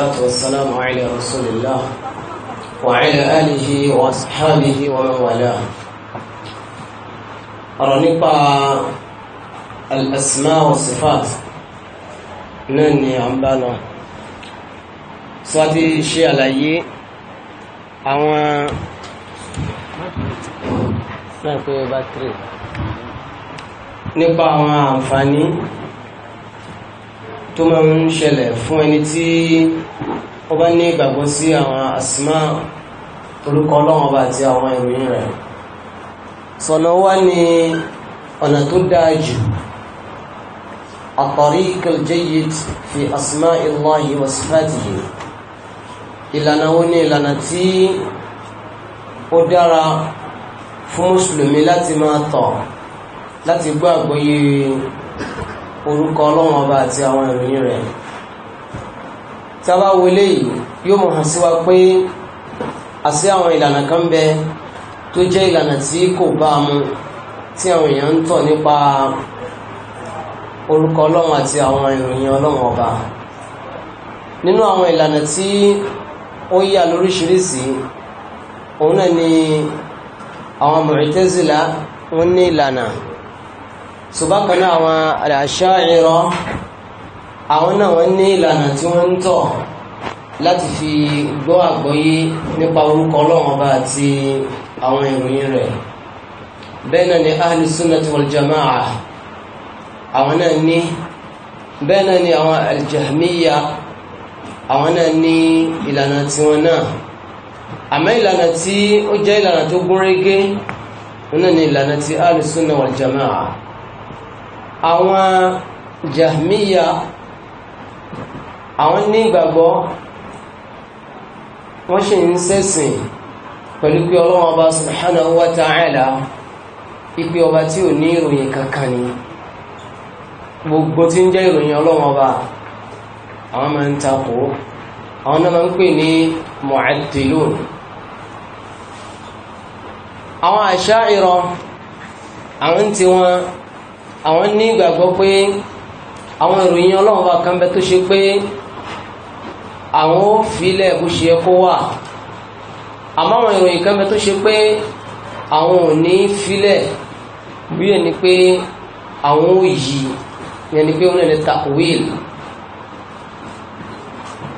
والصلاة والسلام على رسول الله وعلى آله وأصحابه ومن والاه رنقى الأسماء والصفات نني عمبانا سواتي شيء علي أو نقى باتري نقى أنفاني tó máa ń ṣẹlẹ̀ fún ẹni tí ó bá ní ìgbàgbọ́ sí àwọn àsìmá orúkọ ọlọ́run ọba àti àwọn ìròyìn rẹ̀ sọ̀nà wá ní ọ̀nà tó dáa jù at-tariq al-jayyid fi asma'i Allahi wa sifatihi ìlànà wo ni ìlànà tí ó dára fún mùsùlùmí láti máa tọ̀ láti gbọ́ àgbọ́yé orúkọ ọlọ́run ọba àti àwọn ìròyìn rẹ̀ tí a bá wo eléyìí yóò mọ̀ hàn sí wa pé àti àwọn ìlànà kan bẹ tó jẹ́ ìlànà tí kò bá a mu tí àwọn èèyàn ń tọ̀ nípa orúkọ ọlọ́run àti àwọn ìròyìn ọlọ́run ọba nínú àwọn ìlànà tí ó yà lóríṣiríṣi òun náà ni àwọn Mu'tazila wọn ní ìlànà ṣùgbọ́n náà àwọn Al-Asha'ira àwọn náà wọ́n ní ìlànà tí wọ́n ń tọ̀ láti fi gbọ́ àgbọ́yé nípa orúkọ Ọlọ́run Ọba àti àwọn ìròyìn rẹ̀ bẹ́ẹ̀ náà ni ahlu sunnati wal jama'a àwọn náà ní bẹ́ẹ̀ náà ni àwọn al-Jahmiyya àwọn náà ní ìlànà tí wọ́n náà àmọ́ ìlànà tí ó jẹ́ ìlànà tó gúnrégé náà ni ìlànà ti ahlu sunnati wal jama'a àwọn jahmiya àwọn ní ìgbàgbọ́ wọ́n sì ń sẹ́sìn pẹ̀lú pé ọlọ́wọ́n ọba subhanahu wa ta'ala ipe ọba tí ò ní ìròyìn kankan ni gbogbo tí ń jẹ́ ìròyìn ọlọ́wọ́n ọba àwọn máa ń takò àwọn náà máa ń pè ní mu'addilun àwọn àwọn tí wọ́n àwọn ní ìgbàgbọ́ pé àwọn ìròyìn ọlọ́run bá kan bẹ tó ṣe pé àwọn ò filẹ̀ bó ṣe yẹ kó wà àmọ́ àwọn ìròyìn kan bẹ tó ṣe pé àwọn ò ní filẹ̀ bí ẹni pé àwọn ò yí yẹn ni pé wọn lè takwil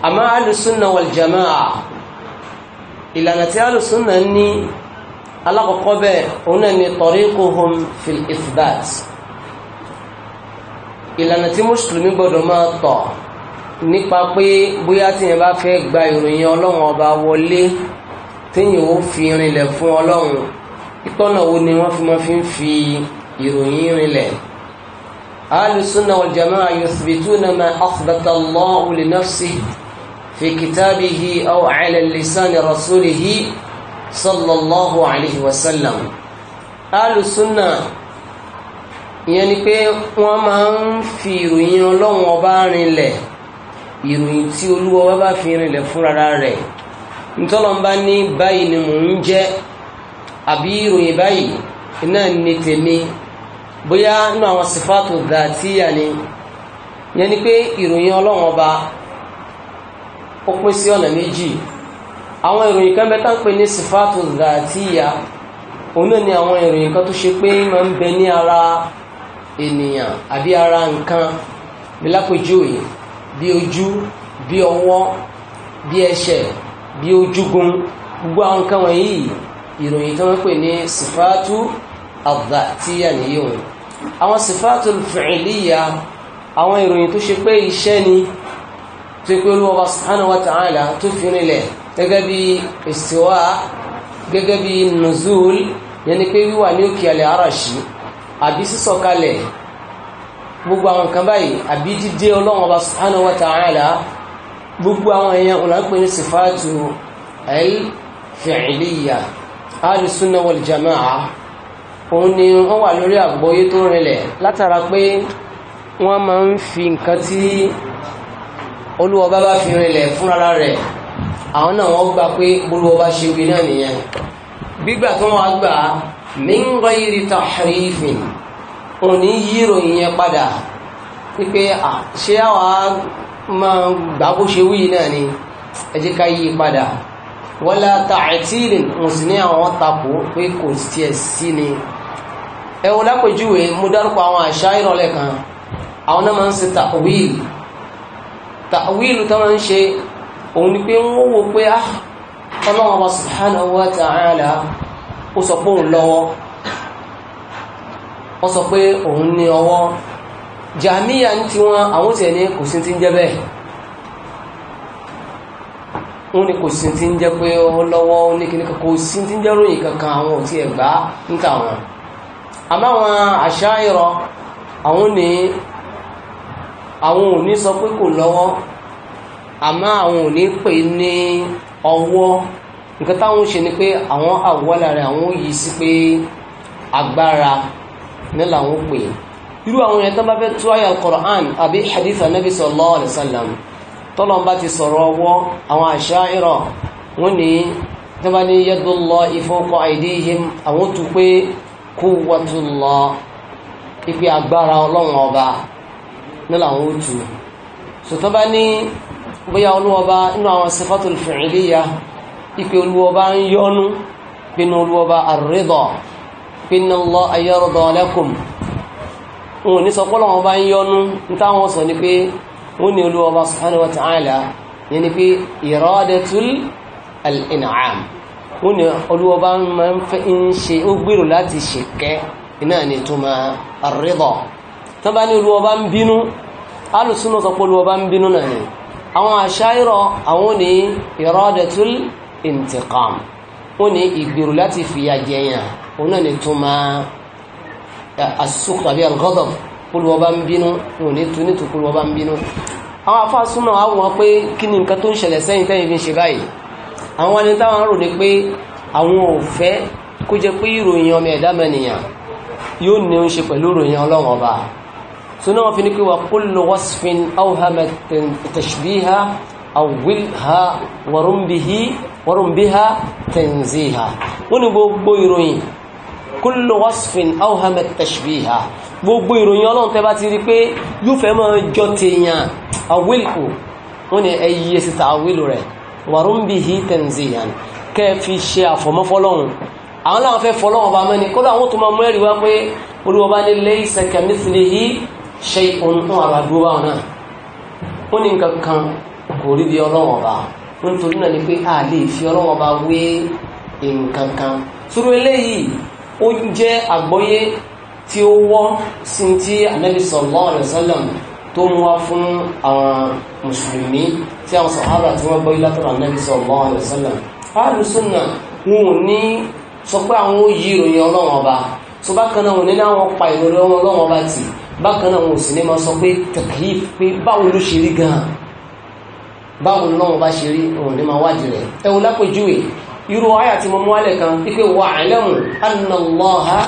àmọ́ alùsùnà wàlìjàmáà ìlànà tí alùsùnà ní alákọ̀ọ́kọ́ bẹ́ẹ̀ òun náà ni tariquhum fil ithbat ìlànà tí mùsùlùmí gbọdọ̀ máa tọ̀ nípa pé bóyá tíyẹn bá fẹ́ gba ìròyìn ọlọ́run ọba wọlé tíyẹn ó fi rinlẹ̀ fún ọlọ́run ìtọ́nà wo ni wọ́n fi máa fi ń fi ìròyìn rinlẹ̀ alùsùnà wàljàmáà yuthbituna ma athbata Allahu li nafsihi fi kitabihi aw ala lisani rasulihi sallallahu alayhi wa alùsùnà ìyẹn ni pé wọ́n máa ń fi ìròyìn ọlọ́run ọba rinlẹ̀ ìròyìn tí olúwa wa bá fi rinlẹ̀ fúnra rẹ̀ ntọ́lọ́mbá ní báyìí ni mò ń jẹ́ àbí ìròyìn báyìí náà ní tèmi bóyá nínú àwọn sífàtò dàtíyà ni ìyẹn ni pé ìròyìn ọlọ́run ọba ó pín sí ọ̀nà méjì àwọn ìròyìn kan bẹ tán pé ní sífàtò dàtíyà òun náà ni àwọn ìròyìn kan tó ṣe pé máa ń bẹ ní ara ènìyàn àbí ara nǹkan bí lápèjúwe bí ojú bí ọwọ́ bí ẹsẹ̀ bí ojúgun gbogbo àwọn nǹkan wọ̀nyí ìròyìn tí wọ́n pè ní sifatu adhatiya nìyí òun àwọn sifatu fi'liya àwọn ìròyìn tó ṣe pé iṣẹ́ ni tó pé Olúwa subhanahu wa ta'ala tó fi rinlẹ̀ gẹ́gẹ́ bí istiwa gẹ́gẹ́ bí nuzul yẹn ni pé wíwà ní òkè àlẹ́ arashi àbí sísọ̀kalẹ̀ gbogbo àwọn nǹkan báyìí àbí dídé ọlọ́run ọba subhanahu wa ta'ala gbogbo àwọn èèyàn olùkọ́ ní sifatu al-fi'liya al-sunna wal jama'a òun ni wọ́n wà lórí àgbọ́yé tó rinlẹ̀ látara pé wọ́n máa ń fi nǹkan tí olúwa bá fi rinlẹ̀ fúnra rẹ̀ àwọn náà wọ́n gbà pé olúwa ṣe wí nìyẹn gbígbà tó wọ́n gbà á min ghairi tahrifin òní yírò yẹn padà wípé ṣé àwa máa gbà bó ṣe wí náà ni ẹjẹ́ ká yí padà wala ta'tilin mo sì ní àwọn tako pé kò tiẹ̀ sí ni ẹ wò lápèjúwe mo dárúkọ àwọn àṣà kan àwọn náà máa ń ṣe ta'wil ta'wil tó máa ń ṣe òun ni pé wọ́n wo pé ah ọlọ́run subhanahu wa ta'ala ó sọ pé òun lọ́wọ́ wọ́n sọ pé òun ní ọwọ́ jàmíyà ń ti wọn àwọn tiẹ̀ ní kò sí ti ń jẹ́ bẹ́ẹ̀ wọ́n ní kò sí ti ń jẹ́ pé ó lọ́wọ́ ó ní kíní kò sí ti ń jẹ́ ròyìn kankan àwọn ò tiẹ̀ ń tà wọn àmọ́ àwọn àṣà ìrọ àwọn ní àwọn ò sọ pé kò lọ́wọ́ àmọ́ àwọn ò pè ní ọwọ́ nǹkan táwọn ṣe ni pé àwọn àwọ̀lá rẹ̀ àwọn yìí sí pé agbára ní làwọn pè irú àwọn èèyàn tó bá fẹ́ tú àyà Qur'an àbí hadith anabi sallallahu alayhi wa sallam tọ́lọ́n bá ti sọ̀rọ̀ ọwọ́ àwọn Asha'ira wọ́n ní tó bá ní yadullahi fawqa aydihim àwọn tó pé quwwatullah ipe agbára ọlọ́run ọba ní làwọn ó tù sọ̀tọ́ bá ní bóyá ọlọ́run ọba nínú àwọn sifatul fi'liyah ipe olúwọba ń yọnu pinnu olúwọba àrídọ pinnu lọ ayọrọdọ lẹkùn wọn ò ní sọ pé ọlọ́wọ́n bá ń yọnu nítawọn sọ ni pé wọn ní olúwọba subhanahu wa ta'ala yẹn ni pé iradatul al-in'am wọn ní olúwọba máa ń fẹ́ ń ṣe ó gbèrò láti ṣèkẹ́ iná ni tó máa tó bá ní olúwọba ń bínú alùsùn náà sọ pé olúwọba ń bínú náà ni àwọn àṣà ìrọ àwọn ní iradatul al-in'am intikam wọ́n ní ìgbèrò láti fìyà jẹyàn òun náà ni tó máa eh, as-sukh tàbí al-ghadab kúlùwọ́ bá ń bínú òun ní tó ní tó kúlùwọ́ bá ń bínú àwọn afásúnà àwọn pé kí ni nǹkan tó ń ṣẹlẹ̀ sẹ́yìn tẹ́yìn fi ń ṣe báyìí àwọn ẹni táwọn rò ní pé àwọn ò fẹ́ kó jẹ pé ìròyìn ọmọ ẹ̀dá mẹ́nìyàn yóò ní ń ṣe pẹ̀lú ìròyìn ọlọ́run ọba suna wọn fi ní pé wa kullu wasfin awhama tashbiha awwilha warun biha tanziha wọ́n ní gbogbo ìròyìn kullu wasfin awhama tashbiha gbogbo ìròyìn ọlọ́run tẹ́ bá ti rí pé yóò fẹ́ máa jọ tèèyàn àwílkù wọ́n ní ẹyẹ síta àwílù rẹ̀ warun bihi tanziha kẹ́ fi ṣe àfọ̀mọ́fọ́lọ́run àwọn láwọn fẹ́ fọ́lọ́run ọba mẹ́ni kọ́lọ́ àwọn tó máa mú ẹ̀rí wá pé olúwọba ní laysa kamithlihi kò rí bí ọlọ́run ọba nítorí náà ni pé a lè fi ọlọ́wọ́n bá wé nǹkan kan sùúrù eléyìí ó jẹ́ àgbọ́yé tí ó wọ́ sí ti anabi sallallahu alaihi wasallam tó mú wá fún àwọn mùsùlùmí tí àwọn sàhábà tí wọ́n gbọ́yé látọ̀rọ̀ anabi sallallahu alaihi wasallam alùsùnà wọn ò ní sọ pé àwọn ó yí ìròyìn ọlọ́wọ́n ọba tó bákan náà wọn ní láwọn pa ìròyìn ọlọ́wọ́n báwo ni lọ́wọ́ bá ṣe rí òun ní máa wádìí rẹ̀ ẹ wo lápèjúwe irú àyà tí mo mú wálẹ̀ kan wípé wà ẹlẹ́mù annallaha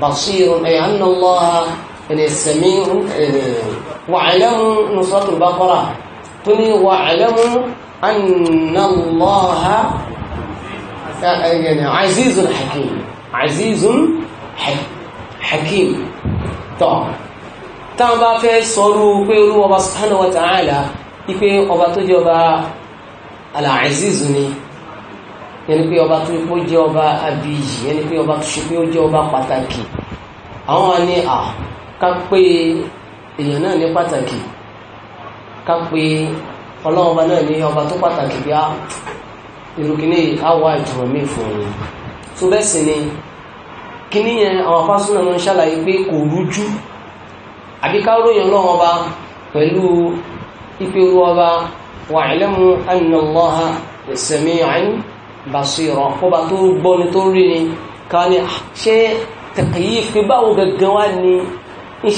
basirun ẹ̀ annallaha ẹ̀ sami'un ẹ̀ wà ẹlẹ́mù nusratul baqara tó ní wà ẹlẹ́mù annallaha azizun hakim azizun hakim tọ́ táwọn bá fẹ́ sọ̀rọ̀ pé olúwa subhanahu wa ta'ala ipe ọba tó jẹ́ ọba Al-Aziz ni yẹn ni pé ọba tó pé ó jẹ́ ọba abiyì yẹn ni pé ọba tó ṣe pé ó jẹ́ ọba pàtàkì àwọn wa ní à ká pé èèyàn náà ní pàtàkì ká pé ọlọ́run ọba náà ní ọba tó pàtàkì bí a ìrùkíní àwa ìtumọ̀ mi fún un tó bẹ́ẹ̀ sì ni kíní yẹn àwọn afásúnà máa ń ṣàlàyé pé kò rújú àbíká ròyìn ọlọ́run ọba pẹ̀lú ìpèrú ọba wa'lamu anna Allaha sami'an basira ọba tó gbọ́ ni tó rí ni ká ní ah, ṣé tẹ̀kẹ̀yí fi báwo gẹ̀gẹ̀ wá ni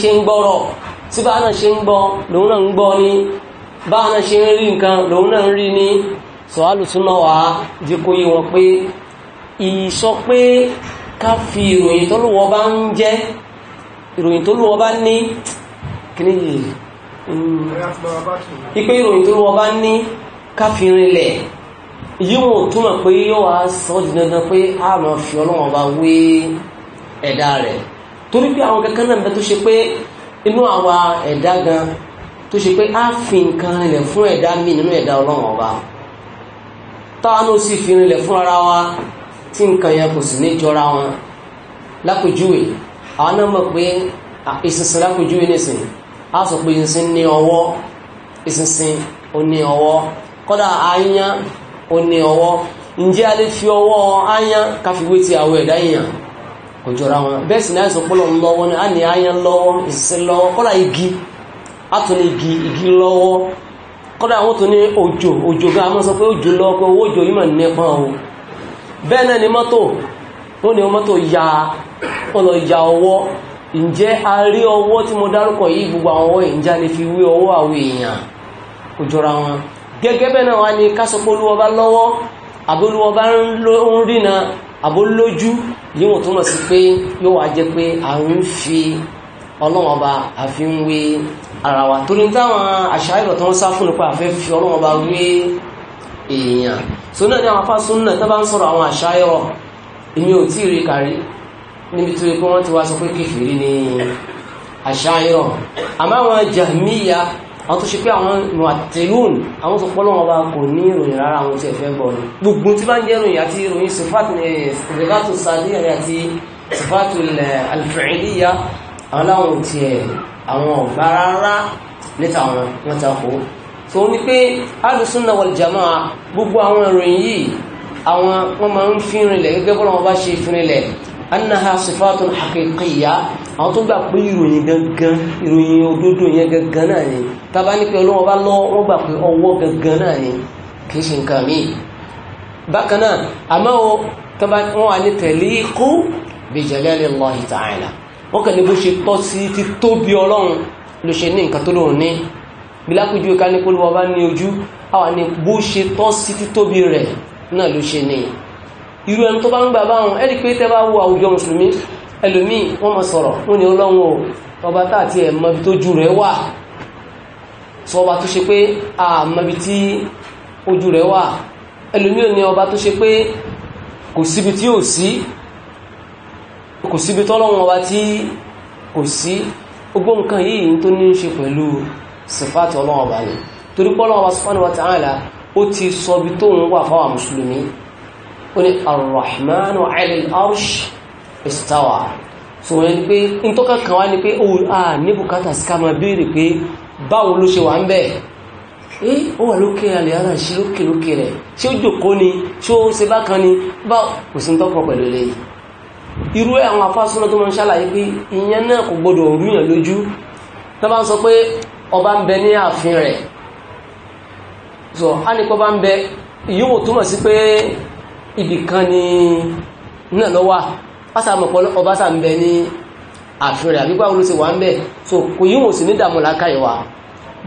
ṣe ń gbọ́rọ̀ tí bá náà ṣe ń gbọ́ lòun náà ń gbọ́ ni bá náà ṣe ń rí nǹkan lòun náà ń rí ni sọ̀hálùsúná wà jẹ́ kó yé wọn pé ìsọ pé ká fi ìròyìn tó lówó bá ń jẹ́ ìròyìn tó lówó bá ní kí ni yìí Mm. ipe ìròyìn tó wọ́n bá ní káfírin lẹ̀ yíwọ̀n túmọ̀ pé yóò wá sọ ọ́ di dandan pé a máa fi ọlọ́wọ́n bá wé ẹ̀dá rẹ̀ torí pé àwọn kankan náà bẹ tó ṣe pé inú àwa ẹ̀dá gan tó ṣe pé a fi nǹkan rinlẹ̀ fún ẹ̀dá mi nínú ẹ̀dá ọlọ́wọ́n ọba táwọn náà sì fi rinlẹ̀ fún ara wa tí nǹkan yẹn kò sì ní jọra wọn lápèjúwe àwọn náà mọ̀ pé ìsinsin lápèjúwe nìsín a sọ pé ìsìn ní ọwọ́ ìsinsin ó ọwọ́ kọ́dà aáyán ọwọ́ ǹjẹ́ a lè fi ọwọ́ aáyán káfíwé ti àwọ̀ ẹ̀dá èèyàn kò wọn bẹ́ẹ̀ sì ni a ní aáyán lọ́wọ́ ìsinsin lọ́wọ́ kọ́dà igi a tún ní igi igi lọ́wọ́ àwọn tó ní òjò òjò gan sọ pé òjò lọ́wọ́ pé owó òjò yìí ǹjẹ́ a rí ọwọ́ tí mo dárúkọ yìí gbogbo àwọn ọwọ́ ìjà ni fi wé ọwọ́ àwọn èèyàn kò jọra wọn gẹ́gẹ́ bẹ́ẹ̀ náà wá ní kásọpọ̀ olúwọba lọ́wọ́ àbólúwọba ń rìnà àbólójú yíwọ̀n túmọ̀ sí pé yóò wá jẹ́ pé à ń fi ọlọ́wọ́n àfi ń wé ara wa torí táwọn àṣà ìrọ̀ tó ń sá fún nípa àfẹ́ fi ọlọ́wọ́n ọba wé èèyàn sónà ní àwọn afásúnà tó bá ń sọ̀rọ̀ àwọn àṣà èmi ò tí ì rí kárí níbi tó yẹ kó wọ́n ti wá sọ pé kékeré ní àṣàyọ̀ àmọ́ àwọn jahmiya àwọn tó ṣe pé àwọn mọ̀tẹ́lún àwọn tó pọ́lọ́ ọba kò ní ìròyìn rárá àwọn tí ẹ̀fẹ́ gbọ́ ni gbogbo tí bá ń jẹ́ ìròyìn àti ìròyìn eh, sifatu sadiyya àti sifatu eh, alfi'liya àwọn láwọn ti ẹ̀ àwọn ọ̀gbà rárá níta wọn wọn ta kó tó ní pé alùsùnà wal jamaa gbogbo àwọn ìròyìn yìí àwọn wọn máa ń fi rinlẹ̀ gẹ́gẹ́ bọ́lọ́ wọn bá ṣe fi rinlẹ̀ annaha sifatun haqiqiyya àwọn tó gbà pé ìròyìn gangan ìròyìn òdodo yẹn gangan náà ni tàbá ní pé ọlọ́wọ́ bá lọ wọ́n gbà pé ọwọ́ gangan náà ni kìí ṣe nǹkan míì bákan náà àmọ́ o tàbá wọn wà ní taliqu bi jalalillahi ta'ala wọ́n kàn ní bó ṣe tọ́ sí ti tóbi ọlọ́run ló ṣe ní nǹkan tó lóun ní bilákùjú ká ní kólúwọ́ bá ní ojú àwọn ní bó ṣe tọ́ sí ti tóbi rẹ̀ náà ló ṣe ní irú ẹni tó bá ń gbà báwọn ẹ̀rí pé tẹ́ bá wo àwùjọ mùsùlùmí ẹlòmíì wọ́n mọ̀ sọ̀rọ̀ wọ́n ní ọlọ́run o ọba tá àti ẹ̀ mọbi tó ju rẹ̀ wà sọ ọba tó ṣe pé a mọbi tí ojú rẹ̀ wà ẹlòmíì ò ní ọba tó ṣe pé kò síbi tí ò sí kò síbi tọ́lọ́run ọba tí kò sí gbogbo nǹkan yìí tó ní ṣe pẹ̀lú sèfáàtì ọlọ́run ọba ni torí pé ọba subhanahu ó ní arrahmanu alil arsh istawa so wọ́n ni pé in tó kankan wá ni pé ó à ah, ní bùkátà sí ká máa béèrè pé báwo ló ṣe wà ń bẹ̀ ẹ́ ó wà lókè alẹ́ ara ṣe lókè lókè rẹ̀ ṣé ó jòkó ni ṣé ó ṣe bákan ni bá kò sí ń tọ́pọ̀ pẹ̀lú eléyìí irú ẹ̀ àwọn afásúná tó máa ń ṣàlàyé pé ìyẹn náà kò gbọdọ̀ rúyàn lójú tó bá ń sọ pé ọba ń bẹ ní ààfin rẹ̀ so á ní pé ọba ń bẹ ìyóò túmọ̀ sí pé ibìkan ni náà lọ́wà pásàmọ̀pọ̀ ọba sà ń bẹ ní àfihàn rẹ̀ àbíkọ́ àwọn ń bẹ so kò yí wọ́n sì ní dààmú làákà ìwà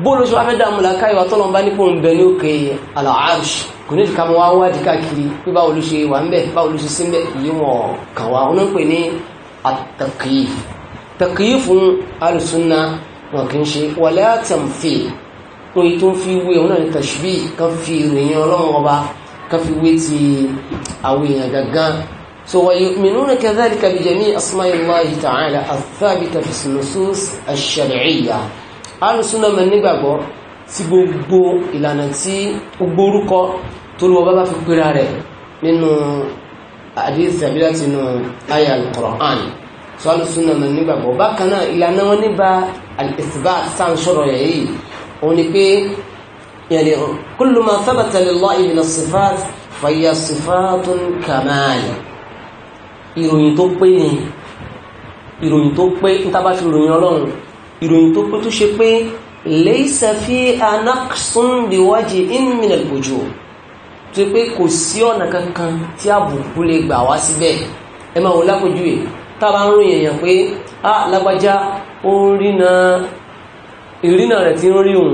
bóòlù ṣe wá fẹ́ dààmú làákà ìwà tọ́lọ̀ bá nípò ń bẹ ní òkè àlàáàrùsì kò ní ìdíkà wọn wá dìkà kiri bí bá olùsè wà ń bẹ bá olùsè sí ń bẹ yí wọn kàn wá wọn ń pè ní àtàkìyì tàkìyì fún alùsùnà wọn kì í ṣe wàlẹ́ àtàmfẹ́ wọn yìí tó fi wé wọn náà ní tàṣbí kan fi ìròyìn ọlọ́run ọba káfí wé ti àwọn èèyàn gangan so wa yu'minuna kadhalika bi jami'i asma'i Allahi ta'ala athabita fi nusus ash-shar'iyya alùsùnà mẹ́ nígbàgbọ́ sí gbogbo ìlànà tí gbogbo orúkọ tó lọ bá bá fi pèrà rẹ̀ nínú hadith tàbí láti inú al-Qur'an so alùsùnà mẹ́ nígbàgbọ́ bákan náà ìlànà wọn níbà al-ithbat sáà ń sọ̀rọ̀ yẹ̀ yìí يعني كل ما ثبت لله من الصفات فهي صفات كمال ìròyìn tó pé ni ìròyìn tó pé ní tábà fi ròyìn ọlọ́run ìròyìn tó pé tó ṣe pé laysa fiha naqsun biwajhin min al-wujuh tó pé kò sí ọ̀nà kankan tí àbùkù lè gbà wá síbẹ̀ ẹ máa wò lápòjú ẹ̀ tábà ń ròyìn èèyàn pé ah lágbájá ó ń rí na ti ń rí òun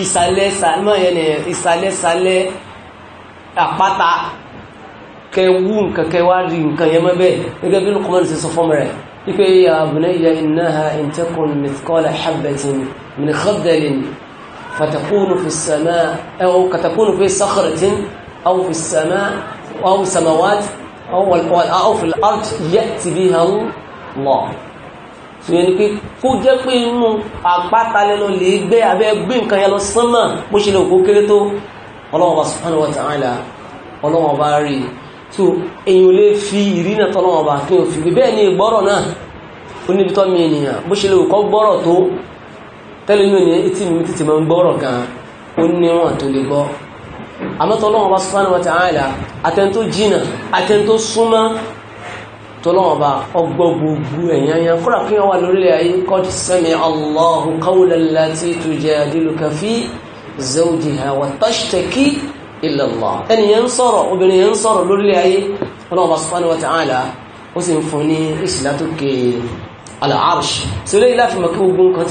ìsàlẹ̀ sàmọ́ yẹn ni ìsàlẹ̀ sàlẹ̀ àpáta kẹwú nǹkan kẹwà rí nǹkan yẹn mọ́ bẹ́ẹ̀ gẹ́gẹ́ bí Luqman ṣe sọ fún rẹ̀ ipe ya bunayya innaha in takun mithqala habatin min khardalin fatakunu fi as-samaa aw katakunu fi sakhratin aw fi as sòyẹn ni pé kó jẹ́ pé inú àpáta lẹ́nu lè gbé abẹ́ gbé nǹkan yẹn lọ sánmà bó ṣe lè kó kéré tó Ọlọ́hun Ọba subhanahu wa ta'ala Ọlọ́hun Ọba rí i tó èyàn lè fi ìrìnà tọ́lọ́hun Ọba kí o fi bẹ́ẹ̀ ni ìgbọ́rọ̀ náà ó níbi tọ́ mi ènìyàn bó ṣe lè kọ́ gbọ́rọ̀ tó tẹ́lẹ̀ inú ni wa ta'ala àtẹ́ntó jìnà àtẹ́ntó súnmọ́ tọ́lọ́wọ́ bá ọgbọ́ gbogbo ẹ̀yàn yẹn kúrò kí wọ́n wà lórílẹ̀ ayé qad sami'a Allahu qawla allati tujadiluka fi zawjiha wa tashtaki ila Allah ẹnìyẹn ń sọ̀rọ̀ obìnrin yẹn ń sọ̀rọ̀ lórílẹ̀ ayé ọlọ́wọ́ subhanahu wa ta'ala ó sì ń fún ní ìsìlá tó ke al-arsh sí lẹ́yìn láti mọ̀ kí gbogbo nǹkan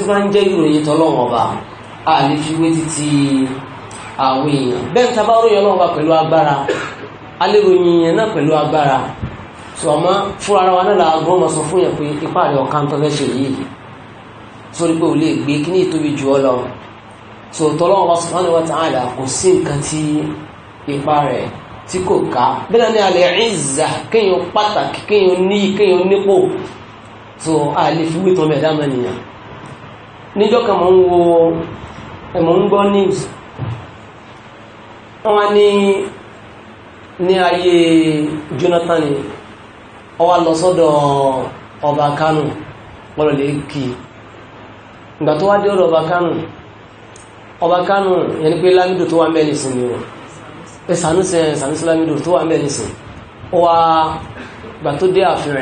tí náà pẹ̀lú agbára so àmọ́ fún ara wa náà la gbọ́n ma sọ fún yẹn pé ipá rẹ̀ ọ̀kan tó fẹ́ ṣe yìí sórí pé ò lè gbé kí ní ìtóbi jù ọ lọ so tọ́lọ́wọ́n wa subhanahu wa ta'ala kò sí nǹkan tí ipa rẹ̀ tí kò ká bẹ́ẹ̀ ni alẹ́ ìzà kéèyàn pàtàkì kéèyàn ní kéèyàn nípò so a lè fi wí tán bẹ́ẹ̀ dámọ̀ nìyàn níjọ́ kan mò ń wo ẹ̀mọ̀ ń gbọ́ news wọ́n ní ní ayé Jonathan yìí ọwá lọ sọ́dọ̀ ọba kánù gbọ́dọ̀ lè kí ìgbà tó wá dé ọ̀dọ̀ ọba kánù ọba kánù yẹni pé lámìdò tó wà ń ni o pé sànúsẹ sànúsẹ lámìdò tó wà ń ó wá ìgbà tó dé ààfin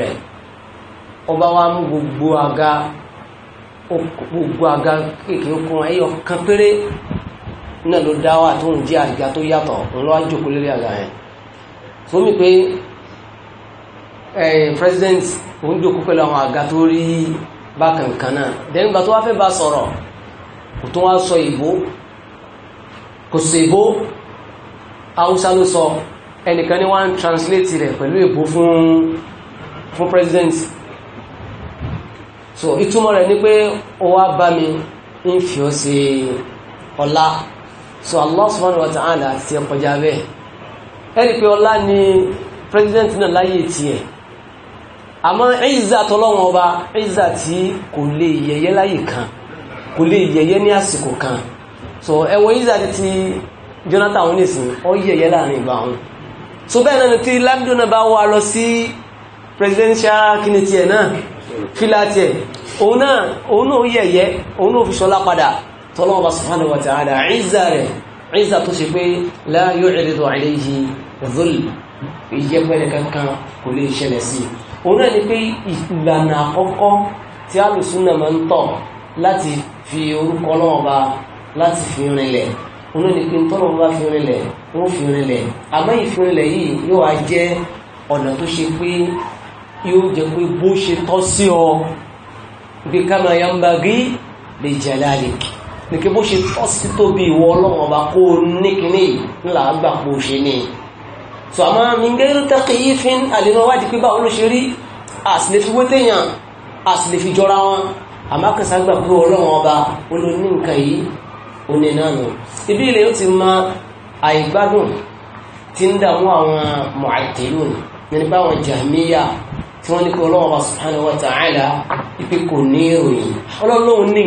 ọba wa mú gbogbo àga gbogbo àga kéèké okun ẹyọ kan péré náà ló dá wà tó ń jẹ àga tó yàtọ̀ ńlọ àjòkó àga yẹn sómi pé Eh, president òun jòkó pẹ̀lú àwọn àga tó rí bákankan náà dẹ́gbà tó wá fẹ́ bá sọ̀rọ̀ kò tó wá sọ ìbò kò sí ìbò haúsá ló sọ ẹnìkan ní wọ́n translate rẹ̀ pẹ̀lú ìbò fún president so ìtumọ̀ rẹ̀ ni pé ó wá bá mi ń fi ó ṣe ọlá so Allah subhanahu wa ta'ala ti ọkọjá bẹ́ẹ̀ ẹni pé ọlá ni president náà láyé tiẹ̀ àmọ́ ìzà tọ́lọ́wọ́n ọba ìzà tí kò lè yẹyẹ láyè kan kò lè yẹyẹ ní àsìkò kan so ẹwọ ìzà ti Jonathan wọn nìsín ọ yẹyẹ láàrin ìgbà wọn so bẹ́ẹ̀ náà tí lábídọ́nà bá wà lọ sí presidential kìnìtì ẹ̀ náà fílà tiẹ̀ òun náà òun náà yẹyẹ òun náà fi ṣọlá padà tọ́lọ́wọ́n ọba subhanahu wa ta'ala ìzà rẹ̀ ìzà tó ṣe pé la yu'ridu alayhi dhul òun náà ni pé ìlànà àkọ́kọ́ tí alùsùnà máa ń tọ̀ láti fi orúkọ náà bá láti fi rinlẹ̀ òun náà ni pé tọ́nà bá fi rinlẹ̀ wọ́n fi rinlẹ̀ àmọ́ ìfirinlẹ̀ yìí yóò wá jẹ́ ọ̀nà tó ṣe pé yóò jẹ́ pé bó ṣe tọ́ sí ọ bí kama yambagi lè jalalik ní kí bó ṣe tọ́ sí tóbi ìwọ ọlọ́run kó o ní kíní ńlá àgbà kó so àmọ́ mingẹ́rù tẹ́kìyí fi ń àlèrò wádìí pípa olóṣèrí àsìlẹ́fi wétèèyàn àsìlẹ́fi jọra wọn àmọ́ kẹsàgbà pé ọlọ́wọ́n ọba olóní nǹkan yìí ó ní náà nù ibi ilẹ̀ yóò ti ma àìgbádùn ti ń dààmú àwọn mu'attilun nínú bá àwọn jàmíyà tí wọ́n ní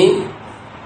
kí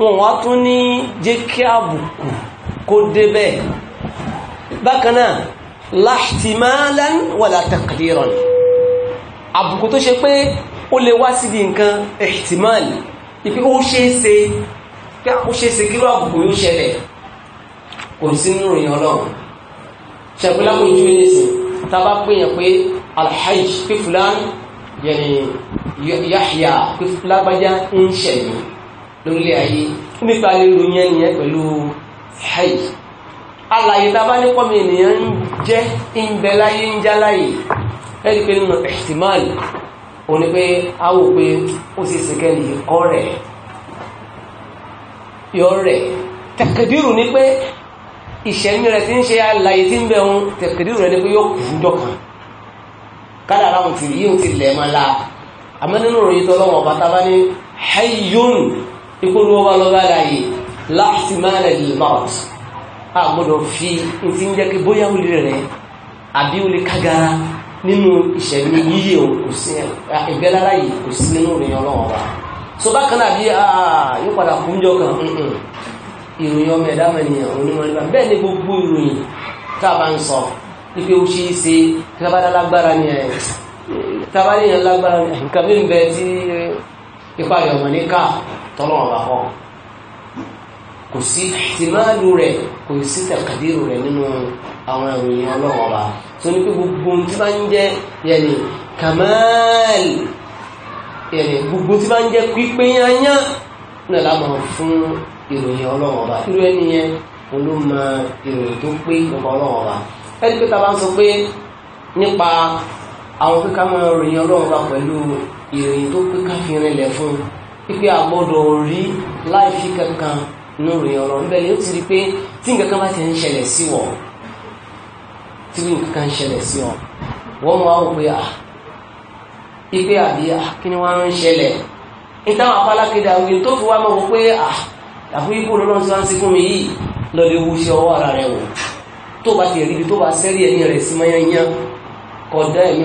wọn wá tún ní jẹ́ kí àbùkù kó débẹ̀ bákan náà láhtimálan wàlá takdiran àbùkù tó ṣe pé ó lè wá síbi nǹkan ihtimal ìpé ó ṣe é ṣe pé ó ṣe é ṣe kíró àbùkù yóò ṣẹlẹ̀ kò sí nínú ìyàn ọlọ́run ṣàpélápò ìjú ẹlẹ́sìn tá a bá pè pé alhaj pé yẹni yahya pé lágbájá ń ṣẹ̀yìn lórílẹ̀ ayé nípa lérò yẹn nìyẹn pẹ̀lú hayi alàyè tábà ní pọ́mi ènìyàn ń jẹ́ ń bẹ láyé ń já láyè ẹ̀rí pé nínú ihtimal òní pé a wò pé ó sì ṣe kẹ́ni ìkọ́ rẹ̀ yọ rẹ̀ tẹ̀kẹ̀dírù ni pé ìṣẹ́mi rẹ̀ ti ń ṣe alàyè tí ń bẹ ohun tẹ̀kẹ̀dírù rẹ̀ ni pé yóò kù fúnjọ kádà aláwọ̀ tí yóò ti lẹ̀ máa la àmọ́ nínú ìròyìn bàtà bá ní hayyun ikú ni wọ́n bá lọ bá láàyè láti máa lẹ̀ lè mouth a gbọ́dọ̀ fi ti ń jẹ́ kí bóyá ó lè rẹ̀ àbí ó lè kágara nínú ìṣẹ̀lẹ̀ yíyẹ kò kò sí nínú ìròyìn ọlọ́wọ́ so bákan bí yóò padà ni gbogbo ìròyìn tá a bá ń sọ ipe ó ṣe é ṣe tí a bá dá lágbára ni ẹ̀ tí a bá níyàn lágbára ni nǹkan bí ń bẹ tí eh, ipa rẹ̀ ọ̀mọ̀ ní ká tọ́lọ́wọ́n bá kọ́ kò sí tìmáàlù rẹ̀ kò sí tẹ̀kadìrù rẹ̀ nínú àwọn ìròyìn ọlọ́wọ́n bá tó ní pé gbogbo tí bá ń jẹ́ yẹni kàmáàlì yẹni gbogbo tí bá ń jẹ́ pípé yányá náà lámọ̀ fún ìròyìn ọlọ́wọ́n bá irú ẹni yẹn òun ló mọ ìròyìn tó pé nípa ọlọ́wọ́n bá ẹni pé ta bá ń sọ pé nípa àwọn pé ká máa ròyìn ọlọ́wọ́n bá pẹ̀lú ìròyìn tó pé ká fi fún un pípé àgbọ́dọ̀ rí láì fi kankan lórí ọ̀rọ̀ níbẹ̀ lè ti rí pé tí nǹkan kan bá ti ń ṣẹlẹ̀ sí wọ̀ tí nǹkan kan ń ṣẹlẹ̀ sí ọ wọ́n máa ń pe à ipe àbí ah, kíni wọ́n ń ṣẹlẹ̀ ìtàwọn apálákéde àwọn tó fi wá mọ̀ wọ́n pé à àbúrò ikú lọ́dún tí wọ́n ti fún mi yìí lọ́dẹ̀ wú sí ọwọ́ ara rẹ̀ wò tó bá ti rí ibi tó bá sẹ́rí ẹ̀yìn rẹ̀ sí mọ́yányán kọ̀dá ẹ̀mí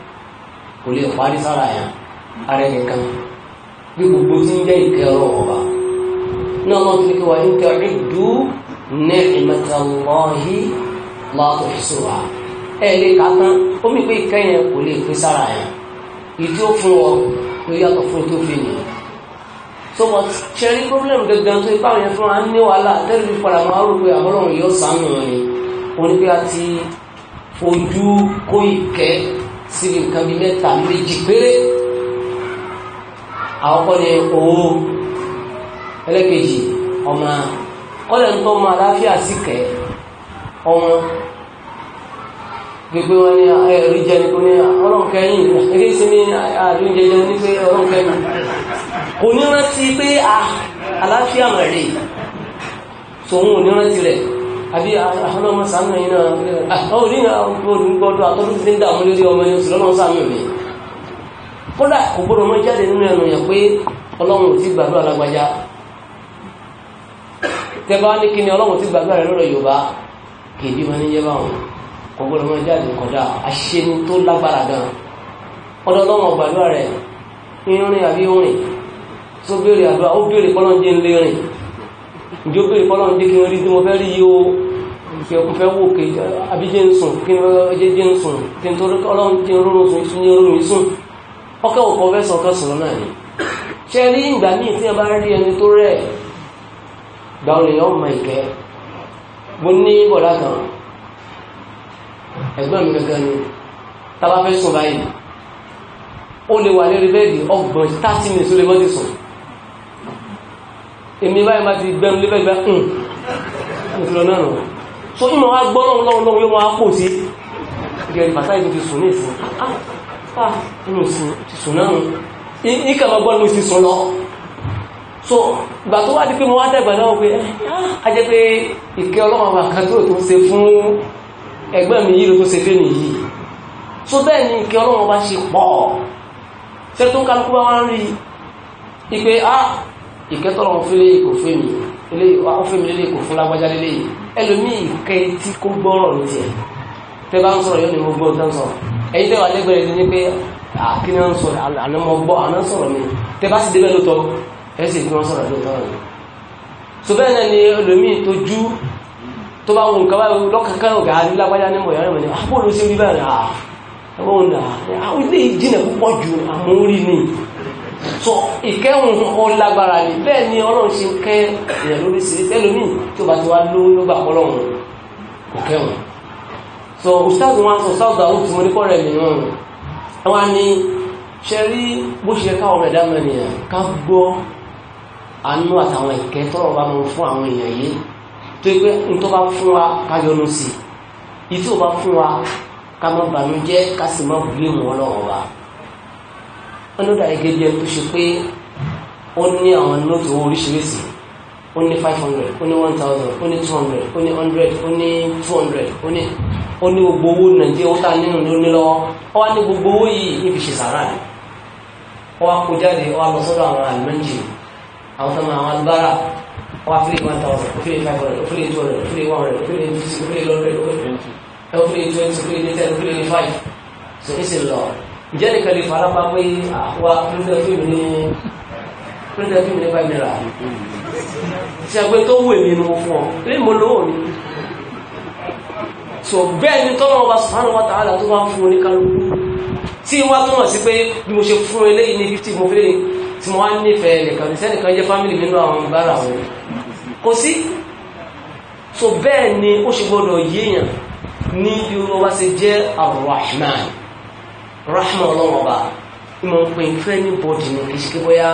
kò lè parí sára yẹn ara nìkan bí gbogbo tí ń jẹ́ ìkẹ́ ọ̀rọ̀ ọba náà wọ́n fi kí wà ní kí ọ̀rẹ́ dú ní ìmọ̀tàlọ́hí látọ̀ ìṣòwà ẹ lè kà tán ó mi pé ìkẹ́ yẹn kò lè pín sára yẹn ìdí ó fún ọ ló yàtọ̀ fún tó fi nìyẹn so wọ́n ṣe rí problem gangan tó ipá yẹn fún wa ní wàhálà tẹ́lifí padà máa rò pé àbọ̀lọ́run yóò sànù wọn ni síbi nǹkan bíi mẹ́ta méjì péré àkọ́kọ́ ni owó ẹlẹ́kejì ọmọ kọ́lẹ̀ ń tọ́ ọmọ aláfíà sí kẹ́ ọmọ gbogbo wọn ni ẹ̀rí jẹ́ ní kò ní ọlọ́nkẹ́yìn ẹgbẹ́ ìsinmi àdúnjẹ jẹ́ ní pé ọlọ́nkẹ́yìn kò ní rántí pé aláfíà ah, mẹ́rin tòun ò ní rántí rẹ̀ àbí àwọn ọmọ sàánù yìí náà àwọn orí olùgbọ́dọ̀ àtọ́dún ti ń dà mú lórí ọmọ yóò sì lọ́nà sàánù mi kódà kò gbọ́dọ̀ mọ́ jáde nínú ẹnu yẹn pé ọlọ́run ò ti gbàdúrà lágbájá tẹ́bá ní kí ni ọlọ́run ti gbàdúrà rẹ lọ́rọ̀ yorùbá kì í bí wọn ní yẹ báwọn kò gbọ́dọ̀ mọ́ jáde kọjá àṣẹnu tó lágbára gan ọdọ ọlọ́run gbàdúrà rẹ irin àbí orin tó béèrè àdúrà ó béèrè kọ́lọ́ ìjọ pé ìfọ́lọ́run jẹ́ kí wọ́n rí tí mo fẹ́ rí yíó kí ọkùn fẹ́ wò kí àbí jẹ́ ń sùn kí ọjẹ́ jẹ́ ń sùn kí n tó ọlọ́run jẹ́ rọrùn sùn ìsún yẹ́ rọrùn ìsún ọkẹ́ òkò fẹ́ sọ ọkẹ́ sùn náà ni kan ẹ̀gbọ́n mi kankan ni tá a bá fẹ́ sùn báyìí ó lè wà lérí èmi báyìí máa ti gbẹnu lé bẹ́ẹ̀ gbẹ́ ń ìfìlọ náà rùn so ìmọ̀ wá gbọ́ lọ́wọ́ lọ́wọ́ lọ́wọ́ yóò máa pò sí gẹ̀rì bàtà ìlú ti sùn ní ìsìn àpá inú sí ti sùn náà rùn ìkà máa gbọ́ sùn lọ ah, a jẹ́ pé ìkẹ́ ọlọ́run àkàn tó tó ṣe fún ẹgbẹ́ mi yìí ló tó ṣe fẹ́ mi yìí so bẹ́ẹ̀ ni ìkẹ́ ọlọ́run bá ṣe pọ̀ ṣe tó ń kálukú ìkẹ́tọ̀rọ̀ òfin kò fún mi ilé òfin mi lélẹ̀ kò fún lágbájá lélẹ̀ yìí ẹlòmíì ìkẹ́ tí kò gbọ́rọ̀ ló tiẹ̀ tẹ́ bá ń sọ̀rọ̀ yóò ní mo gbọ́ tán sọ̀rọ̀ ẹ̀yin tẹ́ wà lẹ́gbẹ̀rẹ̀ ní pé àkíní ń sọ̀rọ̀ àná mo gbọ́ àná sọ̀rọ̀ mi tẹ́ bá sì débẹ̀ lóòótọ́ ẹ̀ sì fi wọ́n sọ̀rọ̀ lóòótọ́ rẹ̀ so bẹ́ẹ̀ náà ni ẹlòmíì tó jú tó bá wọn kaba lọ́kàkàn ọ̀gá ní lágbájá ní mọ̀ yàrá mi ni àpò ló ṣe rí bẹ́ẹ̀ rẹ̀ àwọn ọ̀nà àwọn ilé ìjìnà púpọ̀ ju àmórí ni so ìkẹ́hùn ó lágbára ni bẹ́ẹ̀ ni ọlọ́run ṣe kẹ́ èèyàn lórí sí ẹlòmíì tó bá ti wá ló ló gbà pọ́ lọ́hùn kò kẹ́hùn so ustaz wọn sọ south dawud tí mo ní kọ́ rẹ̀ mìíràn wọn ni ṣe rí bó ṣe káwọn ọmọ ẹ̀dá mẹ́rin ká gbọ́ àánú àtàwọn ìkẹ́ tọrọ bá mọ fún àwọn èèyàn yìí tó yẹ pé n tó bá fún wa ká yọnu sí i tí ò bá fún wa ká má bànújẹ́ ká sì má bùlé mọ́ ọlọ́run wa wọ́n ló dà gẹ́gẹ́ bí ẹni tó ṣe pé ó ní àwọn nóòtù owó oríṣiríṣi ó ní five hundred ó ní one thousand ó ní two hundred ó ní hundred ó ní two hundred ó ní ó ní gbogbo owó nàìjíríà ó tà nínú ló ní lọ́wọ́ ó wá ní gbogbo owó yìí níbi ṣe sàrà ni ó wá kó jáde ó wá lọ sọ́dọ̀ àwọn àlùmọ́ǹjì àwọn tó máa wọn bára ó wá fílẹ̀ one thousand ó fílẹ̀ five hundred ó fílẹ̀ two hundred ó fílẹ̀ one hundred ó fílẹ̀ two hundred ó fílẹ̀ one hundred ó fílẹ̀ twenty ó fílẹ̀ ten ó fílẹ̀ five so ní sì lọ ǹjẹ́ nìkan lè fara pa pé àwa pínlẹ̀ fíìmù ní pínlẹ̀ fíìmù ní five naira ṣe pé tó wù èmi ni mo fún ọ pé mo lówó mi so bẹ́ẹ̀ ni tọ́lọ́ ọba subhanahu wa ta'ala tó wá fún oníkálukú tí wá túmọ̀ sí pé bí mo ṣe fún eléyìí ní fifty mo fi lè tí mo wá nífẹ̀ẹ́ nìkan ní sẹ́nìkan jẹ́ fámìlì nínú àwọn ìbára wọn kò sí so bẹ́ẹ̀ ni ó ṣe gbọ́dọ̀ yéèyàn ní bí wọ́n bá ṣe jẹ́ Ar-Rahman rahma ọlọ́run ọba tí mo ń pè ń fẹ́ ní bọ́ọ̀dì ní kì í ṣe pé bóyá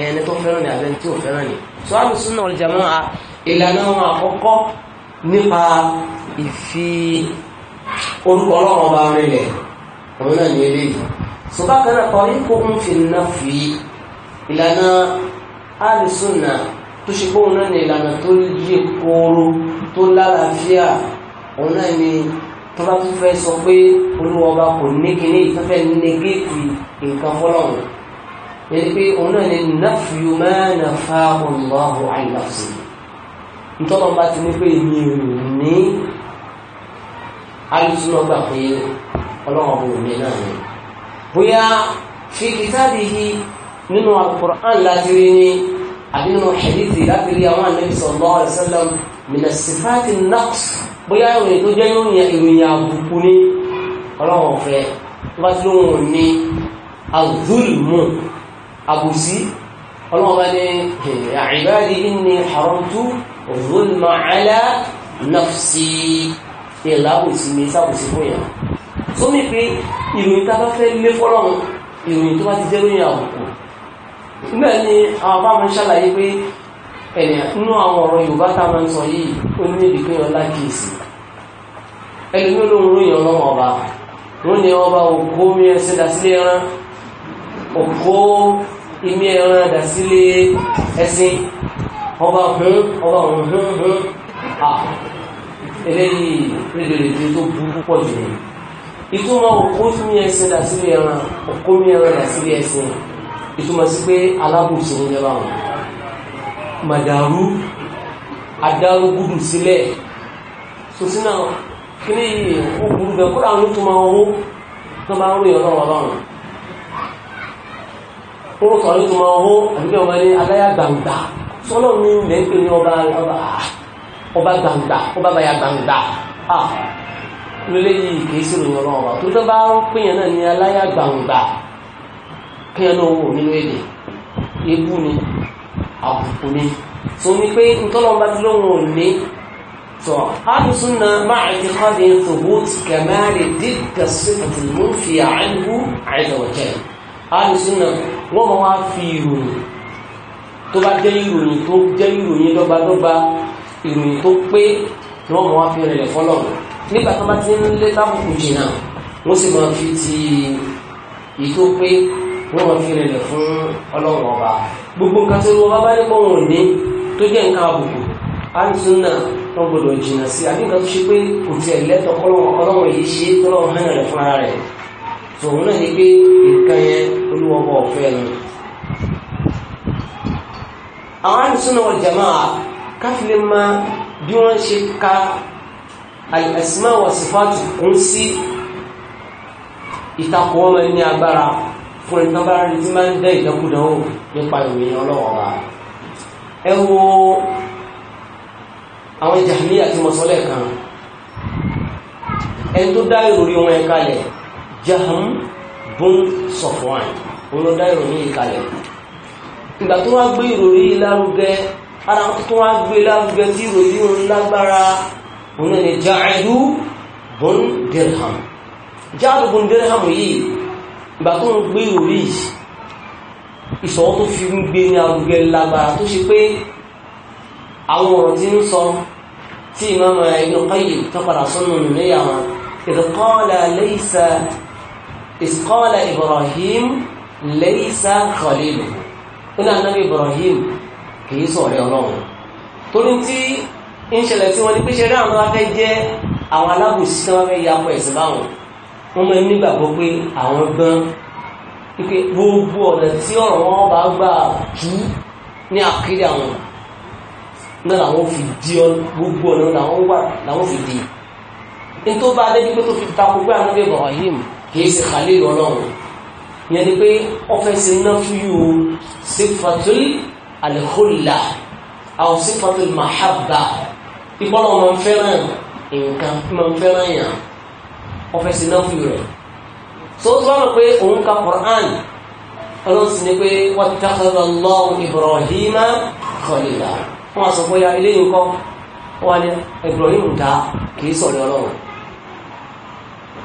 ẹni tó fẹ́ràn ní abẹ́ tí ò fẹ́ràn ní. tó àlù súnà ọ̀lùjàmọ́ a ìlànà wọn àkọ́kọ́ nípa ìfi orúkọ ọlọ́run ọba rinlẹ̀ òun náà ní eléyìí. sọ́bà kan náà kọrin kó ń fi iná fi ìlànà àlù súnà tó ṣe pé òun náà ní ìlànà tó yẹ kóró tó lálàáfíà òun náà ní tó bá tún fẹ́ sọ pé olúwa ọba kò ní kíní tó fẹ́ negéètì nǹkan fọlọ́run yẹn pé òun náà ni nàfíù máa nà fa Allahu àìlàsì nítorí ọba ti ní pé èmi ò ní alùsùn ọgbà pé ọlọ́run ọba ò ní náà ni bóyá fi kitabihi nínú al-Qur'an láti rí ni àbí nínú hadithi láti rí àwọn ànábì sallallahu alaihi wasallam min as-sifati bóyá ìròyìn tó jẹ́ ìròyìn àbùkù ní ọlọ́run ọ̀fẹ́ tó bá tí lóhun ní azulmu àbùsí ọlọ́run bá ní àìbáàdì inni haramtu zulma ala nafsi ìlàbùsí ní sábùsí fún tó ẹ̀yà nínú àwọn ọ̀rọ̀ yorùbá tá a máa ń sọ yìí ó ní èdè pé ọlá kìsì ẹni ló lóun ròyìn ọlọ́wọ́ ọba wọ́n ní ọba òkú mi ẹsẹ̀ dásílé ẹran òkú imí ẹran dásílé ẹsìn ọba hún ọba hún hún hún à eléyìí rédèrèdè tó burú púpọ̀ jù ní ìtumọ̀ òkú mi ẹsẹ̀ dásílé ẹran òkú mi ẹran dásílé ẹsìn ìtumọ̀ sí pé alábùsùn ń jẹba wọn màdàrú adarú gbùdù sílẹ̀ sòsínà kíní yìí ó burú bẹ́ẹ̀ kódà àwọn tó máa ń wó tó máa ń ròyìn ọlọ́run ọlọ́run ó rò sọ̀rọ̀ tó máa ń wó àbíkẹ́ ọmọ ní aláyà gbàǹgbà sọ́nà mi lẹ́ ń pè ní ọba ọba gbàǹgbà ọba bàyà gbàǹgbà ah lélẹ́yìí kìí sí ròyìn ọlọ́run ọba tó tó bá ń pèyàn náà ní aláyà gbàǹgbà kéèyàn náà wò nínú èdè ebú ni àbùkù ni tó ní pé ntọ́lọ́mọba tí lóun ò ní tó alùsùn náà máa ti kọ́ di thubut kẹmẹ́rin dídà sífàtì mú fi àìlú àìdọ̀wọ̀jẹ́ alùsùn náà wọ́n máa wá fi ìròyìn tó bá jẹ́ ìròyìn tó jẹ́ ìròyìn dọ́gbadọ́gba ìròyìn tó pé ni wọ́n fi rẹ̀ fọ́lọ́run nígbà pé wọ́n wọ́n fi rìnlẹ̀ fún ọlọ́run ọba gbogbo nǹkan tí wọ́n bá ní kọ́ wọn ní tó jẹ́ nǹkan àbùkù alùsùnà wọn gbọdọ̀ jìnnà sí àbí nǹkan tó ṣe pé kò tiẹ̀ lẹ́tọ̀ ọlọ́run yìí ṣe tọ́lọ́run hàn rẹ̀ fúnra rẹ̀ tòun náà ni pé nǹkan yẹn olúwọ́bọ̀ ọ̀fẹ́ nu. àwọn alùsùnà wal jamaa káfílẹ̀ máa bí wọ́n ṣe ka al-asma wa sifatu kún sí ìtakùn ọmọ ní agbára fún ẹni tán bá rí tí máa ń dẹ́ ìdẹ́kùdánwò nípa ìròyìn ọlọ́wọ́ wa ẹ wo àwọn jàmíyà tí mo sọ ẹni tó dá ìròrí wọn kalẹ̀ jaham bun sọfwan òun ló dá ìròrí yìí kalẹ̀ ìgbà tó wá gbé ìròrí lárugẹ ara tó wá gbé lárugẹ tí ìròrí òun lágbára òun ní ja'adu bun dirham ja'adu bun dirham yìí ìgbà tó ń gbé ìròrí yìí ìṣọ̀wọ́ tó fi ń gbé ní arugẹ lágbára tó ṣe pé àwọn ọ̀rọ̀ tí ń sọ tí Imam Ibn Qayyim tó padà sọ́nà nìyà wọn idh qala laysa idh qala Ibrahim laysa khaliluhu ó ní anábì Ibrahim kìí sọ̀rẹ́ ọlọ́run torí tí ń tí wọ́n ní pé àwọn afẹ́ jẹ́ àwọn alábòsí wọ́n máa ń nígbàgbọ́ pé àwọn gan pípé gbogbo ọ̀nà tí ọ̀rọ̀ wọn bá gbà jù ní àkírí àwọn náà làwọn fi di gbogbo ọ̀nà làwọn wà làwọn fi di ní tó bá débi pé tó fi takò pé àwọn ọmọdé Ibrahim kìí ṣe kàlẹ́ Ọlọ́run ìyẹn ni pé ọ̀fẹ́sì náà fi yóò sífàtúlì àlẹ́kọ́lá àwọn sífàtúlì màhábà ìpọ́nà ọmọ fẹ́ràn nǹkan máa fẹ́ràn yàn ọfẹ́ sí náà fi rẹ̀ so ó lọ́rọ̀ pé òun ka Qur'an ọlọ́run sì ní pé wọ́n ti dákọ̀ọ́ lọ́wọ́ Ibrahima kọlìlà wọ́n sọ pé ilé nǹkan wọ́n ní Ibrahim dá kìí sọ̀rọ̀ ọlọ́run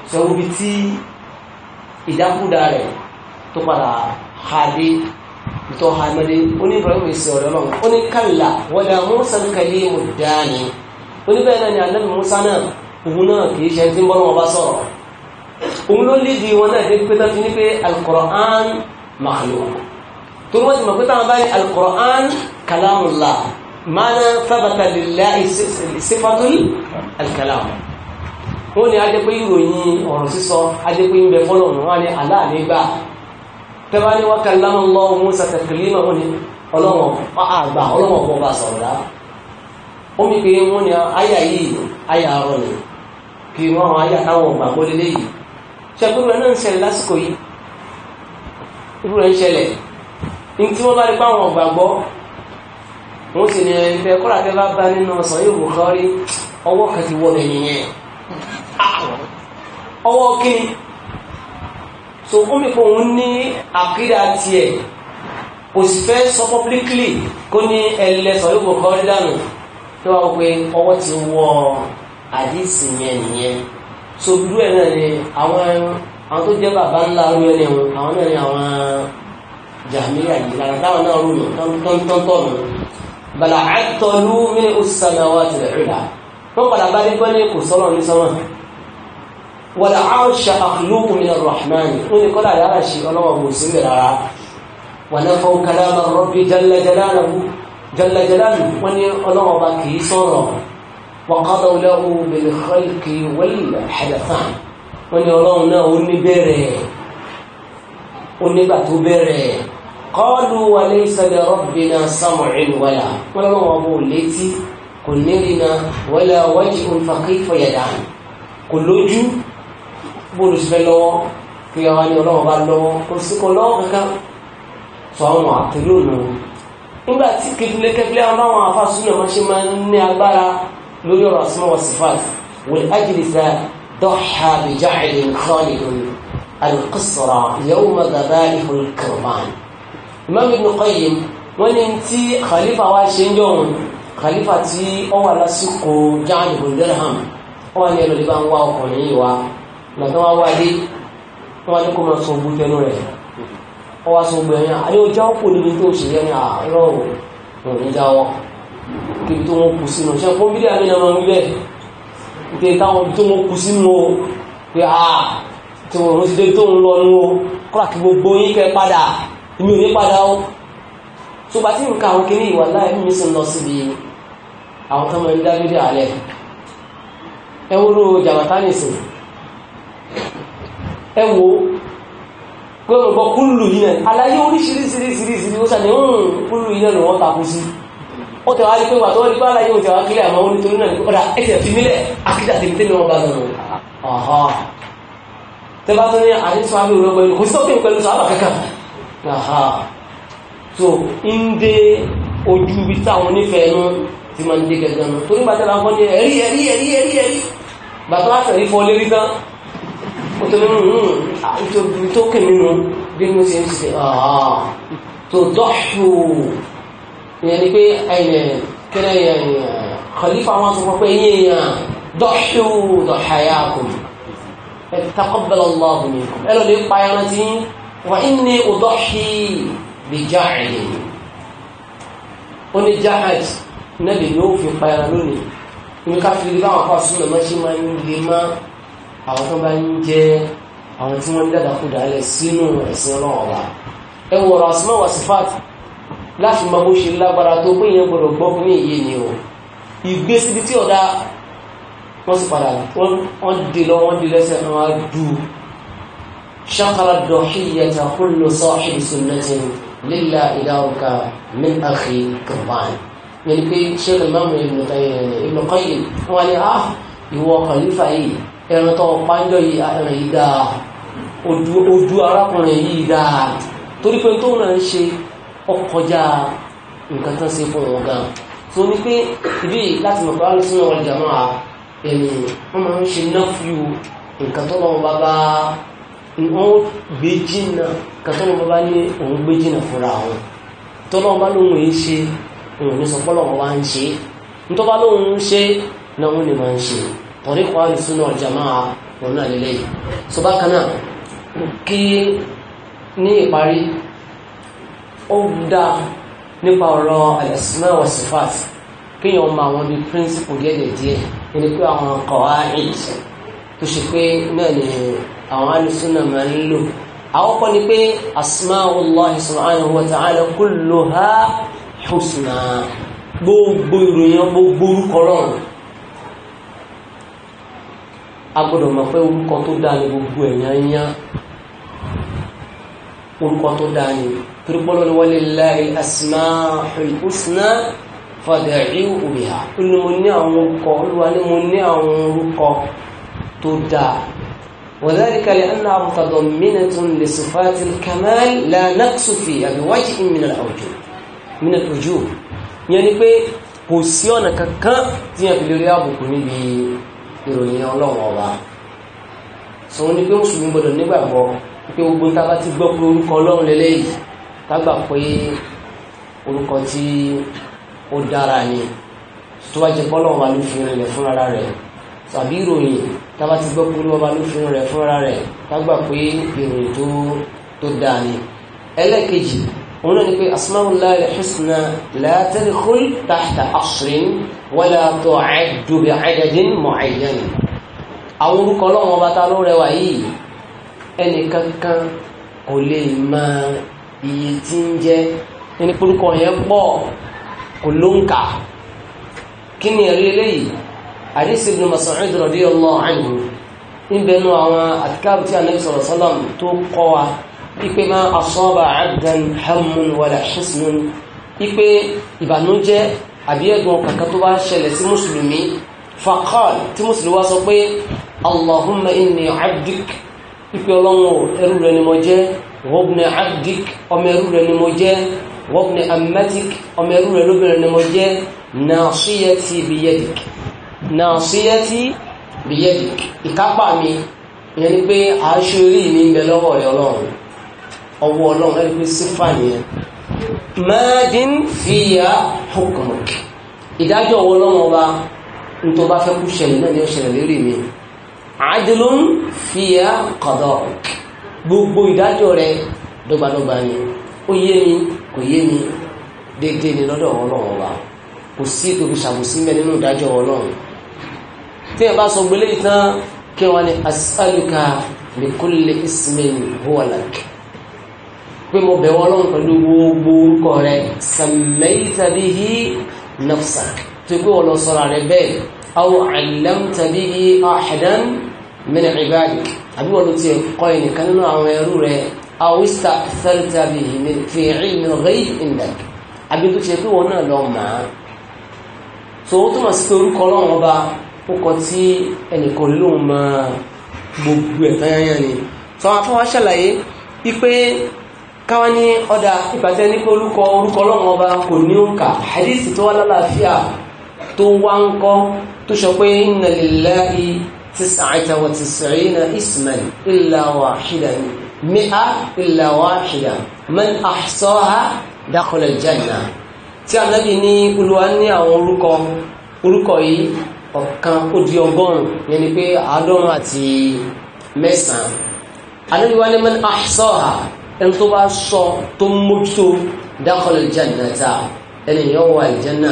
sọ wọ́n bí tí ìdákúdá rẹ̀ tó padà hàdé tó hàmẹ́lé ó ní Ibrahim ìsìn ọ̀rọ̀ ó ní kàlà wọ́n dá Musa kàlí mùdáni ó ní bẹ́ẹ̀ náà ni Ànábì Musa náà òun náà kìí ṣe tí ń bọ́lọ́wọ́ bá sọ̀rọ̀ òun ló lédi wọn náà dé pé tó fi ní pé al-Qur'an makhluq tó wọ́n ti mọ̀ pé táwọn bá ní al-Qur'an kalamullah mana thabata lillahi sifatul al-kalam wọ́n ní ajẹ́ pé ìròyìn ọ̀rọ̀ sísọ ajẹ́ pé ń bẹ fọ́lọ̀nù wọ́n ní aláàlẹ́gbà kí wọ́n àwọn ayà táwọn ọgbà kó lélẹ́ yìí ṣẹ́kúrú ẹ̀ náà ń ṣẹlẹ̀ lásìkò yìí irú rẹ̀ ń ṣẹlẹ̀ ní tí wọ́n bá rí páwọn ọgbà gbọ́ wọ́n sì ní ẹni fẹ́ ọwọ́ kíni so ó kò ń ní àkídà tiẹ̀ kò sì fẹ́ sọ publicly kó ní ẹlẹ́sàn yóò bùkọ́ rí dànù tó wà wọ́n pé ọwọ́ ti wọ́ àdìsí yẹn nìyẹn so irú ẹ̀ náà ni àwọn àwọn tó jẹ́ bàbá ńlá rú ẹni wọn àwọn náà ni àwọn jàmílà yìí lára táwọn náà rú nù tọ́ntọ́ntọ́ nù bàlá àtọ́lú mílẹ̀ òṣìṣàmì àwọn àtìlẹ̀ rírà wọ́n padà bá dé pẹ́ ní kò sọ́nà ní sọ́nà wàlá àṣà àlùkù ní rahman ó ní kọ́lá yàrá ṣe ọlọ́wọ́ bò sí mi rárá wà ní fọ́ kalama rabbi jalla wọ́n ní ọlọ́wọ́ bá kì í sọ̀rọ̀ وقضوا له بالخلق والحدثان وان يرونه ونبره ونبتبره قالوا وليس لربنا سمع ولا ولا ابو التي كنرنا ولا وجه فكيف يدعان كل جو بولس بلو في اواني الله بالله كل سكولو كا سواء عقلون nígbà tí kìfìlẹ́kẹ́fìlẹ́ ọlọ́run àfàsúnà máa ṣe máa ń ní agbára lórí ọ̀rọ̀ asma wa sifat ضحى بجعل خالد القصرى يوم ذبائح القربان Imam Ibn Qayyim wọ́n ní tí khalifa wa ṣe ń jọun khalifa tí ó wà lásìkò Ja'd ibn Dirham ó wà ní ẹlòdì bá ń wá ọkùnrin yìí wá lọ́tọ́ wá wáyé wọ́n wá ní kó máa sọ tẹnu rẹ̀ ó wá sọ ẹ̀yìn àdéhùn jáwọ́ kò níbi tó ṣe yẹn ah, ní àárọ̀ òun jáwọ́ kí tó wọ́n kù sínú ṣe fún bídí àmì náà wí bẹ́ẹ̀ pé táwọn tó wọ́n kù sínú pé a tí wọ́n ti dé tó ń lọ nu o kọ́ra kí gbogbo yín kẹ́ padà èmi ò ní padà o tó bá tí nǹkan àwọn kiri ìwà láì mímí sí lọ síbi àwọn tó máa ń dá bídí àlẹ́ ẹ wúrò jàmátá nìsín ẹ wo gbọ́dọ̀ gbọ́ kúlù yìí náà àlàyé wọ́n tẹ̀wá rí pé wà tó rí pé aláyé òjò àwọn kílẹ̀ àmọ́ onítorí náà kọ́dà ẹ̀kẹ́ fi mílẹ̀ akídà tèmi tèmi wọn bá sọ̀rọ̀ ọ̀hán tẹ́bá tó ní àdínsọ àmì òwe pẹ̀lú kò sọ́kè pẹ̀lú sọ àbàkẹ́kà so ń dé ojú ibi táwọn onífẹ̀ẹ́ nu ti máa ń dé gẹ́gẹ́ nu torí gbàtẹ́ la ń kọ́ ní ẹ̀rí ẹ̀rí ẹ̀rí ẹ̀rí ẹ̀rí gbàtọ́ láti ẹ̀rí fọ́ lérí tán ó ìyẹn ni pé ẹ̀yìn kíni ẹ̀yìn khalifa wọn sọ pé ẹ̀yìn èèyàn dọ́ṣù dọ̀ṣàyàkùn ẹ̀ takọ́bẹ̀lọ́ lọ́ọ̀bù mi ẹ̀ lọ́ọ́ lè pa ẹran tí wà ní ọdọ́ṣì bí jáàlì ó ní jáàlì náà lè yóò fi pa ẹran lónìí ní ká fi láwọn apá súnmọ́ máa ṣe máa ń lè má àwọn tó bá ń jẹ àwọn tí wọ́n ń dàdàkudà lẹ̀ sínú ẹ̀sìn ọlọ́wọ́ ẹ wọ̀rọ̀ àsùnmọ́ wà sífàtì láti máa bó ṣe lágbára tó pé yẹn gbọdọ̀ gbọ́ fún èyí ni o ìgbé síbi tí ọ̀dà wọ́n sì padà wọ́n dè lọ wọ́n dè lẹ́sẹ̀ wọn á du ṣàkàlà dọ̀kí yẹta kún lọ sọ ìṣòro lẹ́sìn lílà ìdáwọ̀ká min àkè kàbáyé yẹn pé ṣẹ́kù ìmáàmù Ibn Qayyim Ibn Qayyim wọ́n ní á ah, ìwọ kàlífà yìí ẹran tó pàjọ yìí ah, ẹran yìí dáa ojú arákùnrin yìí dáa torí pé tó ń rẹ̀ ń ṣe ọkọjá nǹkan tó sí fún wọn so tó ní pé ibi láti mọ̀ pé wọ́n sún wọn ẹni wọ́n máa ń ṣe nǹkan tó lọ́wọ́ bá bá wọ́n gbé jìnnà nǹkan tó lọ́wọ́ bá ní òun gbé jìnnà fúnra wọn tó lọ́wọ́ bá lóun ṣe òun ní sọ ń ṣe tó bá lóun ṣe náà wọ́n lè máa ń ṣe ó dá nípa ọ̀rọ̀ al-asma wa sifat kéèyàn mọ àwọn bíi píríncípù díẹ̀díẹ̀ ẹni pé àwọn qawaid tó ṣe pé náà ni àwọn alùsùnà máa ń lò àkọ́kọ́ ni pé asma'ullahi subhanahu wa ta'ala kulluha husna gbogbo ìròyìn gbogbo orúkọ lọ́rùn a gbọ́dọ̀ mọ̀ pé orúkọ tó dáa ni gbogbo ẹ̀yàn yán orúkọ tó dáa ni turukpọlọ ni walillahi al-asma'ul husna fad'uhu biha ó ní mo ní àwọn orúkọ olúwa ní mo ní àwọn orúkọ tó dáa وذلك لأنها متضمنة لصفات الكمال لا نقص فيها بوجه من الأوجه من الوجوه يعني pé kò sí ọ̀nà kankan tí a fi lè rí àbùkù níbi ìròyìn ọlọ́run ọba sọ ní pé mùsùlùmí gbọdọ̀ nígbàgbọ́ pé gbogbo ń ta bá ti gbọ́ pé orúkọ ọlọ́run lélẹ́yìí kágbà pé orúkọ tí ó dára ni tó bá jẹ bọ́lọ̀ wà ló fi rìnlẹ̀ fúnra rẹ̀ tàbí ìròyìn tábà ti gbọ́ pé olúwa ló fi rìnlẹ̀ fúnra rẹ̀ kágbà pé ìròyìn tó tó dáa ni ẹlẹ́ẹ̀kejì òun náà ni pé asmaullahi al-husna la tadkhul tahta asrin wala tu'addu bi'adadin mu'ayyan àwọn orúkọ ọlọ́wọ́n bá ta ló rẹwà yìí ẹnì kankan kò lè máa iye tí ń jẹ́ ẹni púrúkọ yẹn pọ̀ kò ló ń kà kí ni ẹ̀rí eléyìí àdísì ibn Mas'ud radiyallahu anhu níbẹ̀nu àwọn àtikáàbù tí Ànábì sallallahu alaihi wasallam tó kọ́ wa ipe ma asaba abdan hammun wala hisnun ipe ìbànújẹ́ àbí ẹ̀dùn ọkàn kan tó bá ṣẹlẹ̀ sí mùsùlùmí faqal tí mùsùlùmí wá sọ pé allahumma inni abdik ipe ọlọ́run ẹrú rẹ ni mo jẹ́ wọ́bùnà abdik ọmọ ẹrú rẹ̀ ni mo jẹ́ wọ́bùnà amatik ọmọ ẹrú rẹ̀ lóbìnrin ni mo jẹ́ nàṣíyẹ́tì bìyẹ́dìk nàṣíyẹ́tì bìyẹ́dìk ìkápá mi ìyẹn ni pé aṣọ orí mi ń bẹ lọ́wọ́ rẹ̀ ọlọ́run ọwọ́ ọlọ́run ẹni pé sífà nìyẹn mẹ́ẹ̀dín fìyà hukmuk ìdájọ́ ọwọ́ ọlọ́run ọba ní tó bá fẹ́ kú ṣẹlẹ̀ náà ni ó ṣẹlẹ̀ lérí mi adilun fìyà qada'uk gbogbo ìdájọ́ rẹ dọ́gbadọ́gba ni ó yé mi kò yé mi déédéé ni lọ́dọ̀ ọlọ́run wa kò sí ètò ìṣàkóso mẹ́ nínú ìdájọ́ ọlọ́run tí ẹ bá sọ gbélé ìtàn kí wọn ni asálùkà bi kulli ismin huwa lak pé mo bẹ̀wọ́ ọlọ́run pẹ̀lú gbogbo orúkọ rẹ sammayta bihi nafsak tó pé wọ́n lọ sọ̀rọ̀ rẹ bẹ́ẹ̀ aw allamta bihi ahadan mẹ́lẹ̀ ìbáàdì àbíwọ̀n ló ti kọ́ ẹnìkan nínú àwọn ẹrú rẹ̀ àwísà sẹ́rìtàbí fi ìlú rẹ̀ ìlẹ̀ àbí tó ṣe pé wọn náà lọ mà á so ó túmọ̀ sí pé orúkọ ọlọ́run ọba ó kọ tí ẹnìkan lóun mọ gbogbo ẹ̀ tányányá ni sọ wọn afọwọ́ ṣàlàyé wípé káwọn ní ọ̀dà ìpàtẹ́ ní pé orúkọ orúkọ ọlọ́run ọba kò ní òǹkà hadith tó wá lálàáfíà tó wá ń kọ́ tó sọ pé inna lillahi تسعة وتسعين اسما إلا واحدا مئة إلا واحدا من أحصاها دخل الجنة tí Ànábì ní Olúwa ní àwọn orúkọ orúkọ yìí ọ̀kan ó di ọgọ́rùn yẹn ni pé àádọ́rùn àti mẹ́sàn-án Ànábì wá ní man ahsaha ẹni tó bá sọ tó mójútó dakhala al-jannata ẹni yóò wà al-janna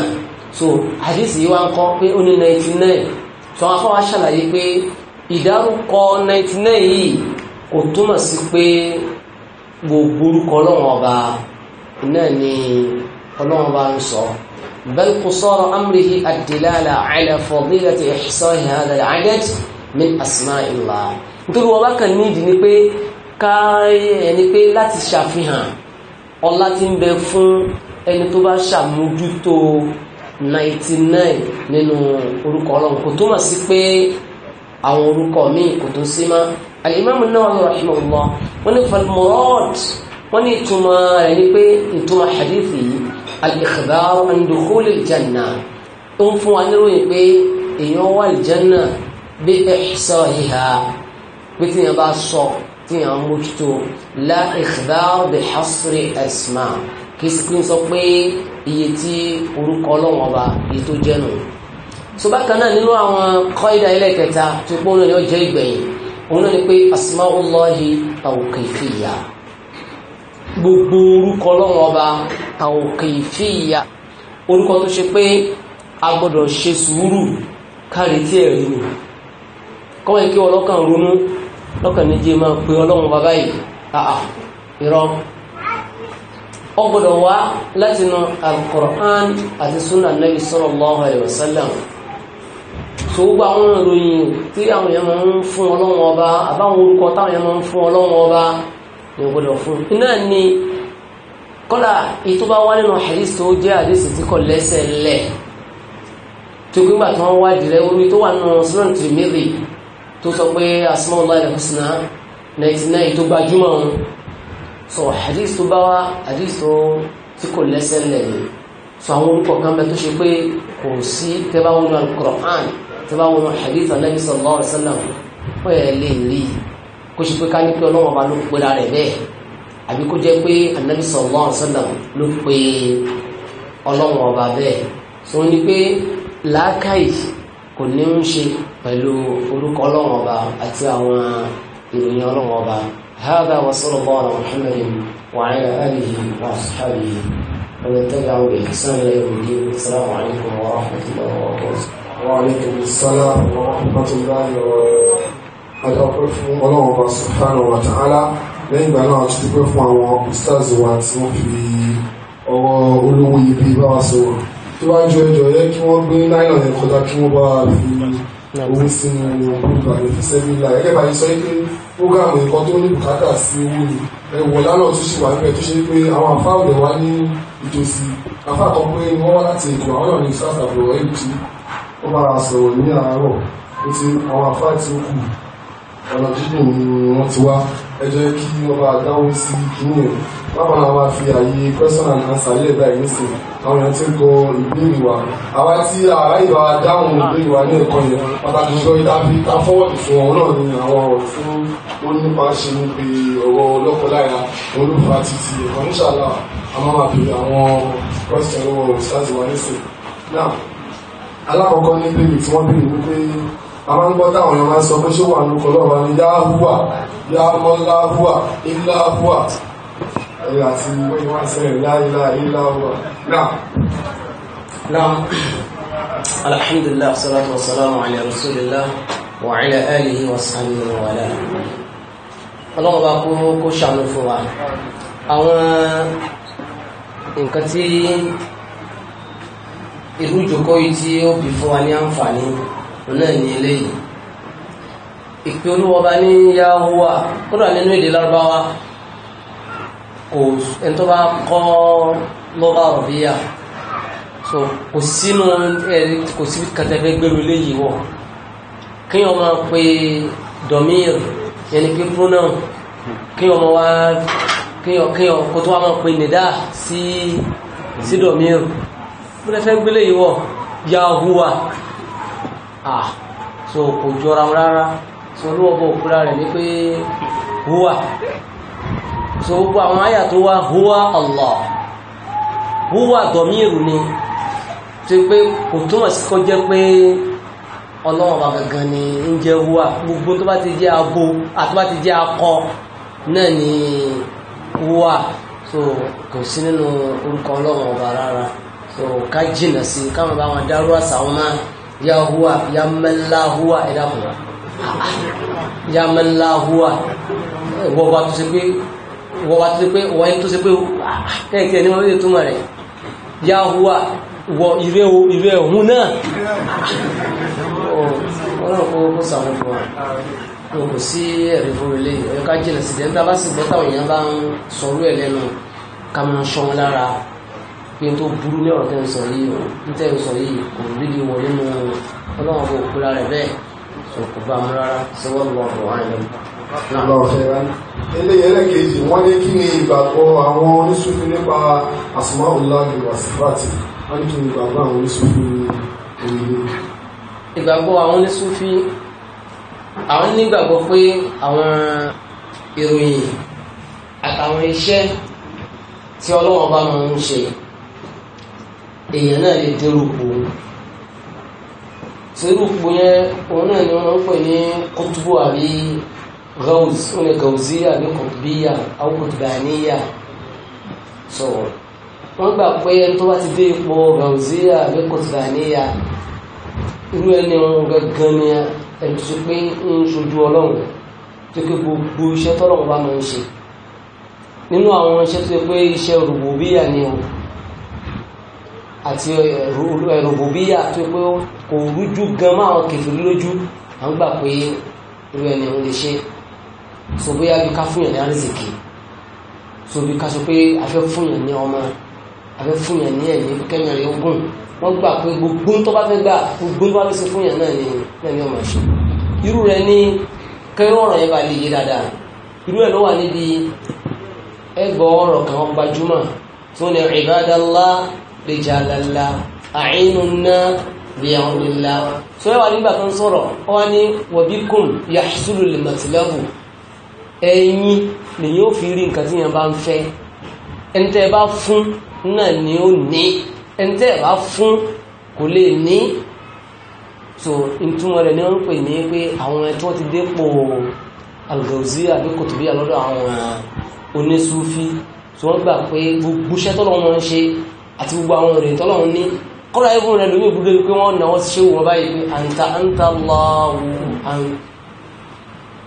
so àdìsí wa ń kọ́ pé ó ní 99 sọ afọ́ wa ṣàlàyé pé ìdárúkọ 99 yìí kò túmọ̀ sí pé gbogbo orúkọ ọlọ́run ọba náà ni ọlọ́run ọba ń sọ bal qusara amrihi ad-dilala ala fadilati ihsa'i hadha al-adad min asma'illah nítorí wọn bá ẹni tó bá ṣàmójútó ninety nine nínú orúkọ ọlọ́run kò túmọ̀ sí pé àwọn orúkọ míì kò tó sí mọ́ alimami Nawawi rahimahullah wọ́n ní falmurad wọ́n ní ìtumọ̀ rẹ̀ ni pé ìtumọ̀ hadithi yìí al-ikhbar an ó ń fún wa níròyìn pé èèyàn wà al-janna bí ihsahiha pé tí yẹn bá sọ tí yẹn mójútó la ikhbar bi hasri asma' kì í sì pé ń sọ pé iye tí orúkọ ọlọ́run ọba iye tó jẹ́ nù. náà nínú àwọn kọ́ìdà ẹlẹ́kẹta tó pé ni ó jẹ́ ìgbẹ̀yìn òun náà ni pé asmaullahi tawqifiyya gbogbo orúkọ ọlọ́run ọba tawqifiyya orúkọ tó ṣe pé a gbọ́dọ̀ ṣe sùúrù kárí tí ẹ̀ rí ni kọ́mọ̀ kí ọlọ́kàn ronú lọ́kàn níjẹ́ máa pe ọlọ́run bàbá yìí ọgbọ̀dọ̀ wá látinú alkùrán àti súnà nabi sallallahu alaihi wasallam tó gbà àwọn ìròyìn tí àwọn èèyàn máa ń fún ọlọ́wọ́n ọba àbáwọn orúkọ táwọn èèyàn máa ń fún ọlọ́wọ́n ọba ní fún náà ni kọ́lá ètò bá wá nínú hadith tó jẹ́ hadith tí kò lẹ́sẹ̀ lẹ̀ tó gbígbà tó wá dìrẹ́ orí tó wà nínú Sunan Tirmidhi tó sọ pé asmaul so àdìsó bá wá àdìsó tí kò lẹ́sẹ̀ lẹ́yìn so àwọn orúkọ kan bẹ tó ṣe pé kò sí tẹ́bá wọn náà Al-Qur'an tẹ́bá wọn náà hadith Ànábì sallallahu alaihi wasallam wọ́n yẹ lè rí kó ṣe pé ká ní pé ọlọ́wọ́n bá ló pé lára bẹ́ẹ̀ àbí kó jẹ́ pé Ànábì sallallahu alaihi wasallam ló pé ọlọ́wọ́n ọba bẹ́ẹ̀ so ní pé làákàyè kò ní ń ṣe pẹ̀lú orúkọ ọlọ́wọ́n ọba àti àwọn ìròyìn ọlọ́wọ́n ọba. هذا وصلى الله على محمد وعلى آله وأصحابه ومن تبعه بإحسان إلى يوم الدين السلام عليكم ورحمة الله وبركاته وعليكم السلام ورحمة الله وبركاته قد أقرفهم الله سبحانه وتعالى lẹ́yìn ìgbà náà ti dúpẹ́ fún àwọn stars wa tí wọ́n fi ọwọ́ olówó ibi bá wa sọ̀rọ̀ tó bá jọ ẹjọ́ yẹ kí wọ́n gbé náírà yẹn kọjá kí wọ́n bá fi owó sínú gbogbo àlefisẹ́bí ńlá gẹ́gẹ́ bá yìí sọ pé fúgàmù nǹkan tó ní bùkátà sí owó ni ẹ̀wọ̀n lánàá tó ṣì wà níbẹ̀ tó ṣe pé àwọn àfáàwọ̀ wá ní ìtòsí afáàkọ́ pé wọ́n wá láti èkó àwọn náà ní south africa èyí tí ó bá sọ̀rọ̀ ní àárọ̀ ó ti àwọn àfáà tí ó kù ọ̀nà jíjìn ni wọ́n ti wá ẹ jẹ́ kí wọ́n bá dáwó sí kíní ẹ̀ báwọn náà wá fi àyè question and answer lẹ́ẹ̀dá ìmísìn àwọn èèyàn ti ń kọ ìbéèrè wa àwa tí àrá ìbá dáhùn ìbéèrè wa ní ẹ̀kọ́ yẹn pàtàkì sọ ìdábí afọwọ́dù fún ọ náà ni àwọn ọ̀rọ̀ fún ó nípa ṣe ń pe ọ̀rọ̀ ọlọ́kọláya olùfà títí ẹ̀kọ́ níṣàlá a máa máa bèèrè àwọn kọ́sìtì lọ́wọ́ ìsáàtì wa nísìn náà alákọ̀ọ́kọ́ ní bèèrè tí wọ́n bèèrè wípé a máa ń gbọ́ táwọn èèyàn máa ń sọ pé ṣé wà lóko lọ́wọ́ ni yáhùwà yáhùwà láhùwà ìláhùwà ẹ̀yà àti wọ́nìwọ́nsẹ̀ láìlá ilá ọwà náà náà alhamdulillah salatu wasalamu ala rasulillah wa ala alihi wa sahbihi wa ala ọlọ́wọ́ bá kú kó ṣàánú fún wa àwọn nǹkan tí irú ìjòkó yìí tí ó bí fún wa ní àǹfààní náà ní eléyìí ìpè olúwọba ní yáhùwà kódà nínú èdè lárúbáwá kò ẹni tó bá kọ́ lọ́wọ́ ọ̀bíyà so kò sínú ẹni kò sí kàtẹ́fẹ́ gbèrú léyìí wọ̀ kí wọ́n máa pe domir yẹni pé pronoun kí wọ́n wá kí wọ́n kó tó wá máa pe nìdá sí si, domir bí wọ́n fẹ́ gbélé yìí wọ̀ yahuwa ah so kò jọra rárá so olúwọ́ bọ̀ òkúra rẹ̀ ní pé so gbogbo àwọn àyà tó wá huwa Allah huwa dọ̀míìrù ni tó pé kò túmọ̀ sí kó jẹ́ pé ọlọ́wọ́n bá gangan ni ń jẹ́ huwa gbogbo tó bá ti jẹ́ abo àti bá ti jẹ́ akọ náà ni huwa so kò sí nínú orúkọ ọlọ́wọ́n ọba rárá so ká jìnà sí káwọn bá wọn dárú àṣà wọn náà ya huwa ya mẹ́lá huwa ẹ̀dá kùnà ya mẹ́lá huwa ẹ̀wọ́ bá tó ṣe pé wọ́n wá tó ṣe pé wọ́n yẹn tó ṣe pé kẹ́ẹ̀kẹ́ ní wọ́n lè túmọ̀ rẹ̀ yahuwa wọ ìrẹ́ ìrẹ́ òun náà ọlọ́run kó sàwọn fún wa kò sí ẹ̀rí fún ilé ẹ̀ka jìnà sí dẹ́ńtà bá sì gbọ́tà òyìn bá ń sọ̀rọ̀ ẹ̀ lẹ́nu ká máa ṣọ́ wọn lára eléyẹlẹ́ kejì wọ́n ní kí ni ìgbàgbọ́ àwọn oníṣúfí nípa àsùnmọ́ òláàgbé wàsífàtì wọ́n ní kí ni ìgbàgbọ́ àwọn oníṣúfí òyìnbó. ìgbàgbọ́ àwọn oníṣúfí àwọn nígbàgbọ́ pé àwọn ìròyìn àtàwọn iṣẹ́ tí ọlọ́wọ́n bá máa ń ṣe èèyàn náà lè dérò pò tí irú pò yẹn òun náà ni wọ́n ń pè ní kótóbó àbí gauss ní gaussiya ní kùtùbíyà àwọn kùtùbàníyà so wọ́n gbà pé ẹni tó bá ti dé ipò gaussiya ní kùtùbàníyà irú ẹni wọn gangan ni ẹni tó pé ń ṣojú ọlọ́run tó ké gbogbo iṣẹ́ tọ́lọ́run bá máa ń ṣe nínú àwọn iṣẹ́ tó pé iṣẹ́ rùbùbíyà ni o àti rùbùbíyà tó pé kò rújú gan máa kẹfìrí lójú à ń gbà pé irú ẹni wọn lè ṣe so bóyá bí ká fúnyàn ní àrísìkì so bí ká sọ pé afẹ́ fúnyàn ní ọmọ afẹ́ fúnyàn ní ẹ̀yìn kẹ́yìn rẹ̀ ogún wọ́n gbà pé gbogbo tó bá fẹ́ gbà gbogbo tó bá fẹ́ ṣe fúnyàn náà ni náà ni ọmọ ṣe irú rẹ̀ ní kẹ́rọ ọ̀rọ̀ yẹn bá lè yé dáadáa irú ẹ̀ ló wà níbi ẹgbọ́ ọ̀rọ̀ kan gbajúmọ̀ tó ní ìbádàlá rijalallah àìnúnná bíyànwó lillah so ẹ wà ẹ̀yin lèyìn ó fi rí nǹkan tí yẹn bá ń fẹ́ ẹni tẹ́ ẹ bá fún náà ni ó ní ẹni tẹ́ ẹ bá fún kò lè ní so ìtumọ̀ rẹ̀ ni wọ́n ń pè ní pé àwọn ẹni tí wọ́n ti dépò algauzi àbí kòtòbí àlọ́dọ̀ àwọn onísúfí so wọ́n gbà pé gbogbo iṣẹ́ tọ́lọ́ wọn ṣe àti gbogbo àwọn ìròyìn tọ́lọ́ wọn ní kọ́lá ẹ̀fún rẹ̀ lómi ìbúdó pé wọ́n náwó ṣe wọ́n báyìí pé àǹtà àǹtà láàwù àǹtà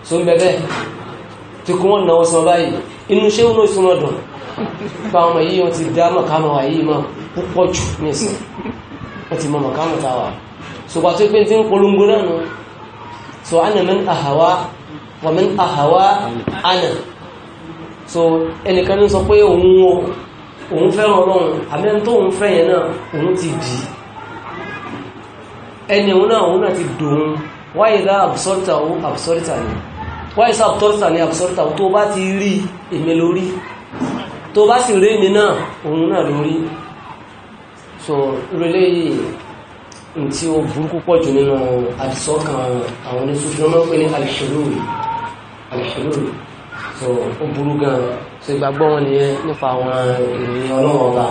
so ń bẹ bẹ́ẹ̀ tó kí wọ́n náwó sọ báyìí inú ṣé wọn náà súnmọ́ dùn bá ọmọ yìí wọn ti dá màkàmà wà yìí máa púpọ̀ jù nísìn wọn ti mọ màkàmà ta wà ṣùgbọ́n tó pé tí ń polongo náà nù so ana min ahawa wa min ahawa ana so ẹnìkan ní sọ pé òun o òun fẹ́ràn ọlọ́run àmẹ́rin tó òun fẹ́ yẹn náà òun ti dì í ẹni òun náà òun náà ti dòun wáyé dá absorta òun absorta ni wọ́n ìsá ọ̀tọ́rọ̀tà ní àbúsọ́rọ̀tà tó bá ti rí èmi lórí tó bá sì rí èmi náà òun náà lórí so rẹlẹ́ yìí tí ó burúkú pọ̀ jù nínú àdìsọ́kàn àwọn oníṣòfin ọmọ pé ní alìṣẹ́lórí so ó burú gan so ìgbàgbọ́ wọn nìyẹn nípa àwọn ènìyàn ọlọ́wọ́ ọba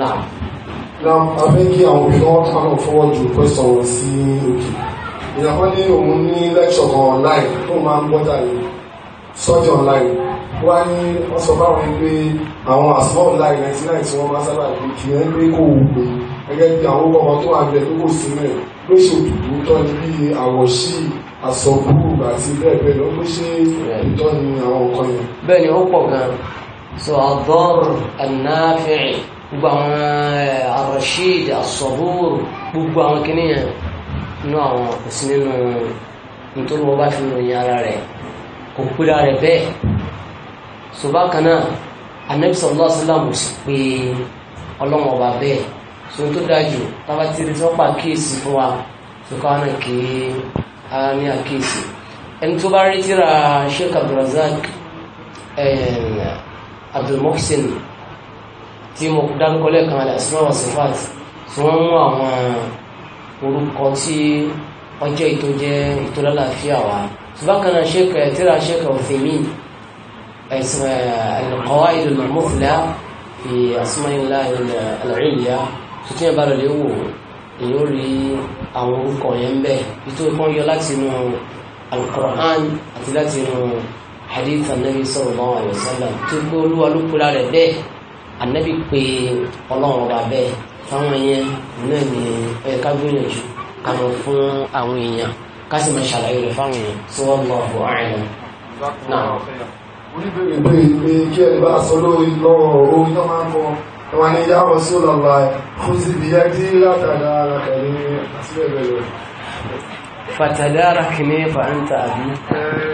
náà. na abẹ́ kí àwọn òṣèlú wọn kàn náà fọwọ́ ju pẹ́sàn sí òkè èèyàn kan ní òun ní lecture kan online tó máa ń gbọ́dà yìí sọ́jọ́ online wá ní wọ́n báwọn ẹgbẹ́ àwọn àsọ́ online ninety tí wọ́n máa sábà gbé kí ẹ gbé kó gbé gẹ́gẹ́ bí àwọn kọ̀ọ̀kan tó wà bẹ̀ tó kò sí mẹ́rin ló ṣe tọ́ ní bí àwọ̀ṣí àsọ̀kúrù àti bẹ́ẹ̀ bẹ́ẹ̀ ló ṣe ìtọ́ ní àwọn nǹkan yẹn. bẹ́ẹ̀ ni ó pọ̀ gan-an so àdọ́rù ànáfẹ́ẹ̀ gbogbo àwọn àròṣí eh, àsọ̀kúrù gbogbo àwọn kìnìyàn nínú àwọn kò sí nínú nítorí wọn bá fi ròyìn ara rẹ̀ kò pera rẹ̀ bẹ́ẹ̀ so bákan náà anabi sallallahu alaihi wasallam sì pé ọlọ́wọ́n ọba bẹ́ẹ̀ so tó dájú tábà tí rí sọ́pà kíyèsí fún wa so káwọn náà kì í á ní àkíyèsí ẹni tó bá rí tíra sheikh abdulrazak abdulmohsen tí mo dárúkọ lẹ́ẹ̀kan al-asma sifat tí wọ́n mú àwọn orúkọ tí ọjọ́ ètò jẹ́ ètò wa ṣùgbọ́n kan náà ṣèkà eh, tíra ṣèkà òfèmí eh, eh, al-qawaid al-muthla fi asma'illah al-'ulya tuntun yẹn bá lọ lè wò èyí ó rí àwọn orúkọ yẹn ń bẹ ètò ìkan yọ láti inú al-Qur'an àti láti inú hadith anabi sallallahu alaihi wasallam tó gbé olúwa ló pera rẹ̀ bẹ́ẹ̀ anabi pé ọlọ́run ọba bẹ́ẹ̀ fáwọn yẹn náà ni ẹ ká gbìyànjú ká lọ fún àwọn èèyàn ká sì máa ṣàlàyé rẹ̀ fáwọn èèyàn tí wọ́n lọ àbọ̀ àìlọ. oníbèrè pé pé kí ẹ bá sọ lórí lọ́rọ̀ orin náà máa ń bọ̀ ẹ̀wọ̀n ni ìyá wọn sólọ̀ kó sì bí yá kí látàdá ara àti bẹ́ẹ̀ bẹ́ẹ̀ lọ fatadarak ni fa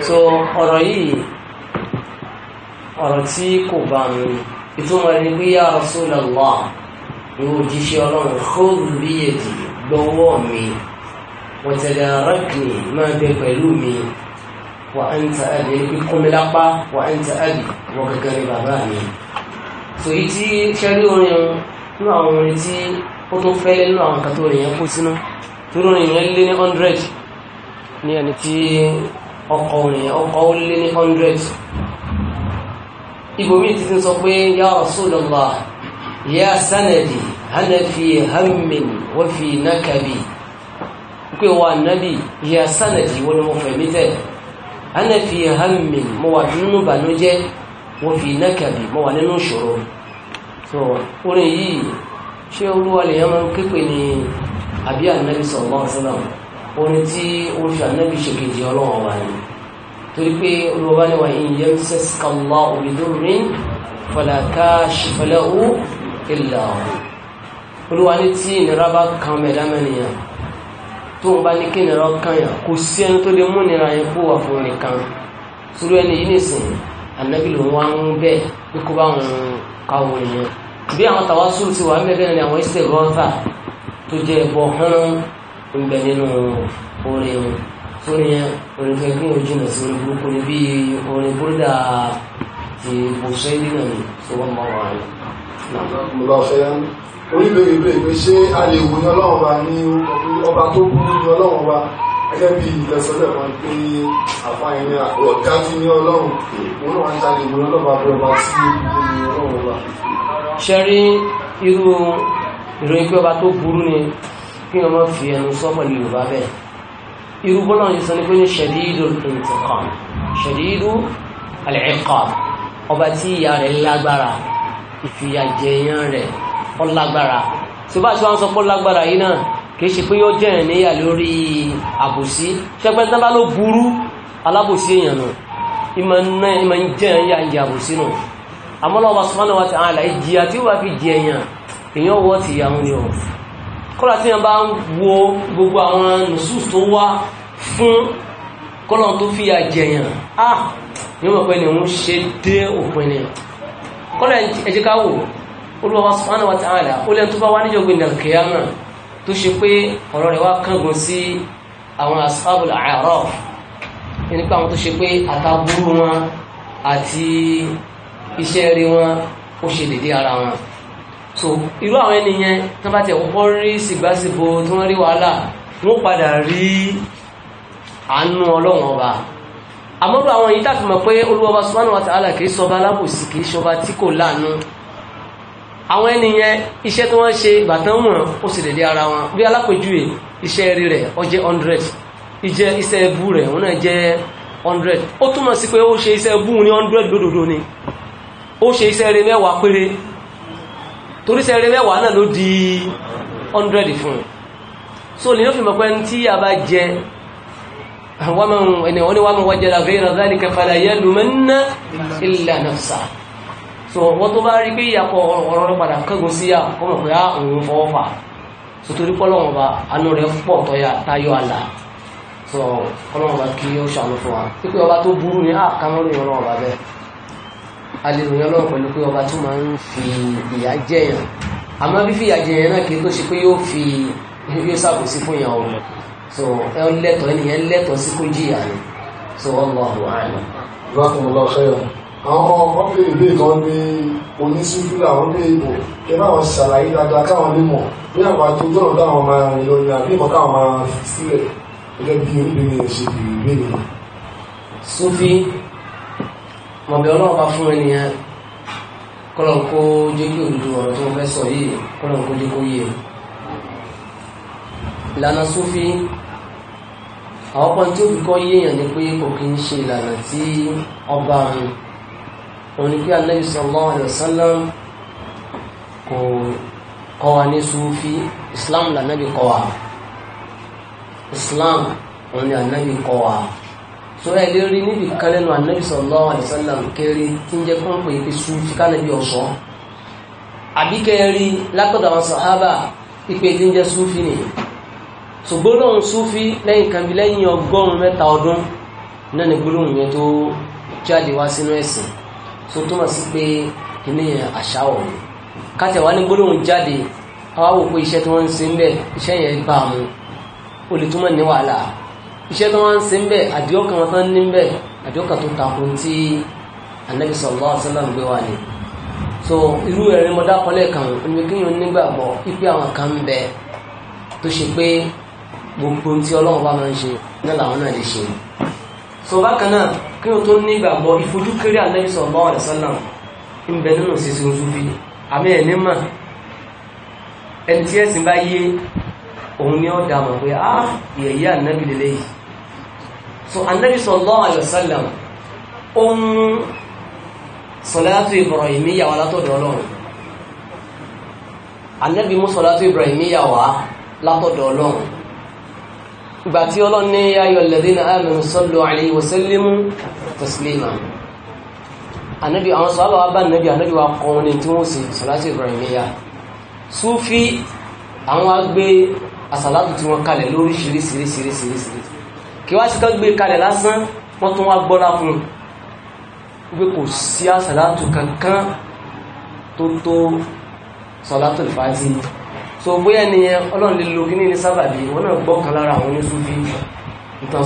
so ọ̀rọ̀ yìí ọ̀rọ̀ tí kò bá mi ìtumọ̀ ni bí ya Rasulullah ìwọ òjíṣẹ́ ọlọ́run kóòlù bí èdè gbọ́wọ́ mi wọ́n tẹ̀lé arákùnrin máa bẹ pẹ̀lú mi wà á ń ta àbí ẹni pé kọ́mi lápá wà á ń ta àbí wọ́n gẹ́gẹ́ ní bàbá mi. sòyí tí ṣẹ́rí orin nínú àwọn orin tí ó tó fẹ́lẹ́ nínú àwọn kan tó rìn yẹn kó sínú torí orin yẹn lé ní hundred ní ẹni tí ọkọ̀ orin yẹn ọkọ̀ lé ní hundred. ibòmíì ti ti sọ pé ya Rasulullah ya sanadi ana fi hammin wa fi nakabi pé wa nabi ya sanadi wọn ni mo fẹ̀mí tẹ̀ ana fi hammin mo wà nínú ìbànújẹ́ wa fi nakabi mo wà nínú ìṣòro so orin yìí ṣé olúwa lè yẹn máa ń képe ni àbí ànábi sallallahu alaihi wasallam orin tí ó fi ànábi ṣe kejì ọlọ́wọ́n wa ni torí pé olúwa ni wa in yamsaska Allahu bidurrin fala kashifa lahu ìlà ọ̀hún olúwa ní tí ìnira bá kan mẹ́dámẹ́nìyàn tó ń bá ní kí ìnira kan yàn kò sí ẹni tó lè mú ìnira yẹn kó wà fún nìkan sórí ẹni yìí nìsín ànábì ló wá ń bẹ́ẹ̀ bí kó bá wọn káwọn èèyàn bí àwọn tàwásù ti wà mẹ́bẹ́ ni àwọn ìṣẹ̀ rọ́ńtà tó jẹ́ ẹ̀bọ̀ hán ń bẹ nínú orin wọn sórí yẹn orin fẹ́ kí wọ́n jìnnà sí orin burúkú ni bí orin búrúdà ti bùsọ̀ ìdí náà ni sọ wọ́n máa wà á lọ ọlọ́fẹ́yán oníbèrè bèrè pé ṣé a lè wò ní ọlọ́run ọba ní ọba tó kú ní ọlọ́run ọba gẹ́gẹ́ bí ìtẹ̀sọ́lẹ̀ kan pé àfáàyàn ní ọ̀dájú ní ọlọ́run òun náà ta lè wò ní ọlọ́ba bí ọba tí ní ọlọ́run ọba. ṣe rí irú ìròyìn pé ọba tó burú ni kí wọn máa fi ẹnu sọ pẹ̀lú yorùbá bẹ́ẹ̀ irú bọ́lá yìí sọ ní pé ní ṣẹ̀dídù ìtìkàn ṣẹ̀dídù àlẹ́ẹ̀kọ́ ọba tí ìyá rẹ̀ lágbára ìfìyàjẹyàn rẹ̀ ọlágbára tí bá tí wọ́n sọ pé ọlágbára yìí náà kìí ṣe pé yóò jẹ́yàn níyà lórí àbòsí ṣẹgbẹ́ tán bá ló burú alábòsí èèyàn nù ìmọ̀ ń jẹ́yàn yà ń jẹ àbòsí nù àmọ́lọ́wọ́ subhanahu wa ta'ala ìjìyà tí ó wà fi jẹ èèyàn èèyàn wọ́ ti ìyàwó ni ọ̀ kọ́lá tí wọ́n bá ń wo gbogbo àwọn nùsùs tó wá fún kọ́lọ́n tó fìyà jẹyàn ah ní pẹ́ ni wọ́n ṣe dé òpin ni kọ́lá ẹjẹ́ ká wò Olúwa subhanahu wa ta'ala ó lẹ́nu tó bá wá níjọ́ gbé nàìjíríà kíámà tó a'raf nípa àwọn tó ṣe pé àtàbúrú wọn àti so irú àwọn ènìyàn tó bá tẹ̀ wọ́n rí sìgbásìgbò tí wọ́n rí wàhálà wọ́n padà rí àánú Ọlọ́run ọba àmọ́rú àwọn yìí tàbí mọ̀ pé olúwọba subhanahu wa ta'ala kìí sọba alábòsí kìí sọba tí kò láàánú àwọn ènìyàn iṣẹ́ tí wọ́n ṣe bàtán wọn ó sì lè lé ara wọn bí alápèjúwe iṣẹ́ rí rẹ̀ ó jẹ́ 100 ìjẹ́ iṣẹ́ ẹbú rẹ̀ òun náà jẹ́ 100 ó túmọ̀ sí pé ó ṣe iṣẹ́ ẹbú ní 100 lódodo ni ó ṣe iṣẹ́ rí mẹ́wàá péré torí iṣẹ́ rí mẹ́wàá náà ló di 100 fún un so lè ní ó fi mọ̀ pé ní tí a bá jẹ ومن ni ولي mọ̀ wajada غير ذلك فلا yalumanna illa نفسه. so wọ́n tó bá rí pé ìyàpọ̀ ọ̀rọ̀ padà kẹ́gùn sí yà kó mọ̀ pé á ah, òun fọwọ́ fà so torí pọ́lọ́wọ́n bá anú rẹ̀ pọ̀ tọ́yà táyọ àlà so pọ́lọ́wọ́n bá kí ó ṣàánú fún wa pípé ọba tó burú ni á kà mọ́ ní ọlọ́wọ́n bá bẹ́ẹ̀ alèròyìn ọlọ́run pẹ̀lú pé ọba tó máa ń fi ìyà jẹyàn àmọ́ fífi ìyà jẹyàn náà kì í tó ṣe pé yóò fi yóò ṣàbòsí fún ìyàn ọ̀run so ẹ lẹ́tọ̀ ẹnìyẹn lẹ́tọ̀ sí kó jìyà ni so wallahu a'lam. jazakumullahu khairan àwọn ọmọ wọn pè ìbí kan ní onísúfìlà wọn pè ìbò kí náà wọn ṣàlàyé dáadáa káwọn lè mọ bí àwọn àtòjọ náà dáwọn máa rìn lọ ní àbí ìmọ̀ káwọn máa sílẹ̀ gẹ́gẹ́ bí oníbìnrin ẹ̀ ṣe bèrè ìbéèrè. sufi mọ̀bí ọlọ́run bá fún ẹnìyẹn kọ́lọ̀ kó jẹ́ kí òdodo ọ̀rọ̀ tó fẹ́ sọ yìí kọ́lọ̀ kó jẹ́ kó yé e. ìlànà sufi àwọn kan tí ó fi kọ́ yéèyàn ni pé kò kí ń ṣe ìlànà tí ọba mi òun ni pé Ànábì sallallahu alaihi wasallam kò kọ́ wa ní Sufi Islam lànàbí kọ́ wa Islam òun ni Ànábì kọ́ wa tó ẹ lè rí níbi kan lẹ́nu Ànábì sallallahu alaihi wasallam kéré tí ń jẹ́ kó ń pè é pé Sufi kánàbí ọ̀ṣọ́ àbíkẹ́ rí látọ̀dọ̀ àwọn sàhábà ìpè tí ń jẹ́ Sufi nìyẹn so gbólóhùn súfí lẹ́yìn kan bí lẹ́yìn ọgọ́rùn mẹ́ta ọdún náà ni gbólóhùn yẹn tó jáde wá sínú ẹ̀sìn so túmọ̀ sí pé kìíní àṣà ọ̀hún kátẹ̀wá ní gbólóhùn jáde àwa wò pé iṣẹ́ tí wọ́n ń ṣe ń bẹ̀ iṣẹ́ yẹn bá mu o lè túmọ̀ ní wàhálà iṣẹ́ tí wọ́n ń ṣe ń bẹ̀ àdìọ́kàn wọn tán ní ń bẹ̀ àdìọ́kàn tó takò tí anabi sallallahu so irú ẹ̀rín mọ́dá kọ́lẹ̀ kan ní pé kéèyàn nígbàgbọ́ pípé àwọn tó ṣe pé gbogbo tí ọlọ́run bá máa ń ṣe náà làwọn náà lè ṣe so bákan náà kí o tó ní ìgbàgbọ́ ìfojúkéré Ànábì sallallahu alaihi wasallam ń bẹ nínú sísun súfì àmì ẹ̀ní mà ẹni tí ẹ̀sìn bá yé òun ni ó dà mọ̀ pé á ah, ìyẹ̀yẹ́ Ànábì lélẹ̀ yìí so Ànábì sallallahu alaihi wasallam ó ń salatu Ibrahimiyya wá látọ̀dọ̀ ọlọ́run Ànábì mú salatu Ibrahimiyya wá látọ̀dọ̀ ọlọ́run ìgbà tí ọlọ́run ní ayọ̀ alladhina amanu sallu alayhi wa sallimu taslima ànábì àwọn sọ́lọ́ wa bá ànábì ànábì wa kọ́ ní tí wọ́n sì salatu Ibrahimiyya súfí àwọn agbé àsàlátù tí wọ́n kalẹ̀ lóríṣiríṣiríṣiríṣiríṣi kí wá sí tán gbé kalẹ̀ lásán wọ́n tún wá gbọ́lá so bóyá ni ọlọ́run lè lo kíní ní sábàbí wọn náà gbọ́ kan lára àwọn oníṣúbí ń tán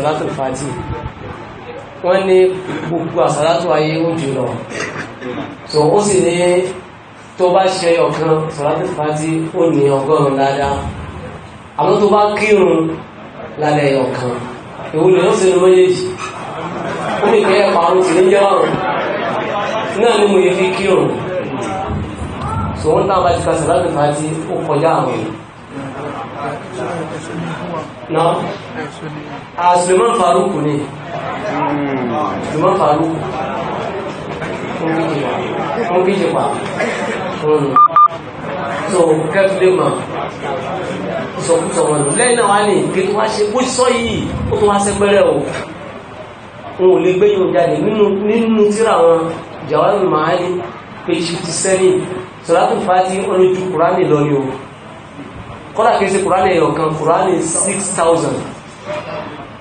sọ̀látò fàájì wọ́n ní gbogbo àsọ̀látò ayé ó jù lọ so ó sì ní tó bá ṣe ọ̀kan sọ̀látò fàájì ó ní ọgọ́rùn-ún dáadáa àmọ́ tó bá kírun lálẹ́ ọ̀kan ìwúlò ó sì ní méjèèjì ó ní ìkẹyẹ parun sì ní jẹ́ ọ̀run náà ni mo yẹ fi kírun so wọ́n náà bá ti ka sọ̀látò náà àṣìlẹ̀mọ́ farúkù ni ṣùgbọ́n farúkù fún kíjì pa fún so kẹ́fìlẹ̀ mọ̀ ìsọkúsọ wọn lẹ́yìn náà wá ní ìgbé tó wá ṣe bó sọ yìí ó tó wá sẹ́gbẹ́rẹ́ o wọn ò lè gbé yóò jáde nínú tíra wọn jàwárù màálí page fifty seven sọlá tó fà á ti ọlójú kúránì lọ ni o kọ́lá kìí sí kùránì ọ̀kan kùránì 6,000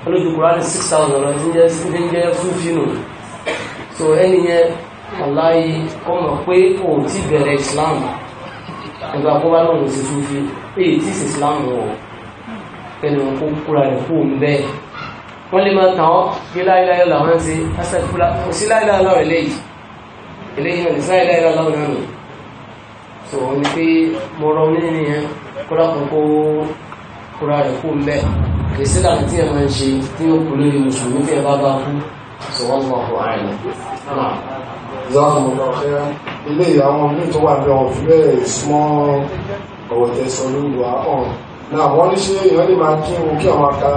olójú kùránì 6,000 lọ jíjẹ́ síndé jẹ́ fún fínú so ẹni yẹn aláyé kọmọ̀ pé o ti bẹ̀rẹ̀ Islam ẹgbẹ́ akọ́bá náà sí fún fi èyí tí sí Islam wọ̀ ẹni kó kúra rẹ̀ kó ń bẹ́ẹ̀ wọ́n lè máa tàn ọ́ bí láìláì làwọn ṣe asẹ́kúra kò sí láìláì lọ́rọ̀ so wọ́n ní pé mo rọ ní nìyẹn kọ́lá kan kó kóra rẹ̀ kó mẹ́ èsì làwọn tí ẹ máa ń ṣe tí ó kú lórí mùsùlùmí bí ẹ bá bá kú sọ̀wọ́ mọ́ ọkọ̀ àìlẹ̀ ilé àwọn míì tó wà bí ọ̀fún bẹ́ẹ̀ súnmọ́ ọ̀rọ̀ tẹ̀sán lóru àhàn náà wọ́n ní ṣe ìyọ́nì máa kí wọn kí àwọn aka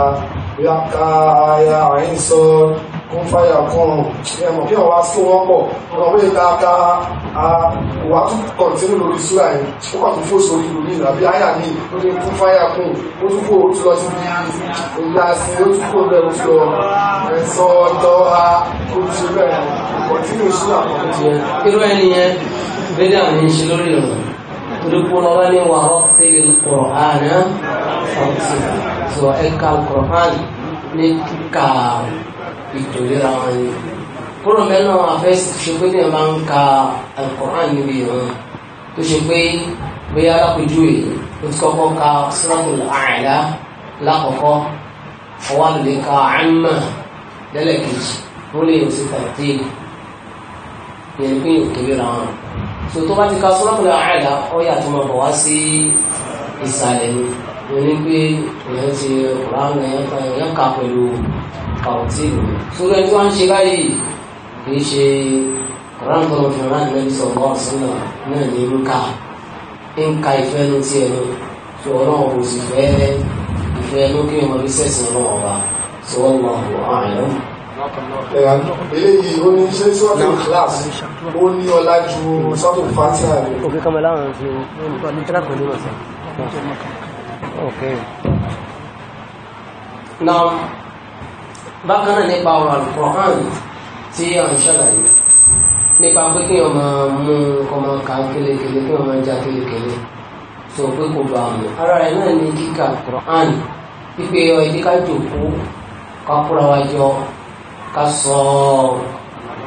bí aka ayé àyínsọ́ ń fàyà kan ẹmọ̀ kí ọwá sún wọ́n pọ̀ ọmọ ìta ká àwà tún kọ̀tínú lórí súra yìí ó kà tún fò sórí ìlú ní ìlàbí àyà ní ó ní kún fàyà kún ó tún kò tún lọ síbi ìyá sí ó tún kò bẹ̀rù lọ ẹ̀sọ́ ọ̀tọ̀ ha ó tún ṣe bẹ́ẹ̀ kọ̀tínú súra kan jẹ́. irú ẹni yẹn bẹ́ẹ̀ dà ní ṣe lórí ọ̀rọ̀ olùkún ọba ní wàhọ́ tẹ́lẹ̀ kọ̀ọ̀hánà ọ̀tún sọ ẹ̀ka kọ̀ọ̀hánà ní kíkà ìtòlera wọn ni kúrò mẹ́nà afẹ́ ṣe pé tẹ̀yìn máa ń ka alukoran níbi ìran tó ṣe pé bóyá alákòjúwe ó ti kọ́kọ́ ka suratul A'la lákọ̀ọ́kọ́ ọwọ́ àlùlé ka Amma lẹ́lẹ́kejì wọ́n lè ṣe tàbí yẹn pé ìtòlera wọn so tó bá ti ka suratul A'la ó yà tó máa bọ̀ wá sí ìsàlẹ̀ ni wọ́n ní pé èèyàn ti kùránù èèyàn ka pẹ̀lú tàwùtìlù sórí ẹni tó wá ń ṣe báyìí kì í ṣe koran tó lọ fi ran ìlẹ́bí sọ̀rọ̀ ọ̀sánà náà ní ń ka ń ka ìfẹ́ ẹnu tí ẹnu tó ọlọ́run kò sì fẹ́ ìfẹ́ ẹnu kí ọmọ bí sẹ̀sìn ọlọ́run ọba tó wọ́n lọ bò ààrẹ. eléyìí ó ní ṣé sọ́tò kíláàsì ó ní ọlá ju sọ́tò fásitì rẹ̀. òkè kọ́mọ láwọn fi ní tíráàkì pẹ̀lú ọ̀sán. ok. now bákan náà nípa ọ̀rọ̀ alukur'an tí a ń ṣàlàyé nípa pé kí ọmọ mú ọmọ ká kélékèlé kí ọmọ já kélékèlé tó pé kò bá mu ara rẹ̀ náà ní kíkà alukur'an pípé ọ̀ẹ́dí ká jòkó ká kóra wa jọ ká sọ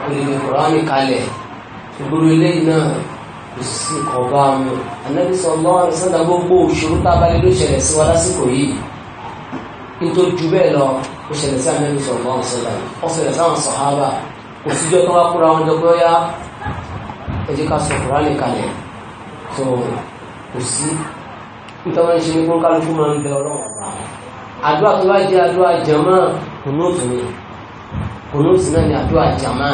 alukur'an kalẹ̀ ìgboro eléyìí náà kò sí ọba mu anabi sọ lọ́wọ́ àrùn sọ́dà gbogbo òṣòro tá ló ṣẹlẹ̀ sí lásìkò yìí nítorí ju bẹ́ẹ̀ lọ kò ṣẹlẹ̀ sí àmì ìṣòro náà ṣẹlẹ̀ ó ṣẹlẹ̀ sáwọn sàhábà kò síjọ́ tó wá kúra wọn jọ pé ó yá ẹ jẹ́ ká sọ Kùránì kalẹ̀ tó kò sí nítorí wọn ṣe ní kó kálukú máa ń bẹ ọlọ́run ọ̀la àdúrà tó bá jẹ́ àdúrà jàmá kùnúùtù ni kùnúùtù náà ni àdúrà jàmá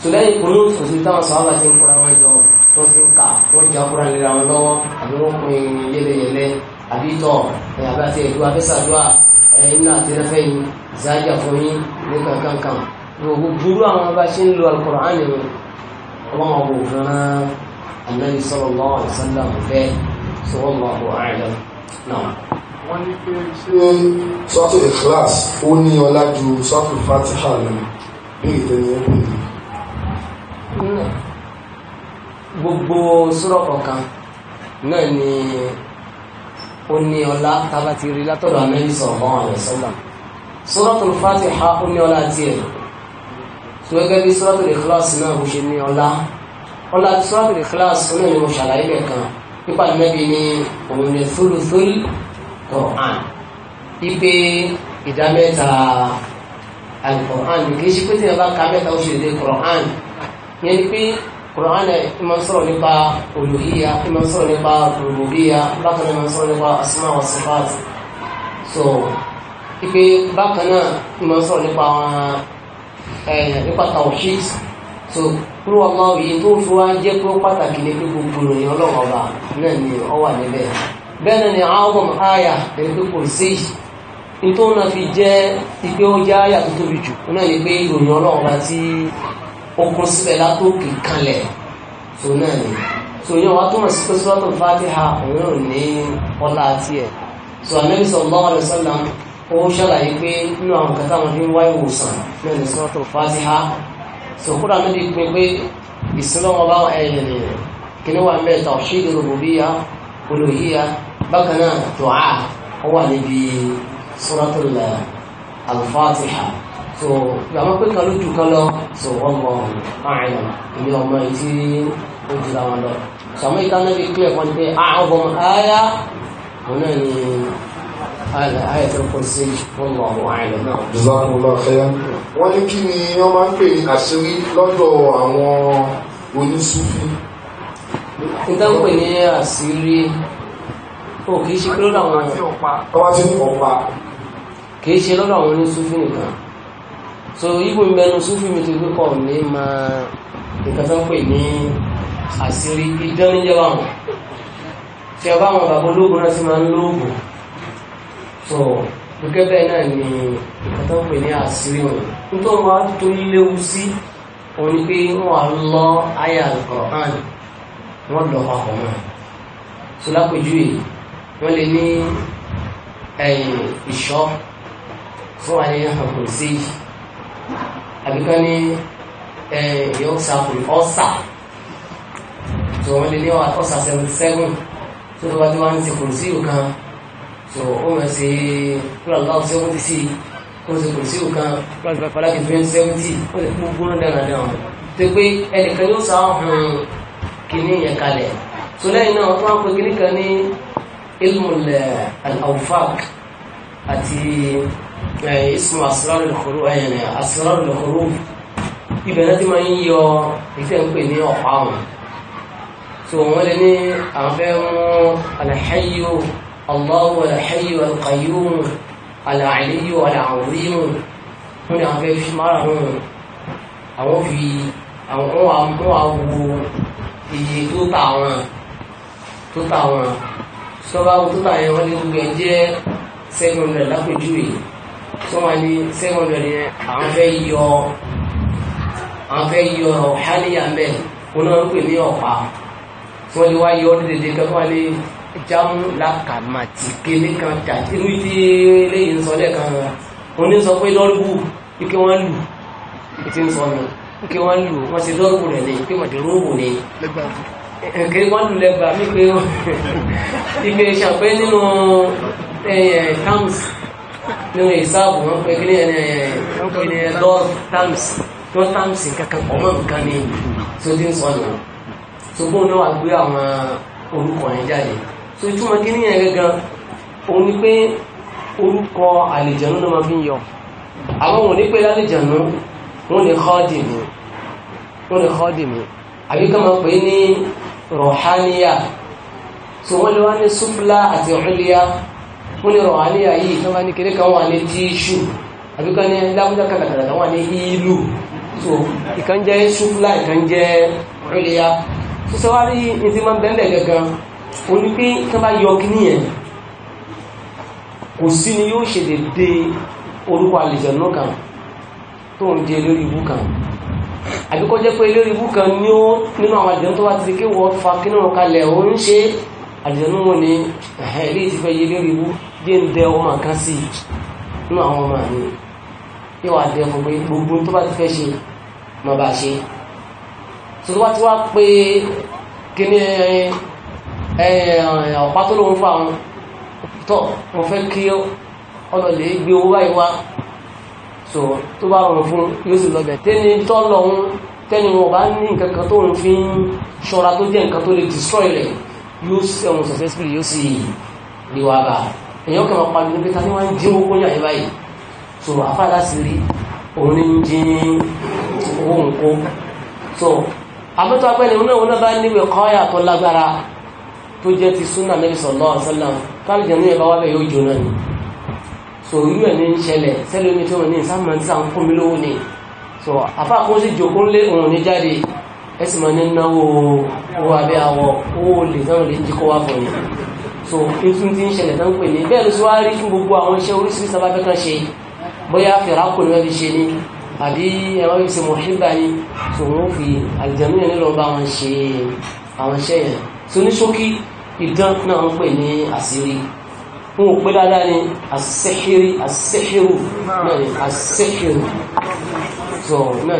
sùlẹ́yìn kùnúùtù sí táwọn sàhábà ti ń kúra wọn jọ tó ti ń kà wọ́n jà kúra lera wọn lọ́wọ́ àbí pin yẹlẹyẹlẹ àbí tọ̀ ẹ̀ àbí àti ẹ̀dùn abẹ́sàdúrà ẹ̀yìn náà ti rẹ́fẹ́ yìí zájà fún yín ní kankankan gbogbo burú àwọn bá ṣe ń lo Al-Qur'ani wọn ọmọ ọmọ òfin Ànábì sallallahu alaihi wasallam fẹ́ sallallahu a'lam náà. wọ́n ní pé ṣé sọ́tò Ikhlas ó ní ọlá ju sọ́tò Fatiha lọ bí ìtẹ́ni ẹ̀ pè gbogbo sọ́rọ̀ kọ̀ọ̀kan náà ni ó ní ọlá tábà ti rí látọ̀dọ̀ Ànábì sallallahu alaihi wasallam Suratul Fatiha ó ní ọlá tiẹ̀ tó gẹ́gẹ́ bí Suratul Ikhlas náà ó ṣe ní ọlá ọlá Suratul Ikhlas ó náà ni mo pé tí ẹ bá ka mẹ́ta ó ṣe lè Qur'an yẹn ni pé Kùránì ìmọ̀ sọ̀rọ̀ nípa olùhíyà ìmọ̀ sọ̀rọ̀ nípa olùhíyà bákan ìmọ̀ sọ̀rọ̀ nípa asma wa sifat so ipe bákan náà ìmọ̀ sọ̀rọ̀ nípa eh, nípa tawhid so kúrò ọmọ yìí tó fi wá jẹ́ pé ó pàtàkì ní pé gbogbo ìròyìn ọlọ́wọ́ ni ó wà níbẹ̀ bẹ́ẹ̀ náà ni àwọn àyà pẹ̀lú pé kò sí ní tó náà okun síbẹ̀ látòkè kanlẹ̀ tó náà ni tó yẹn wàá túmọ̀ sí pé sọ́tò fatiha òun ò ní ọlá tiẹ̀ tó anabi sallallahu alaihi wasallam ó ṣàlàyé pé nínú àwọn kan táwọn fi ń wá ìwòsàn náà ní sọ́tò fatiha tó kúrò anabi pé pé ìsinlọ́wọ́ bá ẹ̀yìn nìyẹn kí ni wà ń bẹ̀ tawhid rububiyya uluhiyya bákan náà du'a ó wà níbi suratul al-fatiha so àwọn pé kan lójú kan so wọn mọ àìlọ èyí ọmọ yìí tí ó ti láwọn lọ sàmú ìtànà bíi pé ẹ̀kọ́ ni pé àwọn àyà òun náà ni àyà tó kọ sí wọn mọ àwọn àìlọ náà. jùlọ ọ̀fẹ́ wọ́n ní kí ni wọ́n máa ń pè ní àṣírí lọ́dọ̀ àwọn oníṣúfí. nítorí wọ́n pè ní àṣírí o kì í ṣe pé lọ́dọ̀ àwọn. ọba tí ń kì í ṣe lọ́dọ̀ àwọn oníṣúfí nìkan so ibo mẹnu sufi mi ti fi kọ ní ma nǹkan tó ń pè ní àṣírí idán níjẹ́ tí a bá wọn bàbá ológun náà ti máa ń lóògùn so gẹ́gẹ́ bẹ́ẹ̀ náà ni nǹkan tó ń pè ní àṣírí wọn nítorí wọn tó léwu sí òun ni pé wọn à lọ àyà Al-Qur'an wọn lọ papọ̀ mọ́ so lápèjúwe wọn lè ní ẹ̀yìn ìṣọ́ fún àyè hàn kò sí yìí àbíkọ́ ní yóò sàkùn ọ̀sà tó wọ́n lè ní ọ̀sà seventy seven tó tó bá ti wá ní ti kùrù sí ìkan tó ó mọ̀ sí kúrọ̀lọ́ seventy sí kó ti kùrù sí ìkan kúrọ̀lọ́ fàlákì twenty seventy ó lè kú gbóná dára dára tó pé ẹnìkan yóò sá ọ̀hún kìíní yẹn kalẹ̀ tó lẹ́yìn náà wọ́n máa ń pè kìíní kan ní ilmul eh, awfaq àti. اسمه أسرار الخروج يعني أسرار الخروج ìbẹ̀rẹ̀ tí ma ń yọ ìfẹ́ ń pè ní ọ̀pá wọn so wọ́n lè ní àfẹ́ wọn alhayyu Allahu alhayyu alqayyum alàìlẹ́yù alàwòrímù wọ́n ni àfẹ́ fi mara wọn àwọn fi àwọn àwọ iye tó tà wọn tó tà wọn sọ́bà tó tà yẹn wọ́n lè gbẹ̀ jẹ́ 700 lápẹ̀jú yìí tí wọ́n ní seven hundred yẹn àwọn fẹ́ yọ àwọn fẹ́ yọ ọ̀hálíyà mẹ́ wọn náà ń pè ní ọ̀pá tí wọ́n lè wá yọ ọdún dédé kan tí wọ́n lè jámú lákàmàtì kéde kan tàbí irú tí eléyìí ń sọ lẹ́ẹ̀kan rẹ̀ wọn ní sọ pé lọ́rùbù ike wọ́n lù ètí ń sọ mi ike wọ́n lù wọ́n ti lọ́rùbù ni ẹ̀kẹ́ wọ́n lù nínú ìsáàbù wọn pé kí ní ẹni lord tams lord tams kankan ọmọ nǹkan ni tó ti ń sọ nù ṣùgbọ́n ní wàá gbé àwọn orúkọ yẹn jáde tó ìtumọ̀ kí ní yẹn gangan òun ni pé orúkọ àlìjẹ̀nú ló máa fi ń yọ àwọn òun ní pé lálìjẹ̀nú wọn lè kọ́ dì mí lè kọ́ dì mí àbí pè ní rọ̀háníyà tó wọ́n lè wá ní súfúlá àti ọ̀húnlíyà wọ́n ní rọ̀ alẹ́ ayé ìfẹ́wà ní kéré kan wà ní tíṣù àbíkọ́ ní lábújá kàkàtàkàtà wà ní ìlú so ìkan jẹ́ ṣúfúlà ìkan jẹ́ ọ̀rẹ́lẹ́yà tó sọ wá rí ní ti máa ń bẹ́ẹ̀ gẹ́gẹ́ òun ni pé tó bá yọ kí nìyẹn kò sí ni yóò ṣe dédé orúkọ àlejò náà kan tó ń di lórí ibú kan àbíkọ́ jẹ́ pé lórí ibú kan nínú àwọn àjọ tó wá ti ké wọ́n fa kí náà kalẹ̀ òun ṣe àlìjẹ̀nú wọn ni ẹ̀hẹ́ ilé ti fẹ́ yé lórí wú jẹ́ ń dẹ ọmọ kan sí inú àwọn ọmọ mi yóò wá dẹ ọmọ pé gbogbo tó bá ti fẹ́ ṣe mọ bá ṣe tó tó bá ti wá pé kíní ọ̀pá tó lóun fún àwọn tọ́ mo fẹ́ kí ọlọ́lẹ̀ gbé owó báyìí wá so tó bá rọrùn fún yóò sì lọ́bẹ̀ tẹ́ni tọ́ lọ́hún tẹ́ni wọn bá ní nǹkan kan tó ń fi ń tó jẹ́ nǹkan tó lè destroy rẹ̀ yóò sẹ́wọ̀n successfully yóò sì lè wá bá èyàn kẹwàá pàdé ní pẹ́ta ní wọ́n ń jí owó kóyà yẹ báyìí so afáàlá sì rí òun ní ń jí owó nǹkó so àmọ́tọ́ apẹ́lẹ̀ òun náà òun náà bá níwẹ̀ kọ́yà tó lágbára tó jẹ́ ti súnà Nabi sallallahu alaihi wasallam káàlìjẹ̀ ní ẹ̀bá wábẹ̀ yóò jóná ni so irú ẹ̀ ní ń ṣẹlẹ̀ sẹ́lẹ̀ omi tó wọn ní ìsámọ̀ ní sàn lówó ni so afáàkó sì jòkó lé òun ní jáde ẹsì máa ní náwó owó abẹ́ àwọ̀ owó olè náà lè jí kó wá fún yìí so fífún tí ń ṣẹlẹ̀ náà ń pè ní bẹ́ẹ̀ ló sì wá rí fún gbogbo àwọn iṣẹ́ oríṣiríṣi sábà fẹ́ kàn ṣe bóyá fẹ̀rẹ̀ àpò ni wọ́n fi ṣe ni àbí ẹ̀rọ ìṣe mọ̀ṣíbà ni so wọ́n fi àlìjẹ̀mú yẹn lọ́ba wọn ṣe àwọn iṣẹ́ yẹn so ní ṣókí ìdán náà ń pè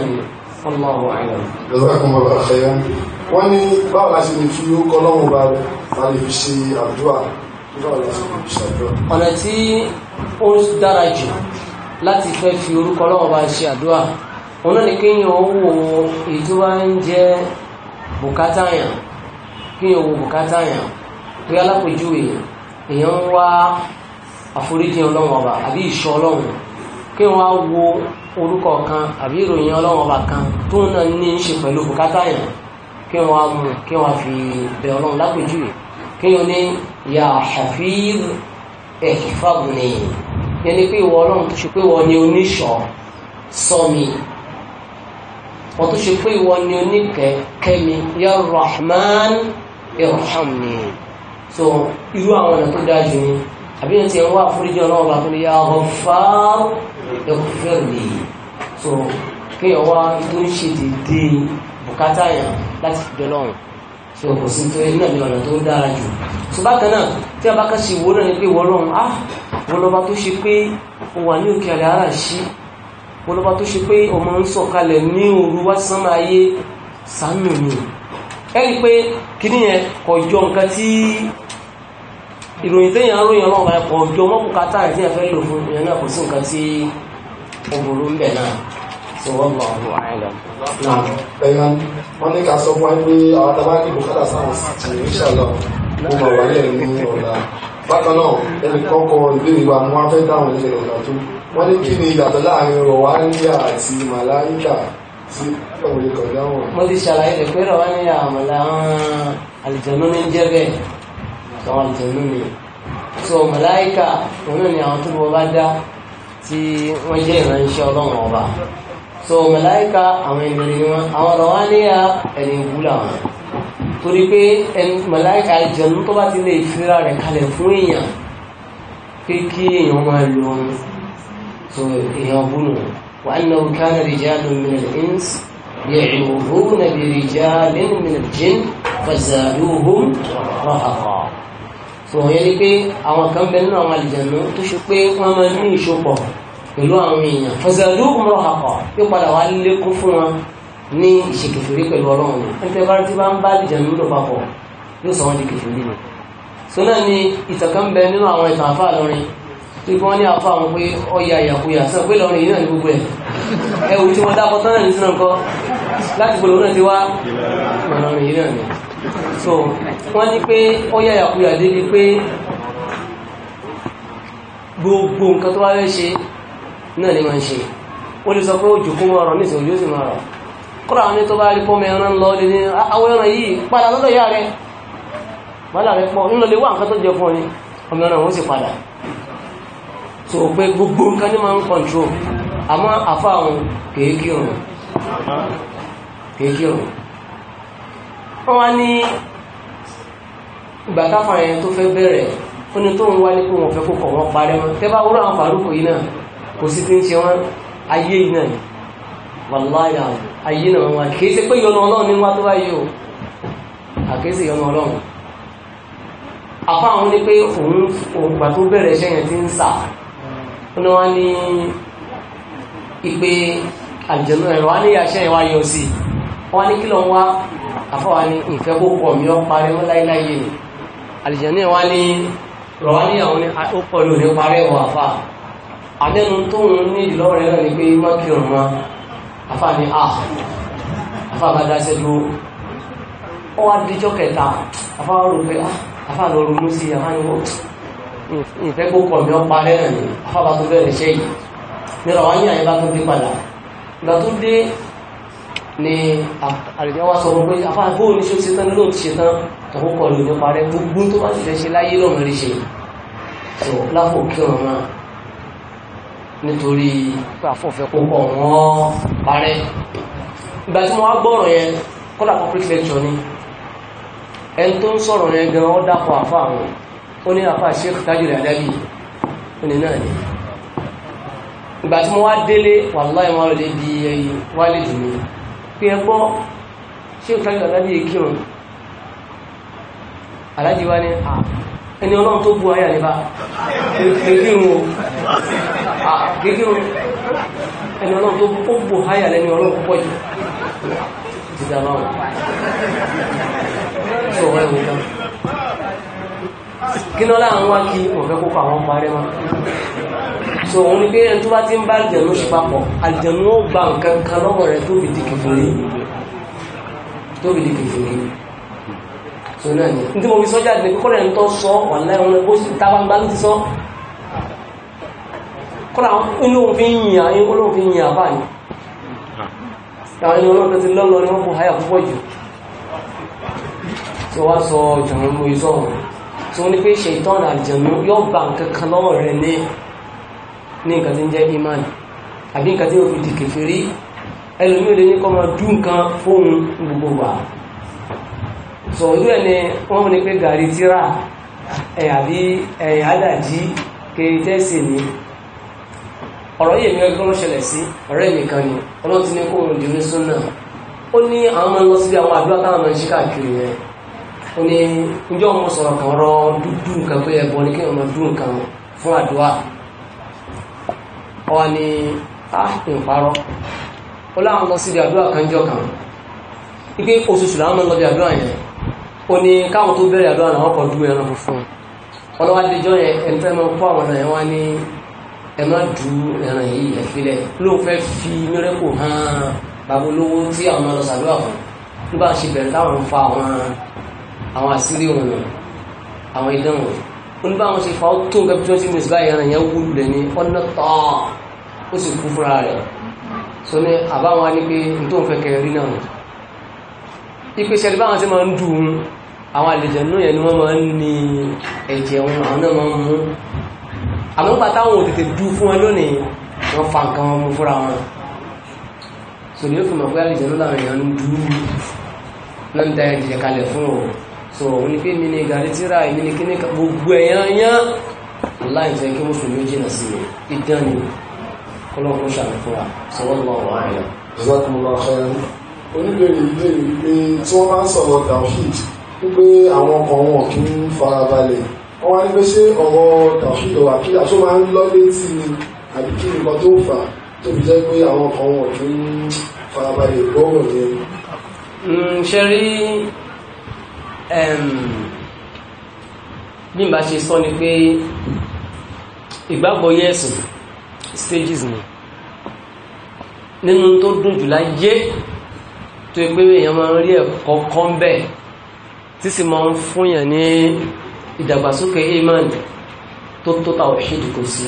ní Allahu a'lam. Jazakumullahu ọ̀nà tí ó dára jù láti fẹ́ fi orúkọ lọ́wọ́ bá ṣe àdúrà ọ̀nà ni kí yíò wo èyí ń jẹ́ bùkátà yàn kí yíò wo bùkátà yàn pé alápèjúwe èèyàn ń wá àforíjì ọlọ́run ọba àbí ìṣọ́ ọlọ́run kí wọ́n á wo orúkọ kan àbí ìròyìn ọlọ́wọ́n ọba kan tó náà ní í ṣe pẹ̀lú bùkátà yẹn kí wọ́n á mú kí wọ́n á fi bẹ̀ ọlọ́run lápèjúwe kí wọ́n ní ya Hafiz ihfazni yẹn ni pé ìwọ ọlọ́run tó ṣe pé ìwọ ni oníṣọ́ ṣọ́ wọ́n tó ṣe pé ìwọ ni oníkẹ̀kẹ́ ya Rahman irhamni so irú àwọn ọ̀nà tó dájú ni àbí yẹn ti wá àforíjì ọlọ́run bá tó ya Ghaffar ẹkùnfẹ́ lè so kí ọwá tó ń ṣe dédé bùkátà yàn láti fi dọ́lọ́run so kò sí tó iná ní ọ̀nà tó ń dára jù so bákan náà tí a bá kàn sí ìwọ náà ni pé ìwọ ọlọ́run á ah, wọ́n lọ́ba tó ṣe pé ó wà ní òkè àlẹ́ ara ṣí wọ́n lọ́ba tó ṣe pé ọmọ ń sọ̀kalẹ̀ ní òru wá sánmà ayé sánú ni ẹ rí i pé kíní yẹn kọjọ nǹkan tí ìròyìn tí èèyàn ròyìn ọlọ́run báyìí pọ̀ jọ mọ́ bùkátà rẹ̀ tí èèyàn fẹ́ lò fún ìyẹn náà kò sí nǹkan tí òbòrò ń bẹ̀ náà tí wọ́n gbọ́ ọ̀rọ̀ àìlọ. ẹ̀yàn wọ́n ní ká sọ fún ẹni pé àwọn tabaki bùkátà sáwọn sì ń ṣàlọ́ mo mọ̀ wáyé ní ọ̀la. bákan náà ẹni kọ́kọ́ ìbéèrè wa mo wáá dáhùn ní ọ̀la tó wọ́n ní kí ni ìyàtọ̀ láàrin rọ̀wáńdíà àti màláyíkà tí ọ̀rọ̀ ìkọ̀dáwọ̀n. mo ti ṣàlàyé rẹ̀ pé rọ̀wáńdíà àmàlà àwọn àlìjọ̀nú ní jẹ́ bẹ́ẹ̀ àwọn àlùjọ̀nú ni so màláìkà òun náà ni àwọn tó lọ́wọ́ bá dá tí wọ́n jẹ́ ìránṣẹ́ ọlọ́run ọba so màláìkà àwọn ènìyàn ni wọ́n àwọn ọ̀rọ̀wá ní à ẹni ìwúlà wọn torí pé màláìkà àlùjọ̀nú tó bá ti lè fira rẹ̀ kalẹ̀ fún èèyàn pé kí èèyàn máa lo ohun so èèyàn búnú wà á náwó kánà rijalun minal ins يعوذون برجال من الجن فزادوهم رهقا so yẹn ni pé àwọn kan bẹ nínú àwọn àlìjẹ̀nu tó ṣe pé wọ́n máa ní ìṣopọ̀ pẹ̀lú àwọn èèyàn fọ̀sẹ̀lú mọ̀rọ̀ àpọ̀ yóò padà wá lékún fún wọn ní ìṣèkèfèrè pẹ̀lú ọlọ́run ni ẹni tẹ́ bá ti bá ń bá àlìjẹ̀nu lò papọ̀ yóò sọ wọn di kèfèrè ni so náà ni ìtàn kan bẹ nínú àwọn ìtàn àfáà lọrin tí wọ́n ní àfáà wọn pé ọya ìyàkuyà sọ pé lọrin yìí náà ní gbogbo ẹ̀ ẹ̀ wò tí wọ́n dákọ̀ tán náà láti gbọ́dọ̀ náà ti wá ìrọ̀rùn yìí náà ni so wọ́n ní pé ó yà yàkuyà débi pé gbogbo nǹkan tó bá fẹ́ ṣe náà ni wọ́n ń ṣe ó lè sọ pé ó jòkó máa rọ̀ nísìnyí yóò sì máa rọ̀ kọ́ra àwọn tó bá rí pọ́ mẹ́ ẹran lọ lè ní àwọn ẹran yìí padà lọ́dọ̀ ìyá rẹ̀ wàhálà so pé gbogbo nǹkan ní máa ń kọ̀ǹtró àmọ́ àfa kéèké ọ̀rọ̀ wọ́n wá ní ìgbà táfà yẹn tó fẹ́ bẹ̀rẹ̀ ó ní tó ń wá ní pé wọ́n fẹ́ kó kọ̀ wọ́n parẹ́ wọn tẹ́ bá wúrọ̀ àwọn fàrúkù yìí náà kò sí ti ń ṣe wọn ayé yìí náà ni wàláyà ayé náà wọn kìí ṣe pé yọnu ọlọ́run ní wá tó bá yìí o àkéésì yọnu ọlọ́run àfa àwọn ní ẹ̀rọ wá ní ìyá iṣẹ́ sí i wọ́n ní kí ló ń wá àfọwà ní ìfẹ́ kó pọ̀ mí ọ parí wọn láíláyé ni àlìjẹ̀ní wá ní rọ̀wá ní àwọn ó pọ̀ ní parí ẹ̀wọ̀ àfà àmẹ́nu tó ń ní ìlọ́rọ̀ náà ni pé má kí òun mọ́ àfà ní à ah. àfà bá dáṣẹ́ dúró ó wá díjọ́ kẹta àfà rò pé ah. àfà lọ ronú sí àfà ní oh. ìfẹ́ kó pọ̀ mí ọ parí náà ni àfà bá tó bẹ̀rẹ̀ iṣẹ́ ní rọ̀wá ní àyè tó dé padà ní àrẹ̀dẹ́wà sọ wọ́n pé afáàgbó ní ṣe tán lóò ti ṣe tán tọ̀wọ́ kọ̀ lè nípa rẹ̀ gbogbo tó bá ti fẹ́ ṣe láyé lọ́mọ rí ṣe tó láfò kí wọn máa nítorí pé àfọ̀fẹ́ púpọ̀ wọ́n parẹ́ ìgbà tí mo wá gbọ́rọ̀ yẹn kọ́lá public ni ẹni tó ń sọ̀rọ̀ yẹn gan ọ́ dàpọ̀ àfa àwọn ó ní àfa Sheikh Tajul ni délé wàláì wọn lè di ẹyin wálé jù mí pé ẹgbọ́ ṣé o kájú aláàjì ìkírun aláàjì wá ní à ẹni ọlọ́run tó bú ayà nípa kékírun o kékírun ẹni ọlọ́run tó bú ayà lẹ́ni ọlọ́run púpọ̀ jù dídá máa wọ̀ tí ọ̀rọ̀ ẹ̀wọ̀n kan kí lọ́la àwọn wá kí ọ̀fẹ́ kópa àwọn parẹ́ máa so òun ni pé ẹni tó bá ti ń bá àlìjẹ̀nú ṣe papọ̀ àlìjẹ̀nú ó gba nǹkan kan lọ́wọ́ rẹ̀ tó fi di kìfìrí tó fi di kìfìrí so náà ni ní tí mo fi sọ́jà ní kókó rẹ̀ ń tọ́ sọ wàhálà ẹ̀hún ẹ̀ bó sì tábà ń bá ló ti sọ kódà inú òun fi ń yàn inú òun fi ń yàn àbá ni àwọn ẹni olóòtú ti lọ́lọ́ ni wọ́n fún háyà púpọ̀ jù tí wọ́n sọ jùmọ̀ mú isọ́ wọn tí wọ́n ní pé ṣe ìtọ́nà àlìjẹ̀nú yóò gba nǹkan kan lọ́wọ́ rẹ̀ ní ní nǹkan tí ń jẹ́ iman àbí nǹkan tí ó fi di kèfèrí ẹlòmí olè ní kọ́ máa dún nǹkan fóun gbogbo wà sọ ojú ẹni wọ́n ní pé gàrí tíra ẹ̀ ni ọ̀rọ̀ yìí mi ọdún ṣẹlẹ̀ sí ọ̀rẹ́ mi kan ni ọlọ́run ti ní kó òun di onísúnà ó ní àwọn máa ń lọ síbi àwọn àdúrà káwọn máa ń ṣe káàkiri yẹn ó ní sọ̀rọ̀ kan rọ dúdú nǹkan kí wọ́n ọwá ní àpínparọ́ ah, ó láwọn lọ sí ibi àdúrà kan jọ kan ipé oṣooṣù láwọn lọ bí àdúrà yẹn ó ní káwọn tó bẹ̀rẹ̀ àdúrà làwọn kan dúró ẹran funfun ọlọ́wà dẹjọ́ yẹn ẹni fẹ́ máa kó àwọn ọ̀nà yẹn wá ní ẹ má du ẹran yìí ẹ̀fílẹ̀ ló fẹ́ fi mẹ́rẹ́kù hàn bàbá olówó tí àwọn ọmọ lọ sàdúrà fún ló bá ṣe bẹ̀rẹ̀ táwọn ń fa àwọn àwọn àṣírí òun oníbà wọn ṣe fà ó tó nǹkan fíjọ́ sí mẹ́sì báyìí ẹran yẹn wúlù rẹ̀ ní ọ̀nà tọ́ ó sì kú fúnra rẹ̀ so ní àbáwọn ní pé n tó ń fẹ́ kẹrin náà nù ipe ṣẹlẹ̀ báwọn ṣe máa ń dùn àwọn àlejò náà yẹn ni wọ́n máa ń ní ẹ̀jẹ̀ wọn àwọn náà máa ń mú àmọ́ nípa táwọn òtètè dùn fún wọn lónìí wọ́n fa nǹkan wọn mú fúnra wọn so ní ó fi mọ̀ pé àlejò náà làwọn èèyàn ń dùn náà ń da ẹ̀jẹ̀ kalẹ̀ fún òun so òun ni pé mi ni gàrí tíra èmi ni kíní kan gbogbo ẹ̀yán yán láì jẹ́ kí mùsùlùmí jìnà sí mi ìdán ni kọ́lọ́n kó ṣàmì fún wa sọ́wọ́n lọ wà áyà. ìsọ́kùnrin ọ̀ṣẹ́ oníbèrè ilé ìgbé tí wọ́n bá ń sọ̀rọ̀ tawhid wípé àwọn ọkọ̀ wọn kì í farabalẹ̀ wọ́n wá ní pé ṣé ọ̀rọ̀ tawhid ọ̀rọ̀ àkídà tó máa ń lọ létí ni àbí kí nǹkan tó fà á jẹ́ pé àwọn ọkọ̀ wọn kì í farabalẹ̀ gbọ́rọ̀ bí n bá ṣe sọ ni pé ìgbàgbọ́ yẹ́sùn stages ni nínú tó dùn jù láyé tó pé èèyàn máa ń rí ẹ̀kọ́ kan bẹ́ẹ̀ tí sì máa ń fúnyàn ní ìdàgbàsókè iman tó tó ta òṣèlú kò sí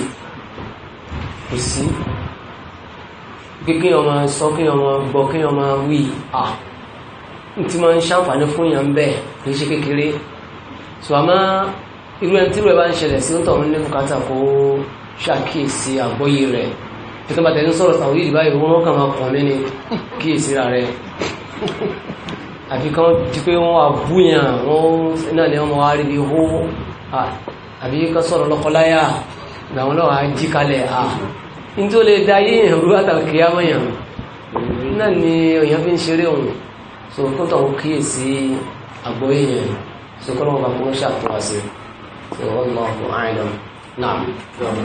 kò sí kí kí ọmọ sọ kí ọmọ gbọ́ kí ọmọ wí à tí wọ́n ń ṣàǹfààní fún yàn bẹ́ẹ̀ kì í ṣe kékeré so àmọ́ irú ẹni tí irú ẹ bá ń ṣẹlẹ̀ sí ọ̀tọ̀ ní bùkátà kó ṣàkíyèsí àgbọ́yé rẹ̀ tẹ́tẹ́ bá tẹ̀lé sọ̀rọ̀ tàwọn yìí báyìí wọ́n kàn máa kàn mí ni kíyèsí ra rẹ̀ àfi kan ti pé wọ́n àbúyàn wọ́n náà ni wọ́n wá rí bí hó àbí kan sọ̀rọ̀ lọ́kọláyà ìgbà wọn náà jí kalẹ̀ à ní tí lè da yíyàn rú àtàkìyàmọ̀yàn náà ni òyìn fi ń ṣeré òun so kó tó ń kíyèsí àgbóyè yẹn so kó lọ́wọ́ bá kó ń ṣàtúnwá sí so wọ́n lọ fún àìdán náà.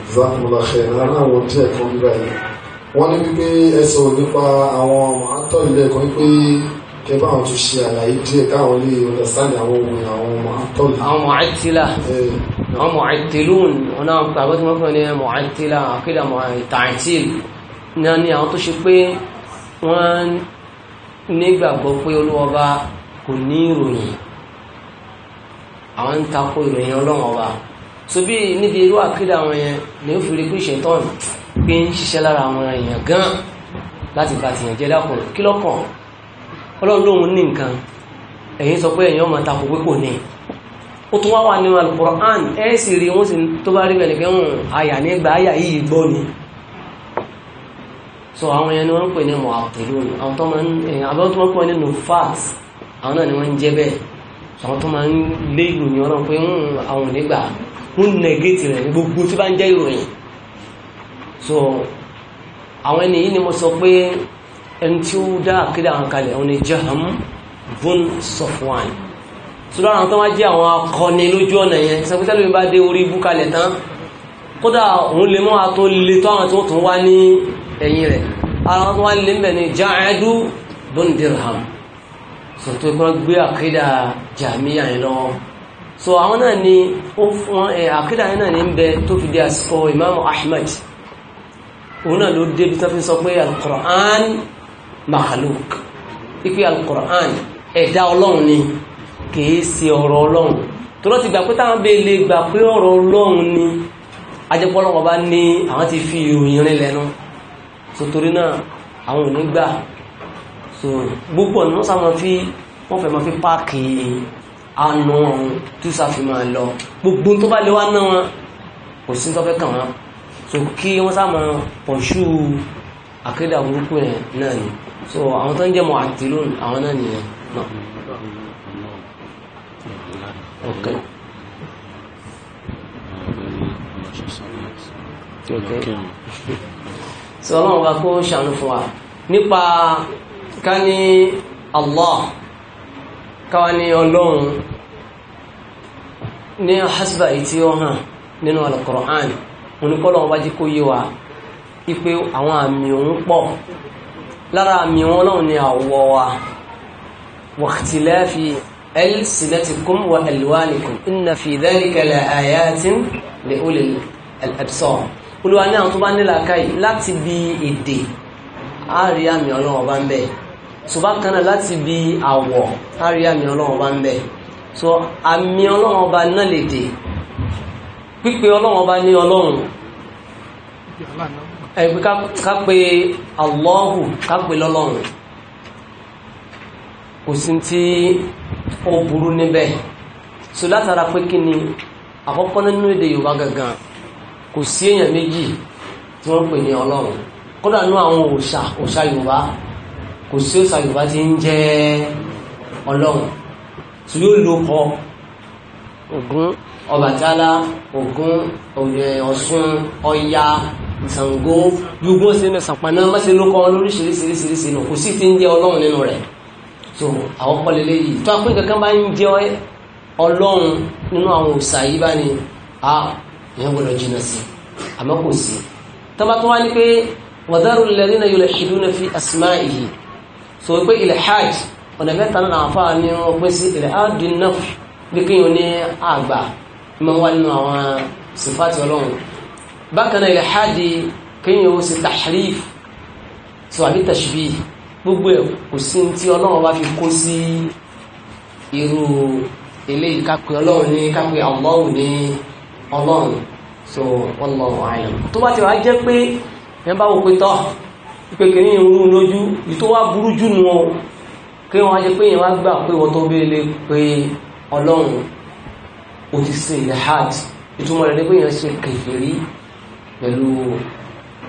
ìzákùnlá ṣẹlẹ̀ náà wọ díẹ̀ kan gbà yìí wọ́n ní wípé ẹsẹ̀ ò nípa àwọn àtọ́ ilé ẹ̀kọ́ wípé kẹ bá àwọn tún ṣe àlàyé díẹ̀ káwọn lè understand àwọn ohun àwọn ọmọ àtọ́ yìí. àwọn mu'attila àwọn mu'attilun wọn náà pè àbọ̀tí wọn fún ẹni mu'attila àkídà ta'til ní àwọn tó ṣe pé wọ́n nígbàgbọ́ pé olúwọba kò ní ìròyìn àwọn ń takò ìròyìn ọlọ́run ọba sobi níbi irú àkídà àwọn yẹn ní ó fi rí pé ṣètọ́nù pé ń ṣiṣẹ́ lára àwọn èèyàn gan láti bá tìyàn jẹ́ dákùn kí lọ́kàn ọlọ́run lóhun ní nǹkan ẹ̀yin sọ pé èèyàn máa takò pé kò ní ó tún wá wà nínú Al-Qur'an ẹ̀ sì rí wọ́n sì tó bá rí bẹ̀rẹ̀ pé ń hmm, àyà nígbà àyà yìí gbọ́ ni so àwọn yẹn ni wọ́n ń pè ní mu'attilun àwọn tó máa ń eh, àbẹ́ tó máa ń pè ní nufas àwọn náà ni wọ́n ń jẹ́ bẹ́ẹ̀ àwọn tó máa ń lé ìròyìn ọ̀rọ̀ pé hmm, àwọn onígbà ń nẹgẹ́tì rẹ̀ gbogbo tí bá ń jẹ́ ìròyìn so àwọn ẹni yìí ni mo sọ pé ẹni tí ó dá àkídà àwọn kalẹ̀ òun ni Jaham bun sofwan. So àwọn tó wá jẹ́ àwọn akọni lójú ọ̀nà yẹn sẹ́kútẹ́lú mi bá dé orí ibú kalẹ̀ tán kódà òun lè mọ́ àtún lè tó àwọn tó tún wá ní ẹ̀yìn rẹ̀ ara wọn wọ́n lè mẹ́ni jáàdù bundirham so tó kọ́ gbé àkídà jàmíyà yìí lọ́wọ́ so àwọn náà ni ó fún ẹ àkídà yìí náà ní ń bẹ tó fi di àsìkò imam ahmed òun náà ló débi tó fi sọ pé alukur'an mahaluk ipe alukur'an ẹ̀dá ọlọ́run ni kìí ṣe ọ̀rọ̀ ọlọ́run tó lọ́ gbà pé táwọn bẹ́ẹ̀ lè gbà pé ọ̀rọ̀ ọlọ́run ni ajẹ́pọ̀ ọlọ́run ní àwọn ti fi ìròyìn rìn lẹ́nu so torí náà àwọn òní gbà so gbogbo ọ̀nà wọ́n sáwọn fi wọ́n fẹ́ máa fi páàkì àánú ọ̀hún tó sàfihàn lọ gbogbo tó bá lè wá ná wọn kò sí tó fẹ́ kàn wọ́n so kí wọ́n sá máa pọ̀ṣù àkédà burúkú yẹn náà ni so àwọn tó ń jẹ́ mọ́ àtìlónì àwọn náà nìyẹn náà. Okay. Okay. okay sọ ọlọ́run bá kó ṣàánú fún wa nípa ká ní allah káwa ní ọlọ́run ní hasba ìtí ó hàn nínú alukur'an oníkọ́lọ́run bá jí kó yé wa ipe àwọn àmì òun pọ̀ lára àmì wọn ọlọ́run ni àwọ̀ wa wàhtiláfi ẹlsìlẹ́tìkún wa alwanikum inna fi dhalika la ayatin li ulil al-absar olúwa ní àwọn tó bá nílà káyì láti bi èdè àárí àmì ọlọ́wọ́n bá ń bẹ so bákan náà láti bi àwọ̀ àárí àmì ọlọ́wọ́n bá ń bẹ so àmì ọlọ́wọ́n bá náà lè dè pípé ọlọ́wọ́n bá ní ọlọ́run ẹ̀pẹ́ ká pé Allahu ká pé lọ́lọ́run kò sí tí ó burú níbẹ̀ so látara pé kí ni àkọ́kọ́ nínú èdè Yorùbá gangan kò sí èèyàn méjì tí wọ́n pè ní ọlọ́run kódà ní àwọn òòṣà òòṣà yorùbá kò sí òòṣà yorùbá tí ń jẹ́ ọlọ́run tí yóò lo kọ ògún ọbàtálá ògún ọ̀ṣun ọya ṣàngó yúgbó sínú ṣàpáná má ṣe ló kọ lóríṣiríṣiríṣiríṣi nù kò sí tí ń jẹ́ ọlọ́run nínú rẹ̀ tó àwọn pọ́lẹ́lẹ́ yìí tó apín kankan bá ń jẹ́ ọlọ́run nínú àwọn òòṣà yìí bá ní a ìyẹn gbọ́dọ̀ jìnà sí àmọ́ kò sí tọ́ba tó wá ní pé wadaru alladhina yulhiduna fi asma'ihi so pé ilhad ọ̀nà mẹ́ta náà àfa ni wọ́n pẹ́ sí ilhad náà bí kí n ní àgbà mọ́ wá nínú àwọn sifati ọlọ́run bákan náà ilhad kí n sí tí ọlọ́run bá fi kó ọlọ́run ní kápẹ́ àwọn ọ̀hún ní ọlọ́run so wallahu a'lam tó bá ti wá jẹ́ pé yẹn bá wò pé tọ́ ìpè kìíní ìrún lójú yìí tó wá burú jù nù ọ kí wọ́n á jẹ́ pé yẹn wá gbà pé wọ́n tó béèlè pé ọlọ́run ó ti ṣe ilhad ìtumọ̀ rẹ̀ ni pé yẹn ṣe kèfèrí pẹ̀lú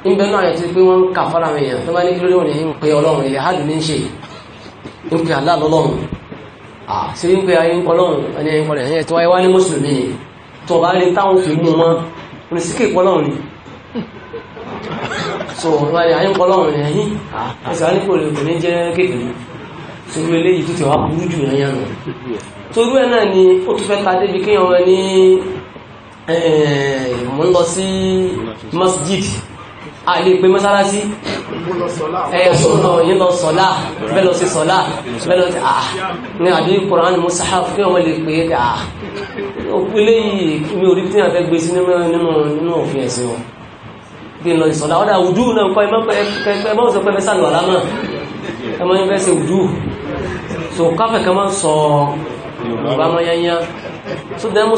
níbẹ̀ náà yẹn ti pé wọ́n ń kà fara mi yẹn tó bá ní kí lóde òní ń pe ọlọ́run ilhad ní ṣe ń pe Allah lọ́lọ́run à ṣe ń pe ayé ń kọ́ lọ́run ẹni ẹni kọ́ lẹ̀ ẹni ẹ̀ tó wáyé wá ní mùsùlùmí tó bá rí táwọn fi mú wọn ní síkè pọ́lọ́run ni so wọ́n yà ń pọ́lọ́run ni ẹ̀yìn ẹ̀sẹ̀ wọn ní kò lè kò ní jẹ́ kékeré torí eléyìí tó ti wá burú jù náà yànnà torí ẹ̀ náà ni ó tún fẹ́ ta débi kéèyàn wọn ní mọ́ lọ sí masjid àlè pé mọ́sálásí ẹ̀yẹ̀sọ̀nà yìí lọ sọ̀lá bẹ́lọ sí sọ̀lá bẹ́lọ sí àà ní àdúrí kòránì mọ́sáhá kí wọ́n lè pè é àà òkú léyìí mi ò rí tí a fẹ́ gbé sí nínú òfin ẹ̀sìn wọn bí lọ sí sọ̀lá ọ̀dà òdú náà kọ́ ẹmọ́ sọ pé fẹ́ sàlù àlámà ẹmọ yẹn fẹ́ sí òdú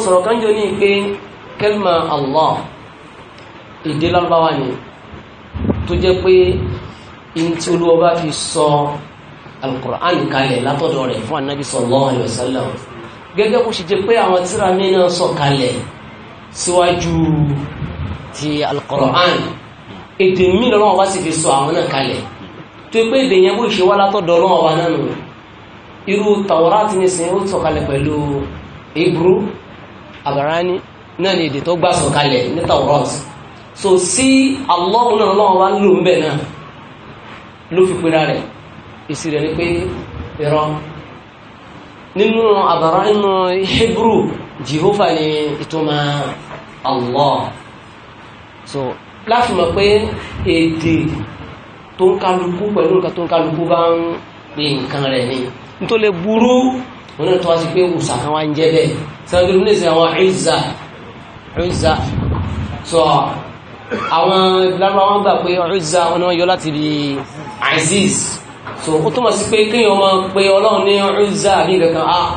so káfẹ́ kan máa ni tó jẹ́ pé in tí olúwa bá fi sọ alukur'an kalẹ̀ látọ̀dọ̀ rẹ̀ fún anabi sallallahu alayhi wasallam. sallam gẹ́gẹ́ bó ṣe jẹ́ pé àwọn tíra mi náà sọ kalẹ̀ síwájú ti alukur'an èdè mi lọ́wọ́ wá sì fi sọ àwọn náà kalẹ̀ tó pé èdè yẹn bó ṣe wá látọ̀dọ̀ lọ́wọ́ wa náà nù irú Tawrat ní sin ó sọ̀kalẹ̀ pẹ̀lú Hebrew Abarani náà ni èdè tó gbà sọ̀kalẹ̀ ní Tawrat so sí alọ́ọ̀kùn náà lọ́wọ́ wá lò ń bẹ̀ náà ló fi pera rẹ̀ èsì rẹ̀ ni pé irọ́ nínú àbára nínú hebrew jehovah ni ìtumọ̀ allah so láti mọ̀ pé èdè tó ń kálukú pẹ̀lú nǹkan tó ń kálukú bá ń pe nǹkan rẹ̀ ni nítorí lè burú wọn náà tó wá sí pé òòsà kan wá ń jẹ́ bẹ́ẹ̀ sọ́dọ̀ ní ìsìn àwọn ìzà ìzà so àwọn lárúbáwá ń gbà pé ọ̀rẹ́zà ọ̀nà yọ láti rí aziz so ó túnmọ̀ sí pé kéèyàn máa pé ọlọ́run ní ọ̀rẹ́zà bí nǹkan á ah,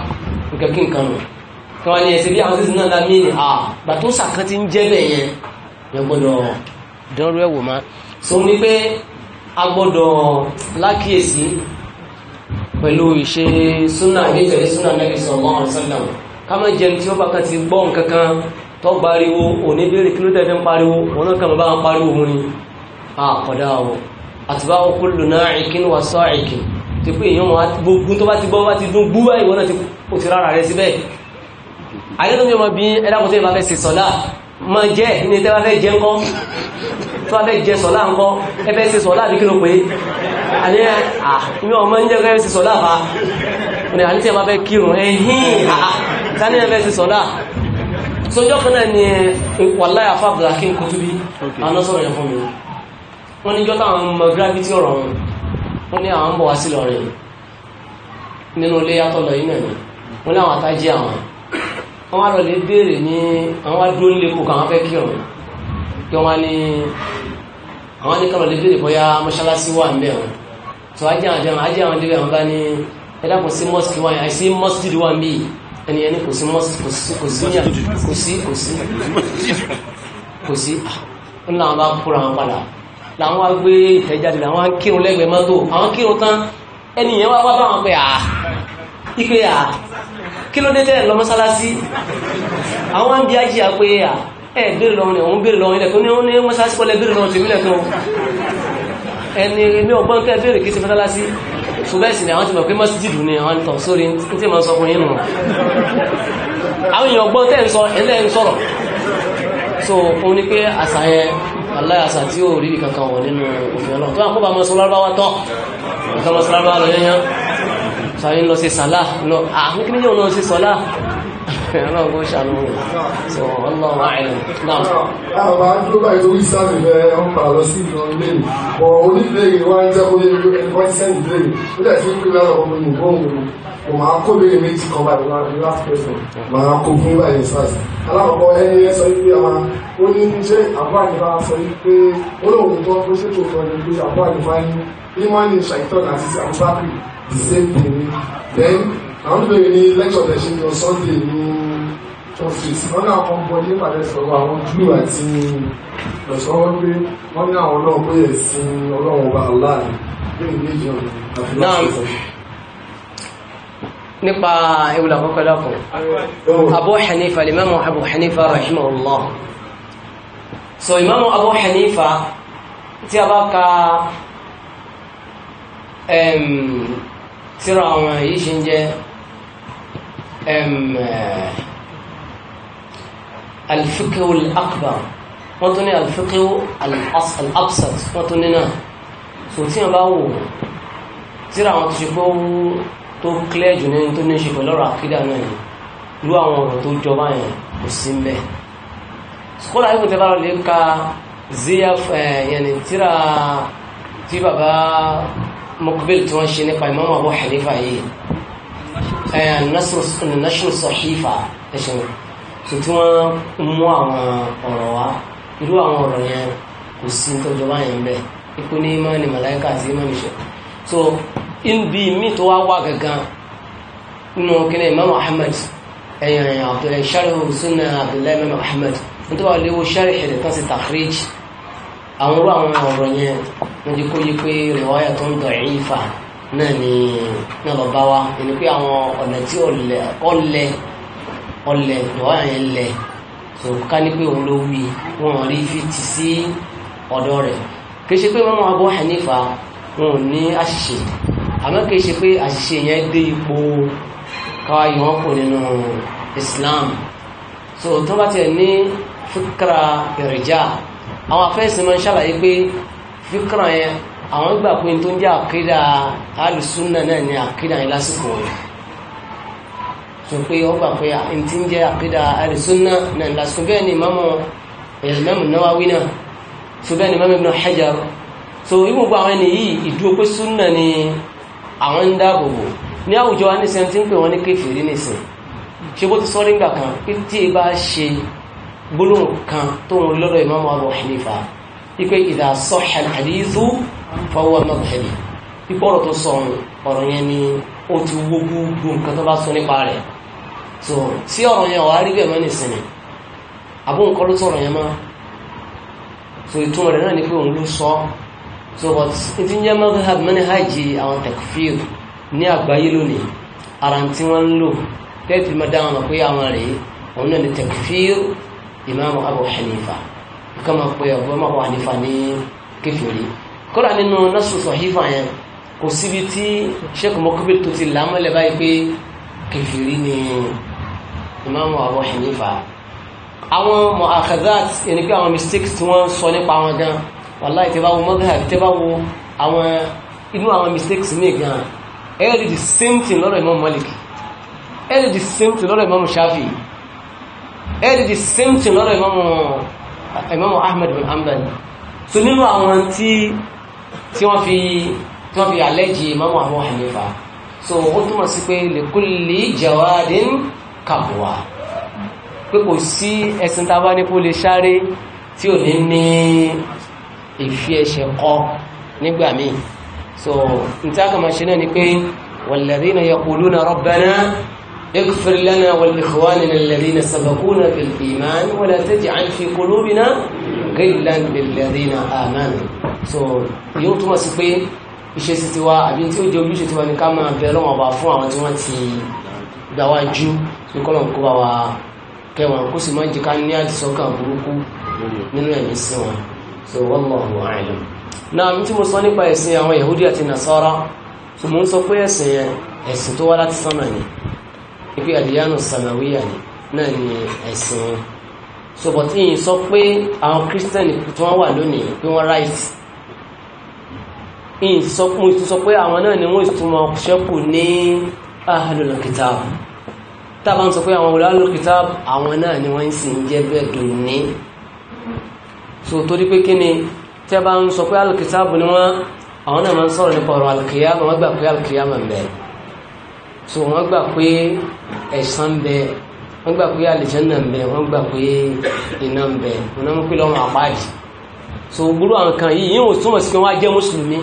nǹkan kí nǹkan nù kí wọ́n ní ẹsẹ̀ bí àwọn aziz náà lámì ní à ah, gbà tó sàkán ti ń jẹ́ bẹ̀ yẹn yẹn gbọ́dọ̀ dánrú ẹ̀ wò má so ní pé a gbọ́dọ̀ lákìyèsí pẹ̀lú ìṣe súnà ní ìtẹ̀lé súnà mẹ́rin sọ̀rọ̀ mọ́ tó gbáriwo òní bèèrè kí ló tẹ́ fi ń pariwo wọn náà kàmọ́ bá ń pariwo mú ni àkọ̀dá ọ̀ àtìbá kullu na'ikin wa sa'ikin ti pé èèyàn wọn gbogbo tó bá ti gbọ́ bá ti dún gbúwá ìwọ náà ó ti rárá rẹ síbẹ̀ ayélujára ọmọ bí ẹ̀dàkùnrin bá fẹ́ ṣe sọ́lá máa jẹ́ ní tẹ́ bá fẹ́ jẹ́ ńkọ́ tó bá fẹ́ jẹ sọ́lá ńkọ́ ẹ fẹ́ ṣe sọ́lá sojọ́ kan náà ni wàláyà fábùlà kí n kojú bí àwọn sọ̀rọ̀ yẹn fún mi wọ́n ní jọ́tà àwọn ọmọ gravity ọ̀rọ̀ wọn wọ́n ní àwọn ń bọ̀ wá sí lọ́rẹ̀ nínú ilé yàtọ̀ lọ yìí náà ni wọ́n ní àwọn àtàjì àwọn wọ́n wá lọ lè béèrè ní àwọn adúró nílé kó káwọn fẹ́ kí ọ̀rọ̀ kí wọ́n ní àwọn ní kọ́lọ̀ lè béèrè bóyá mọ́ṣáláṣí wà níbẹ̀ wọn tó ajé àwọn ajé àwọn débẹ̀ wọn bá ní ẹ̀dá kò sí mọ́sìkì wọn àìsí mọ́sìkì ẹni ẹni kò sí kò sí kò sí kò ah, sí ó ní àwọn bá kóra wọn padà làwọn wá gbé ìtẹ́jáde làwọn kírun lẹ́gbẹ̀ẹ́ mọ́tò àwọn kírun tán ẹni yẹn wá wá bá wọn pé à ipe à kí ló dé tẹ́lẹ̀ lọ mọ́sálásí àwọn ń bí ajíyà pé à ah, ẹ béèrè lọ́wọ́ ní, òun béèrè lọ́wọ́ ilẹ̀ tó ní ó ní mọ́sálásí kọ́lẹ̀ béèrè lọ́wọ́ tèmi lẹ̀ tó ẹni mi ò gbọ́n kẹ́ béèrè kí ti mọ́sálásí so bẹ́ẹ̀ sì ni àwọn ti mọ̀ pé mọ́síjìdù ni àwọn ìtàn sórí tí ma sọ fún yínú àwọn èèyàn gbọ́n tẹ́ ń sọ ẹlẹ́ ń sọ̀rọ̀ so òun ni pé àṣà yẹn aláyàṣà tí ó rí kankan wọ̀ nínú òfin ọlọ́run tó àkóbá mọ́ sọlárúbáwá tọ́ nǹkan mọ́ sọlárúbáwá lọ yẹn yẹn sọ àyín ọlọ́run kó ṣàánú so ọlọ́run àìlú náà. àwọn àjọ báyìí orí sáàmì bẹ́ẹ̀ ń padà lọ sí ìlú ilé mi bọ̀ oníbèrè wá ń jẹ́ kó lè lo ẹni wọ́n sẹ́ni ìbéèrè ó dẹ̀ sí pé lọ́wọ́ mi nìkan òun mo máa kó lóye méjì kan báyìí lọ́wọ́ ní last person máa kó fún báyìí sars alákọ̀ọ́kọ́ ẹni yẹn sọ wípé àwọn ó ní ṣé àbúrò àyíká sọ wípé ó lóun tó ó ṣètò kan ní pé àbúrò àyíká ní ìmọ̀ ní ṣàìtọ́ àti àbúrò àkìrì the same thing then àwọn bèèrè ní lẹ́kṣọ̀ tẹ̀sí ní Sunday ní churches wọ́n ní àwọn ọmọ ní ìpàdé sọ̀rọ̀ àwọn Júù àti lọ́sọ̀rọ̀ pé wọ́n ní àwọn ọlọ́run pé ẹ̀sìn ọlọ́run ọba aláàrin pé ìléjì ọ̀nà àti lọ́sọ̀rọ̀ nípa ìwòlà kọ́kọ́ lọ́kùn Abu Hanifa limamu Abu Hanifa rahimahullah so imamu Abu Hanifa tí a bá ka tíra àwọn èyí ṣe ń jẹ́ alifikiru akbar wọ́n tún ní alifikiru alapsat wọ́n tún ní náà so tí wọ́n bá wò tíra àwọn tó ṣe pé ó tó clear jù ní tó ní ṣe pẹ̀lú ọ̀rọ̀ àkídà náà yìí lú àwọn ọ̀rọ̀ tó jọba yẹn kò sí mbẹ́ sukúlù ayé kò lè ka zf eh, yẹn ní tíra tí baba mokbel tí wọ́n ṣe nípa Imam national sahifa ẹ̀sìn tó tí wọ́n mú àwọn ọ̀rọ̀ wá irú àwọn ọ̀rọ̀ yẹn kò sí tọ́jú báyìí ń bẹ̀ ipò ní imá ni màláìka àti imá ni ṣe so ibi mi tó wá wà gangan nínú kíni imam ahmed ẹ̀yìn ẹ̀yìn abdullahi sharhu sunna abdullahi imam ahmed n tó wà léwu sharhu rẹ̀ kan sí takhrij àwọn irú àwọn ọ̀rọ̀ yẹn wọ́n ti kó yí pé rìwáyà tó ń dọ̀ náà ni náà lọ bá wa ẹni pé àwọn ọ̀nà tí ọ̀lẹ̀ ọ̀lẹ̀ ọ̀lẹ̀ dọ̀wá yẹn lẹ̀ tó ká ní pé òun ló wí wọn rí fìtì sí ọ̀dọ̀ rẹ̀ kì ṣe pé mọ́mọ́ Abu Hanifa wọn ò ní àṣìṣe àmọ́ kì í ṣe pé àṣìṣe yẹn dé ipò káwá yìí kò nínú Islam so tó bá tiẹ̀ ní fíkra ìrìjà àwọn afẹ́sìn máa ń ṣàlàyé pé fíkra yẹn àwọn gbà pé tó ń jẹ́ àkídà alùsúnà náà ni àkídà yẹn lásìkò rẹ̀ tó pé ó gbà pé tí ń jẹ́ àkídà alùsúnà náà lásìkò bẹ́ẹ̀ ni mọ́mọ́ ẹ̀yẹ̀mẹ́mù eh, Nawawi náà tó bẹ́ẹ̀ ni mọ́mọ́ Ibn Hajar so ibùn gbọ́ àwọn ẹni yìí ìdúró pé súnà ni àwọn ń dáàbò bò ní àwùjọ wa nísìnyí tí ń pè wọ́n ní kéfèrí nísìn ṣe bó ti sọ nígbà kan pé tí bá ṣe gbólóhùn kan tó ń lọ́dọ̀ Imam Abu Hanifa ipe idha hadithu fọwọ́ mọ́bìlì pípọ̀ ọ̀rọ̀ tó sọ ọ̀rọ̀ yẹn ni ó ti wó gbogbo nǹkan tó bá sọ nípa rẹ̀ so sí ọ̀rọ̀ yẹn ọ̀há rí bẹ́ẹ̀ mọ́ nísìnyí àbó nǹkan ló sọ̀rọ̀ yẹn mọ́ so ìtumọ̀ rẹ̀ náà ni pé òun ló sọ so but ti ń jẹ́ mazhab manhaj àwọn takfir ní àgbáyé lónìí ara tí wọ́n ń lò tẹ́ẹ̀tì mọ́ dáhùn lọ pé àwọn rèé òun náà ni takfir imam abu hanifa kama pé abu hanifa ní kékeré kọ́lá nínú násùsọ̀ hífà yẹn kò síbi tí sẹ́kù mọ́kúbí tó ti lámọ́lẹ̀ báyìí pé kẹfìrí ni Imam Abu Hanifa àwọn mọ̀ àkàzát ẹni pé àwọn mistakes tí wọ́n sọ nípa wọn gan wàláì tẹ́ bá wo mọ́gà tẹ́ wo àwọn inú àwọn mistakes mi gan ẹ̀rì the same thing lọ́rọ̀ Imam Malik ẹ̀rì the same thing lọ́rọ̀ Imam Shafi ẹ̀rì the same thing lọ́rọ̀ Imam Ahmad bin Hanbal so nínú àwọn tí tí wọ́n fi tí wọ́n fi àlẹ́jì Imam Abu Hanifa so ó túmọ̀ sí pé likulli jawadin kabwa pé kò sí ẹ̀sìn tá a bá ní kó lè sáré tí ò ní ní ìfi ẹsẹ̀ kọ́ nígbà míì so níta kà ṣe náà ni pé walladhina yaquluna rabbana ighfir lana wa li ikhwanina alladhina sabaquna bil iman wa la taj'al fi qulubina ghaylan lilladhina amanu so yóò túmọ̀ sí pé iṣẹ́ sí tiwa àbí tí o jẹ́ ojúṣe tiwa ní ká máa bẹ Ọlọ́run ọba fún àwọn tí wọ́n ti gbà wá jú ní kọ́lọ̀ kó bá wa kẹwọn kó sì máa ń jẹ ká ní àdìsọ́kàn burúkú nínú ẹ̀mí sí wọn so wallahu a'lam náà mi tí mo sọ nípa ẹ̀sìn àwọn Yahudi àti Nasara so mo ń sọ pé ẹ̀sìn yẹn ẹ̀sìn tó wá láti sánmà ni pé àdìyánù sàmàwíyà ni náà ni ẹ̀sìn wọn sọ̀bọ̀ tí yìí sọ pé àwọn kírísítẹ́nì tí wọ́n wà lónìí pé wọ́n ráìtì yìí sọ pé mo ti sọ pé àwọn náà ni wọ́n ìtumọ̀ ṣẹ́kù ní ahlul kitab tábà ń sọ pé àwọn ahlul kitab àwọn náà ni wọ́n sì ń jẹ́ bẹ́ẹ̀ dùn ní so torí pé kí a bá ń sọ pé ahlul kitab ni wọ́n àwọn náà máa ń sọ̀rọ̀ nípa ọ̀rọ̀ alkiyama wọ́n gbà wọ́n gbà pé àlìjẹ́nà ń bẹ wọ́n gbà pé iná ń bẹ wọ́n náà ń pè lọ́wọ́ àpá yìí so gbúrú àwọn kan yìí yíò túnmọ̀ sí pé wọ́n á jẹ́ mùsùlùmí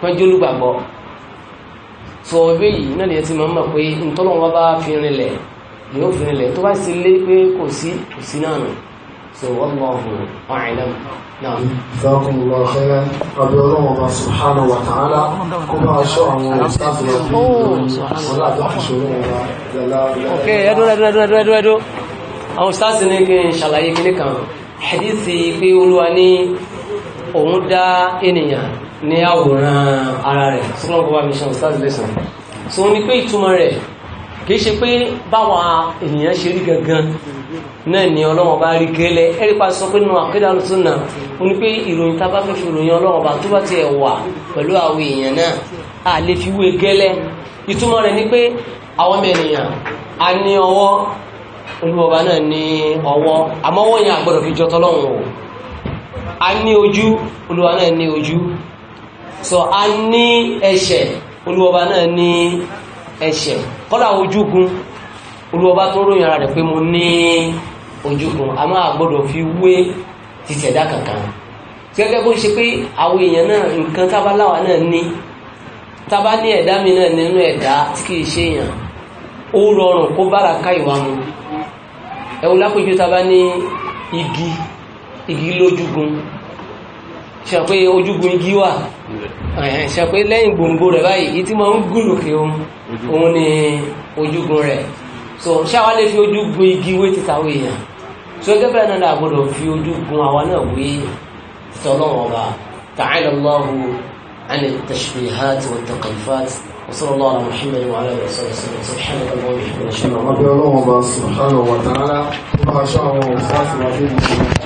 wọ́n jẹ́ olùgbàgbọ́ so ewé yìí náà lè ti máa ń mọ̀ pé ntọ́lọ́wọ́n bá fi rinlẹ̀ yóò fi rinlẹ̀ tó bá sì lé pé kò sí kò sí náà nù so wallahu a'lam náà. ìfọkànlọ ọ̀fẹ́rẹ́ ọbẹ̀ ọlọ́run ọba subhanahu wa ta'ala kó bá aṣọ àwọn ìsáàbù ọ̀bí ọlọ́dọ̀ àṣọrọ̀ ọba jẹ́lá. ok ẹdú ẹdú ẹdú ẹdú ẹdú ẹdú àwọn stars ní kí n ṣàlàyé kíní kan hadithi pé olúwa ní òun dá ènìyàn ara rẹ̀ sọ́nà bọ́bá mi ṣan stars lẹ́sàn so ní pé ìtumọ̀ rẹ̀ kì í ṣe pé báwa ènìyàn ṣe gangan náà ni ọlọ́wọ́n bá rí kélẹ̀ ẹ̀rí pa sọ pé nínú àkídà sunna ó ní pé ìròyìn tá a bá fẹ́ fi ròyìn ọlọ́wọ́n bá tó bá ti ẹ̀ pẹ̀lú àwọn èèyàn náà a lè fi wé kélẹ̀ ìtumọ̀ rẹ̀ ni pé àwọn ọmọ a ní ọwọ́ olúwọba náà ní ọwọ́ àmọ́wọ́ yẹn àgbọ̀dọ̀ fi jọtọ́ lọ́wọ́ o a ní ojú olúwa náà ní ojú so a ní ẹsẹ̀ olúwọba náà ní ẹsẹ̀ kọ́lá ojúgun olúwọba tó ròyìn ara rẹ̀ pé mo ní ojú kan a máa gbọ́dọ̀ fi wé ti ṣẹ̀dá kankan gẹ́gẹ́ bó ṣe pé àwọn èèyàn náà nǹkan tábàláwa náà ní tábà ní ẹ̀dá mi náà nínú ẹ̀dá tí kì ṣe èèyàn ó rọrùn kó bára ká ìwà mu ẹ̀wọ̀n lápèjú tábà ní igi igi lójúgun ṣe pé ojúgun igi wà ṣe pé lẹ́yìn gbòǹgbò rẹ̀ báyìí tí máa ń gùn lókè òun ni ojúgun rẹ̀ so ṣáwa lè fi ojú gun igi wé ti tàwọn so gẹ́gẹ́ náà náà gbọ́dọ̀ fi ojú gun àwa náà wé tọ́lọ́wọ́ ọba ta'ala Allahu an at-tashbihat wa at-taqlifat وصلى الله على محمد وعلى اله وصحبه وسلم سبحان الله وبحمده اشهد ان لا اله الا الله سبحانه وتعالى ما شاء الله وصافي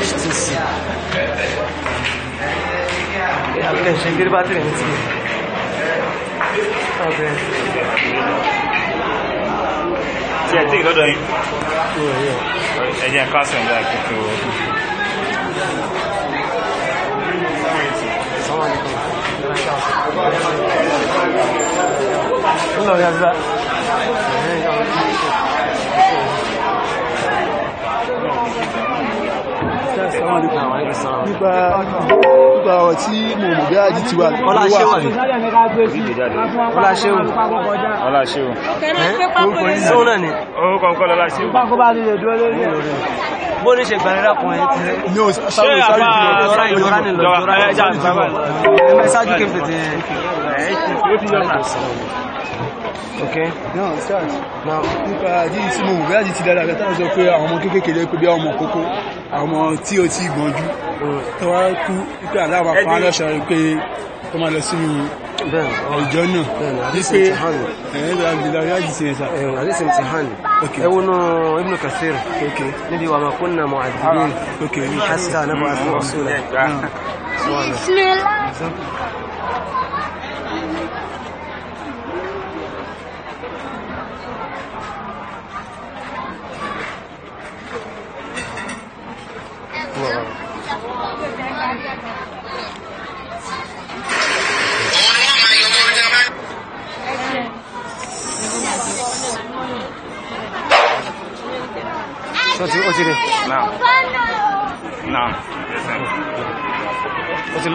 eşitsin. Arkadaşlar geri batır emitsin. Abi. Tí ẹ tí lọ́dọ̀ yìí. Ẹ jẹ́ ká sọ̀ ǹda kíkọ́. Hello, guys. nípa nípa tí mo mọ̀ bí àjí ti wà lọ́wọ́ Okay. Now start. Now. Nípa àjí tí mo mọ̀ bí àjí ti dára rẹ̀ táwọn sọ pé àwọn ọmọ kéékèèké lé pé bí àwọn ọmọ kókó ọmọ tí o ti gbọ́njú tó wá kú pípẹ́ aláwọ̀ pa lọ́sọ̀ pé kó máa lọ sínú ìjọ náà wípé ẹ̀yẹ́dọ̀ abdullahi ajísìn ẹ̀sà. ajísìn ti hàn ewu náà ibn kathir níbi wàmà kúnnà mọ̀ àdìgbìn hasita nàbà àti wàsúlẹ̀.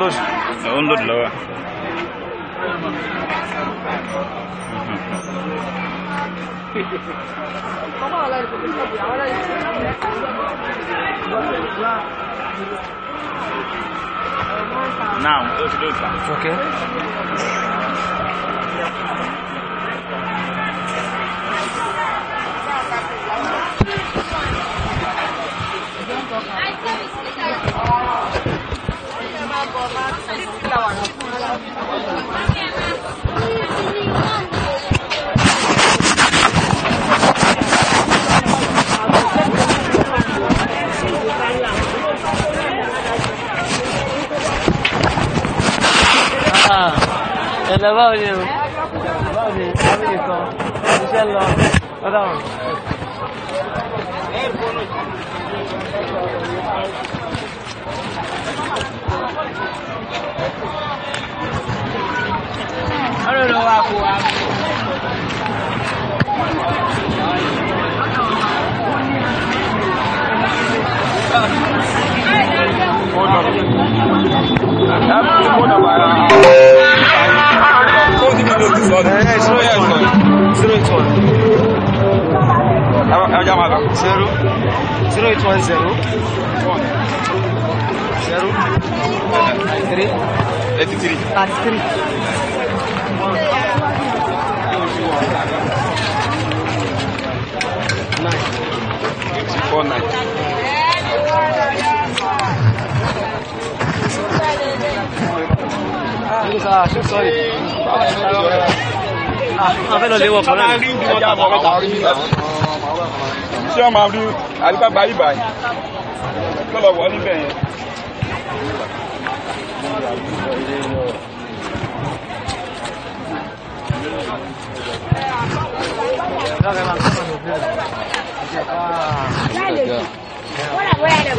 Tapos, Now, let's do it. Okay. ẹ̀lẹ́ báwo ni o báwo ni fámìlì kan iṣẹ́ lọ ọ̀dà wọn. ọ̀rọ̀ ló wà kó wa. Hold on. That's the one about ẹjọ́ máa kà zero zero eight one zero zero three eighty three thirty three. Nine. Four nine. sá ṣé sọ yìí. wọ́n fẹ́ lọ lé wọ̀ fún náà. ṣé ọmọ rí alibaba lọ wọ níbẹ̀ yẹn. Yeah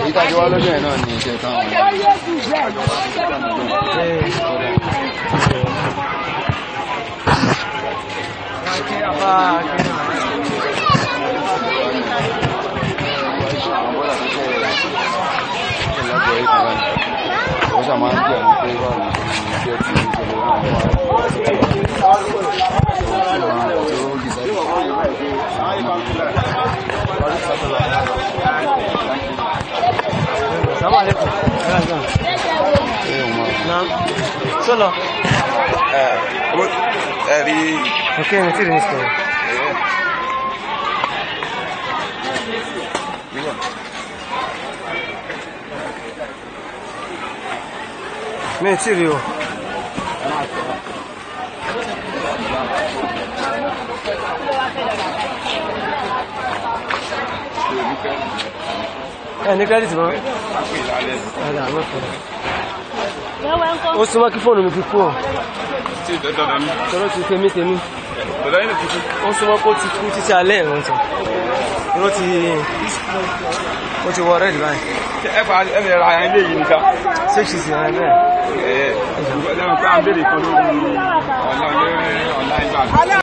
ìdájọ́ wa náà ni ìṣẹ̀tàn. السلام عليكم نعم solo. eh, Ok, mi tiri mi solo. Mi tiri o. Ẹni kẹ́rìtì mọ́. Ẹ̀dà mọ́tò o ó súnmọ́ kí fóònù mi fi kú ọ̀ tọ́lọ́ ti tèmi tèmi ó súnmọ́ kó ti kú títí alẹ́ ìrún sọ ìrún ti ó ti wọ rẹ́ẹ̀dì báyìí. ẹ fà ẹ lè ra ilé yìí níta. six six nine nine. ẹ ẹ ẹ ẹ ẹ ń bèrè kan lórí ọ̀la ọ̀la ìgbà.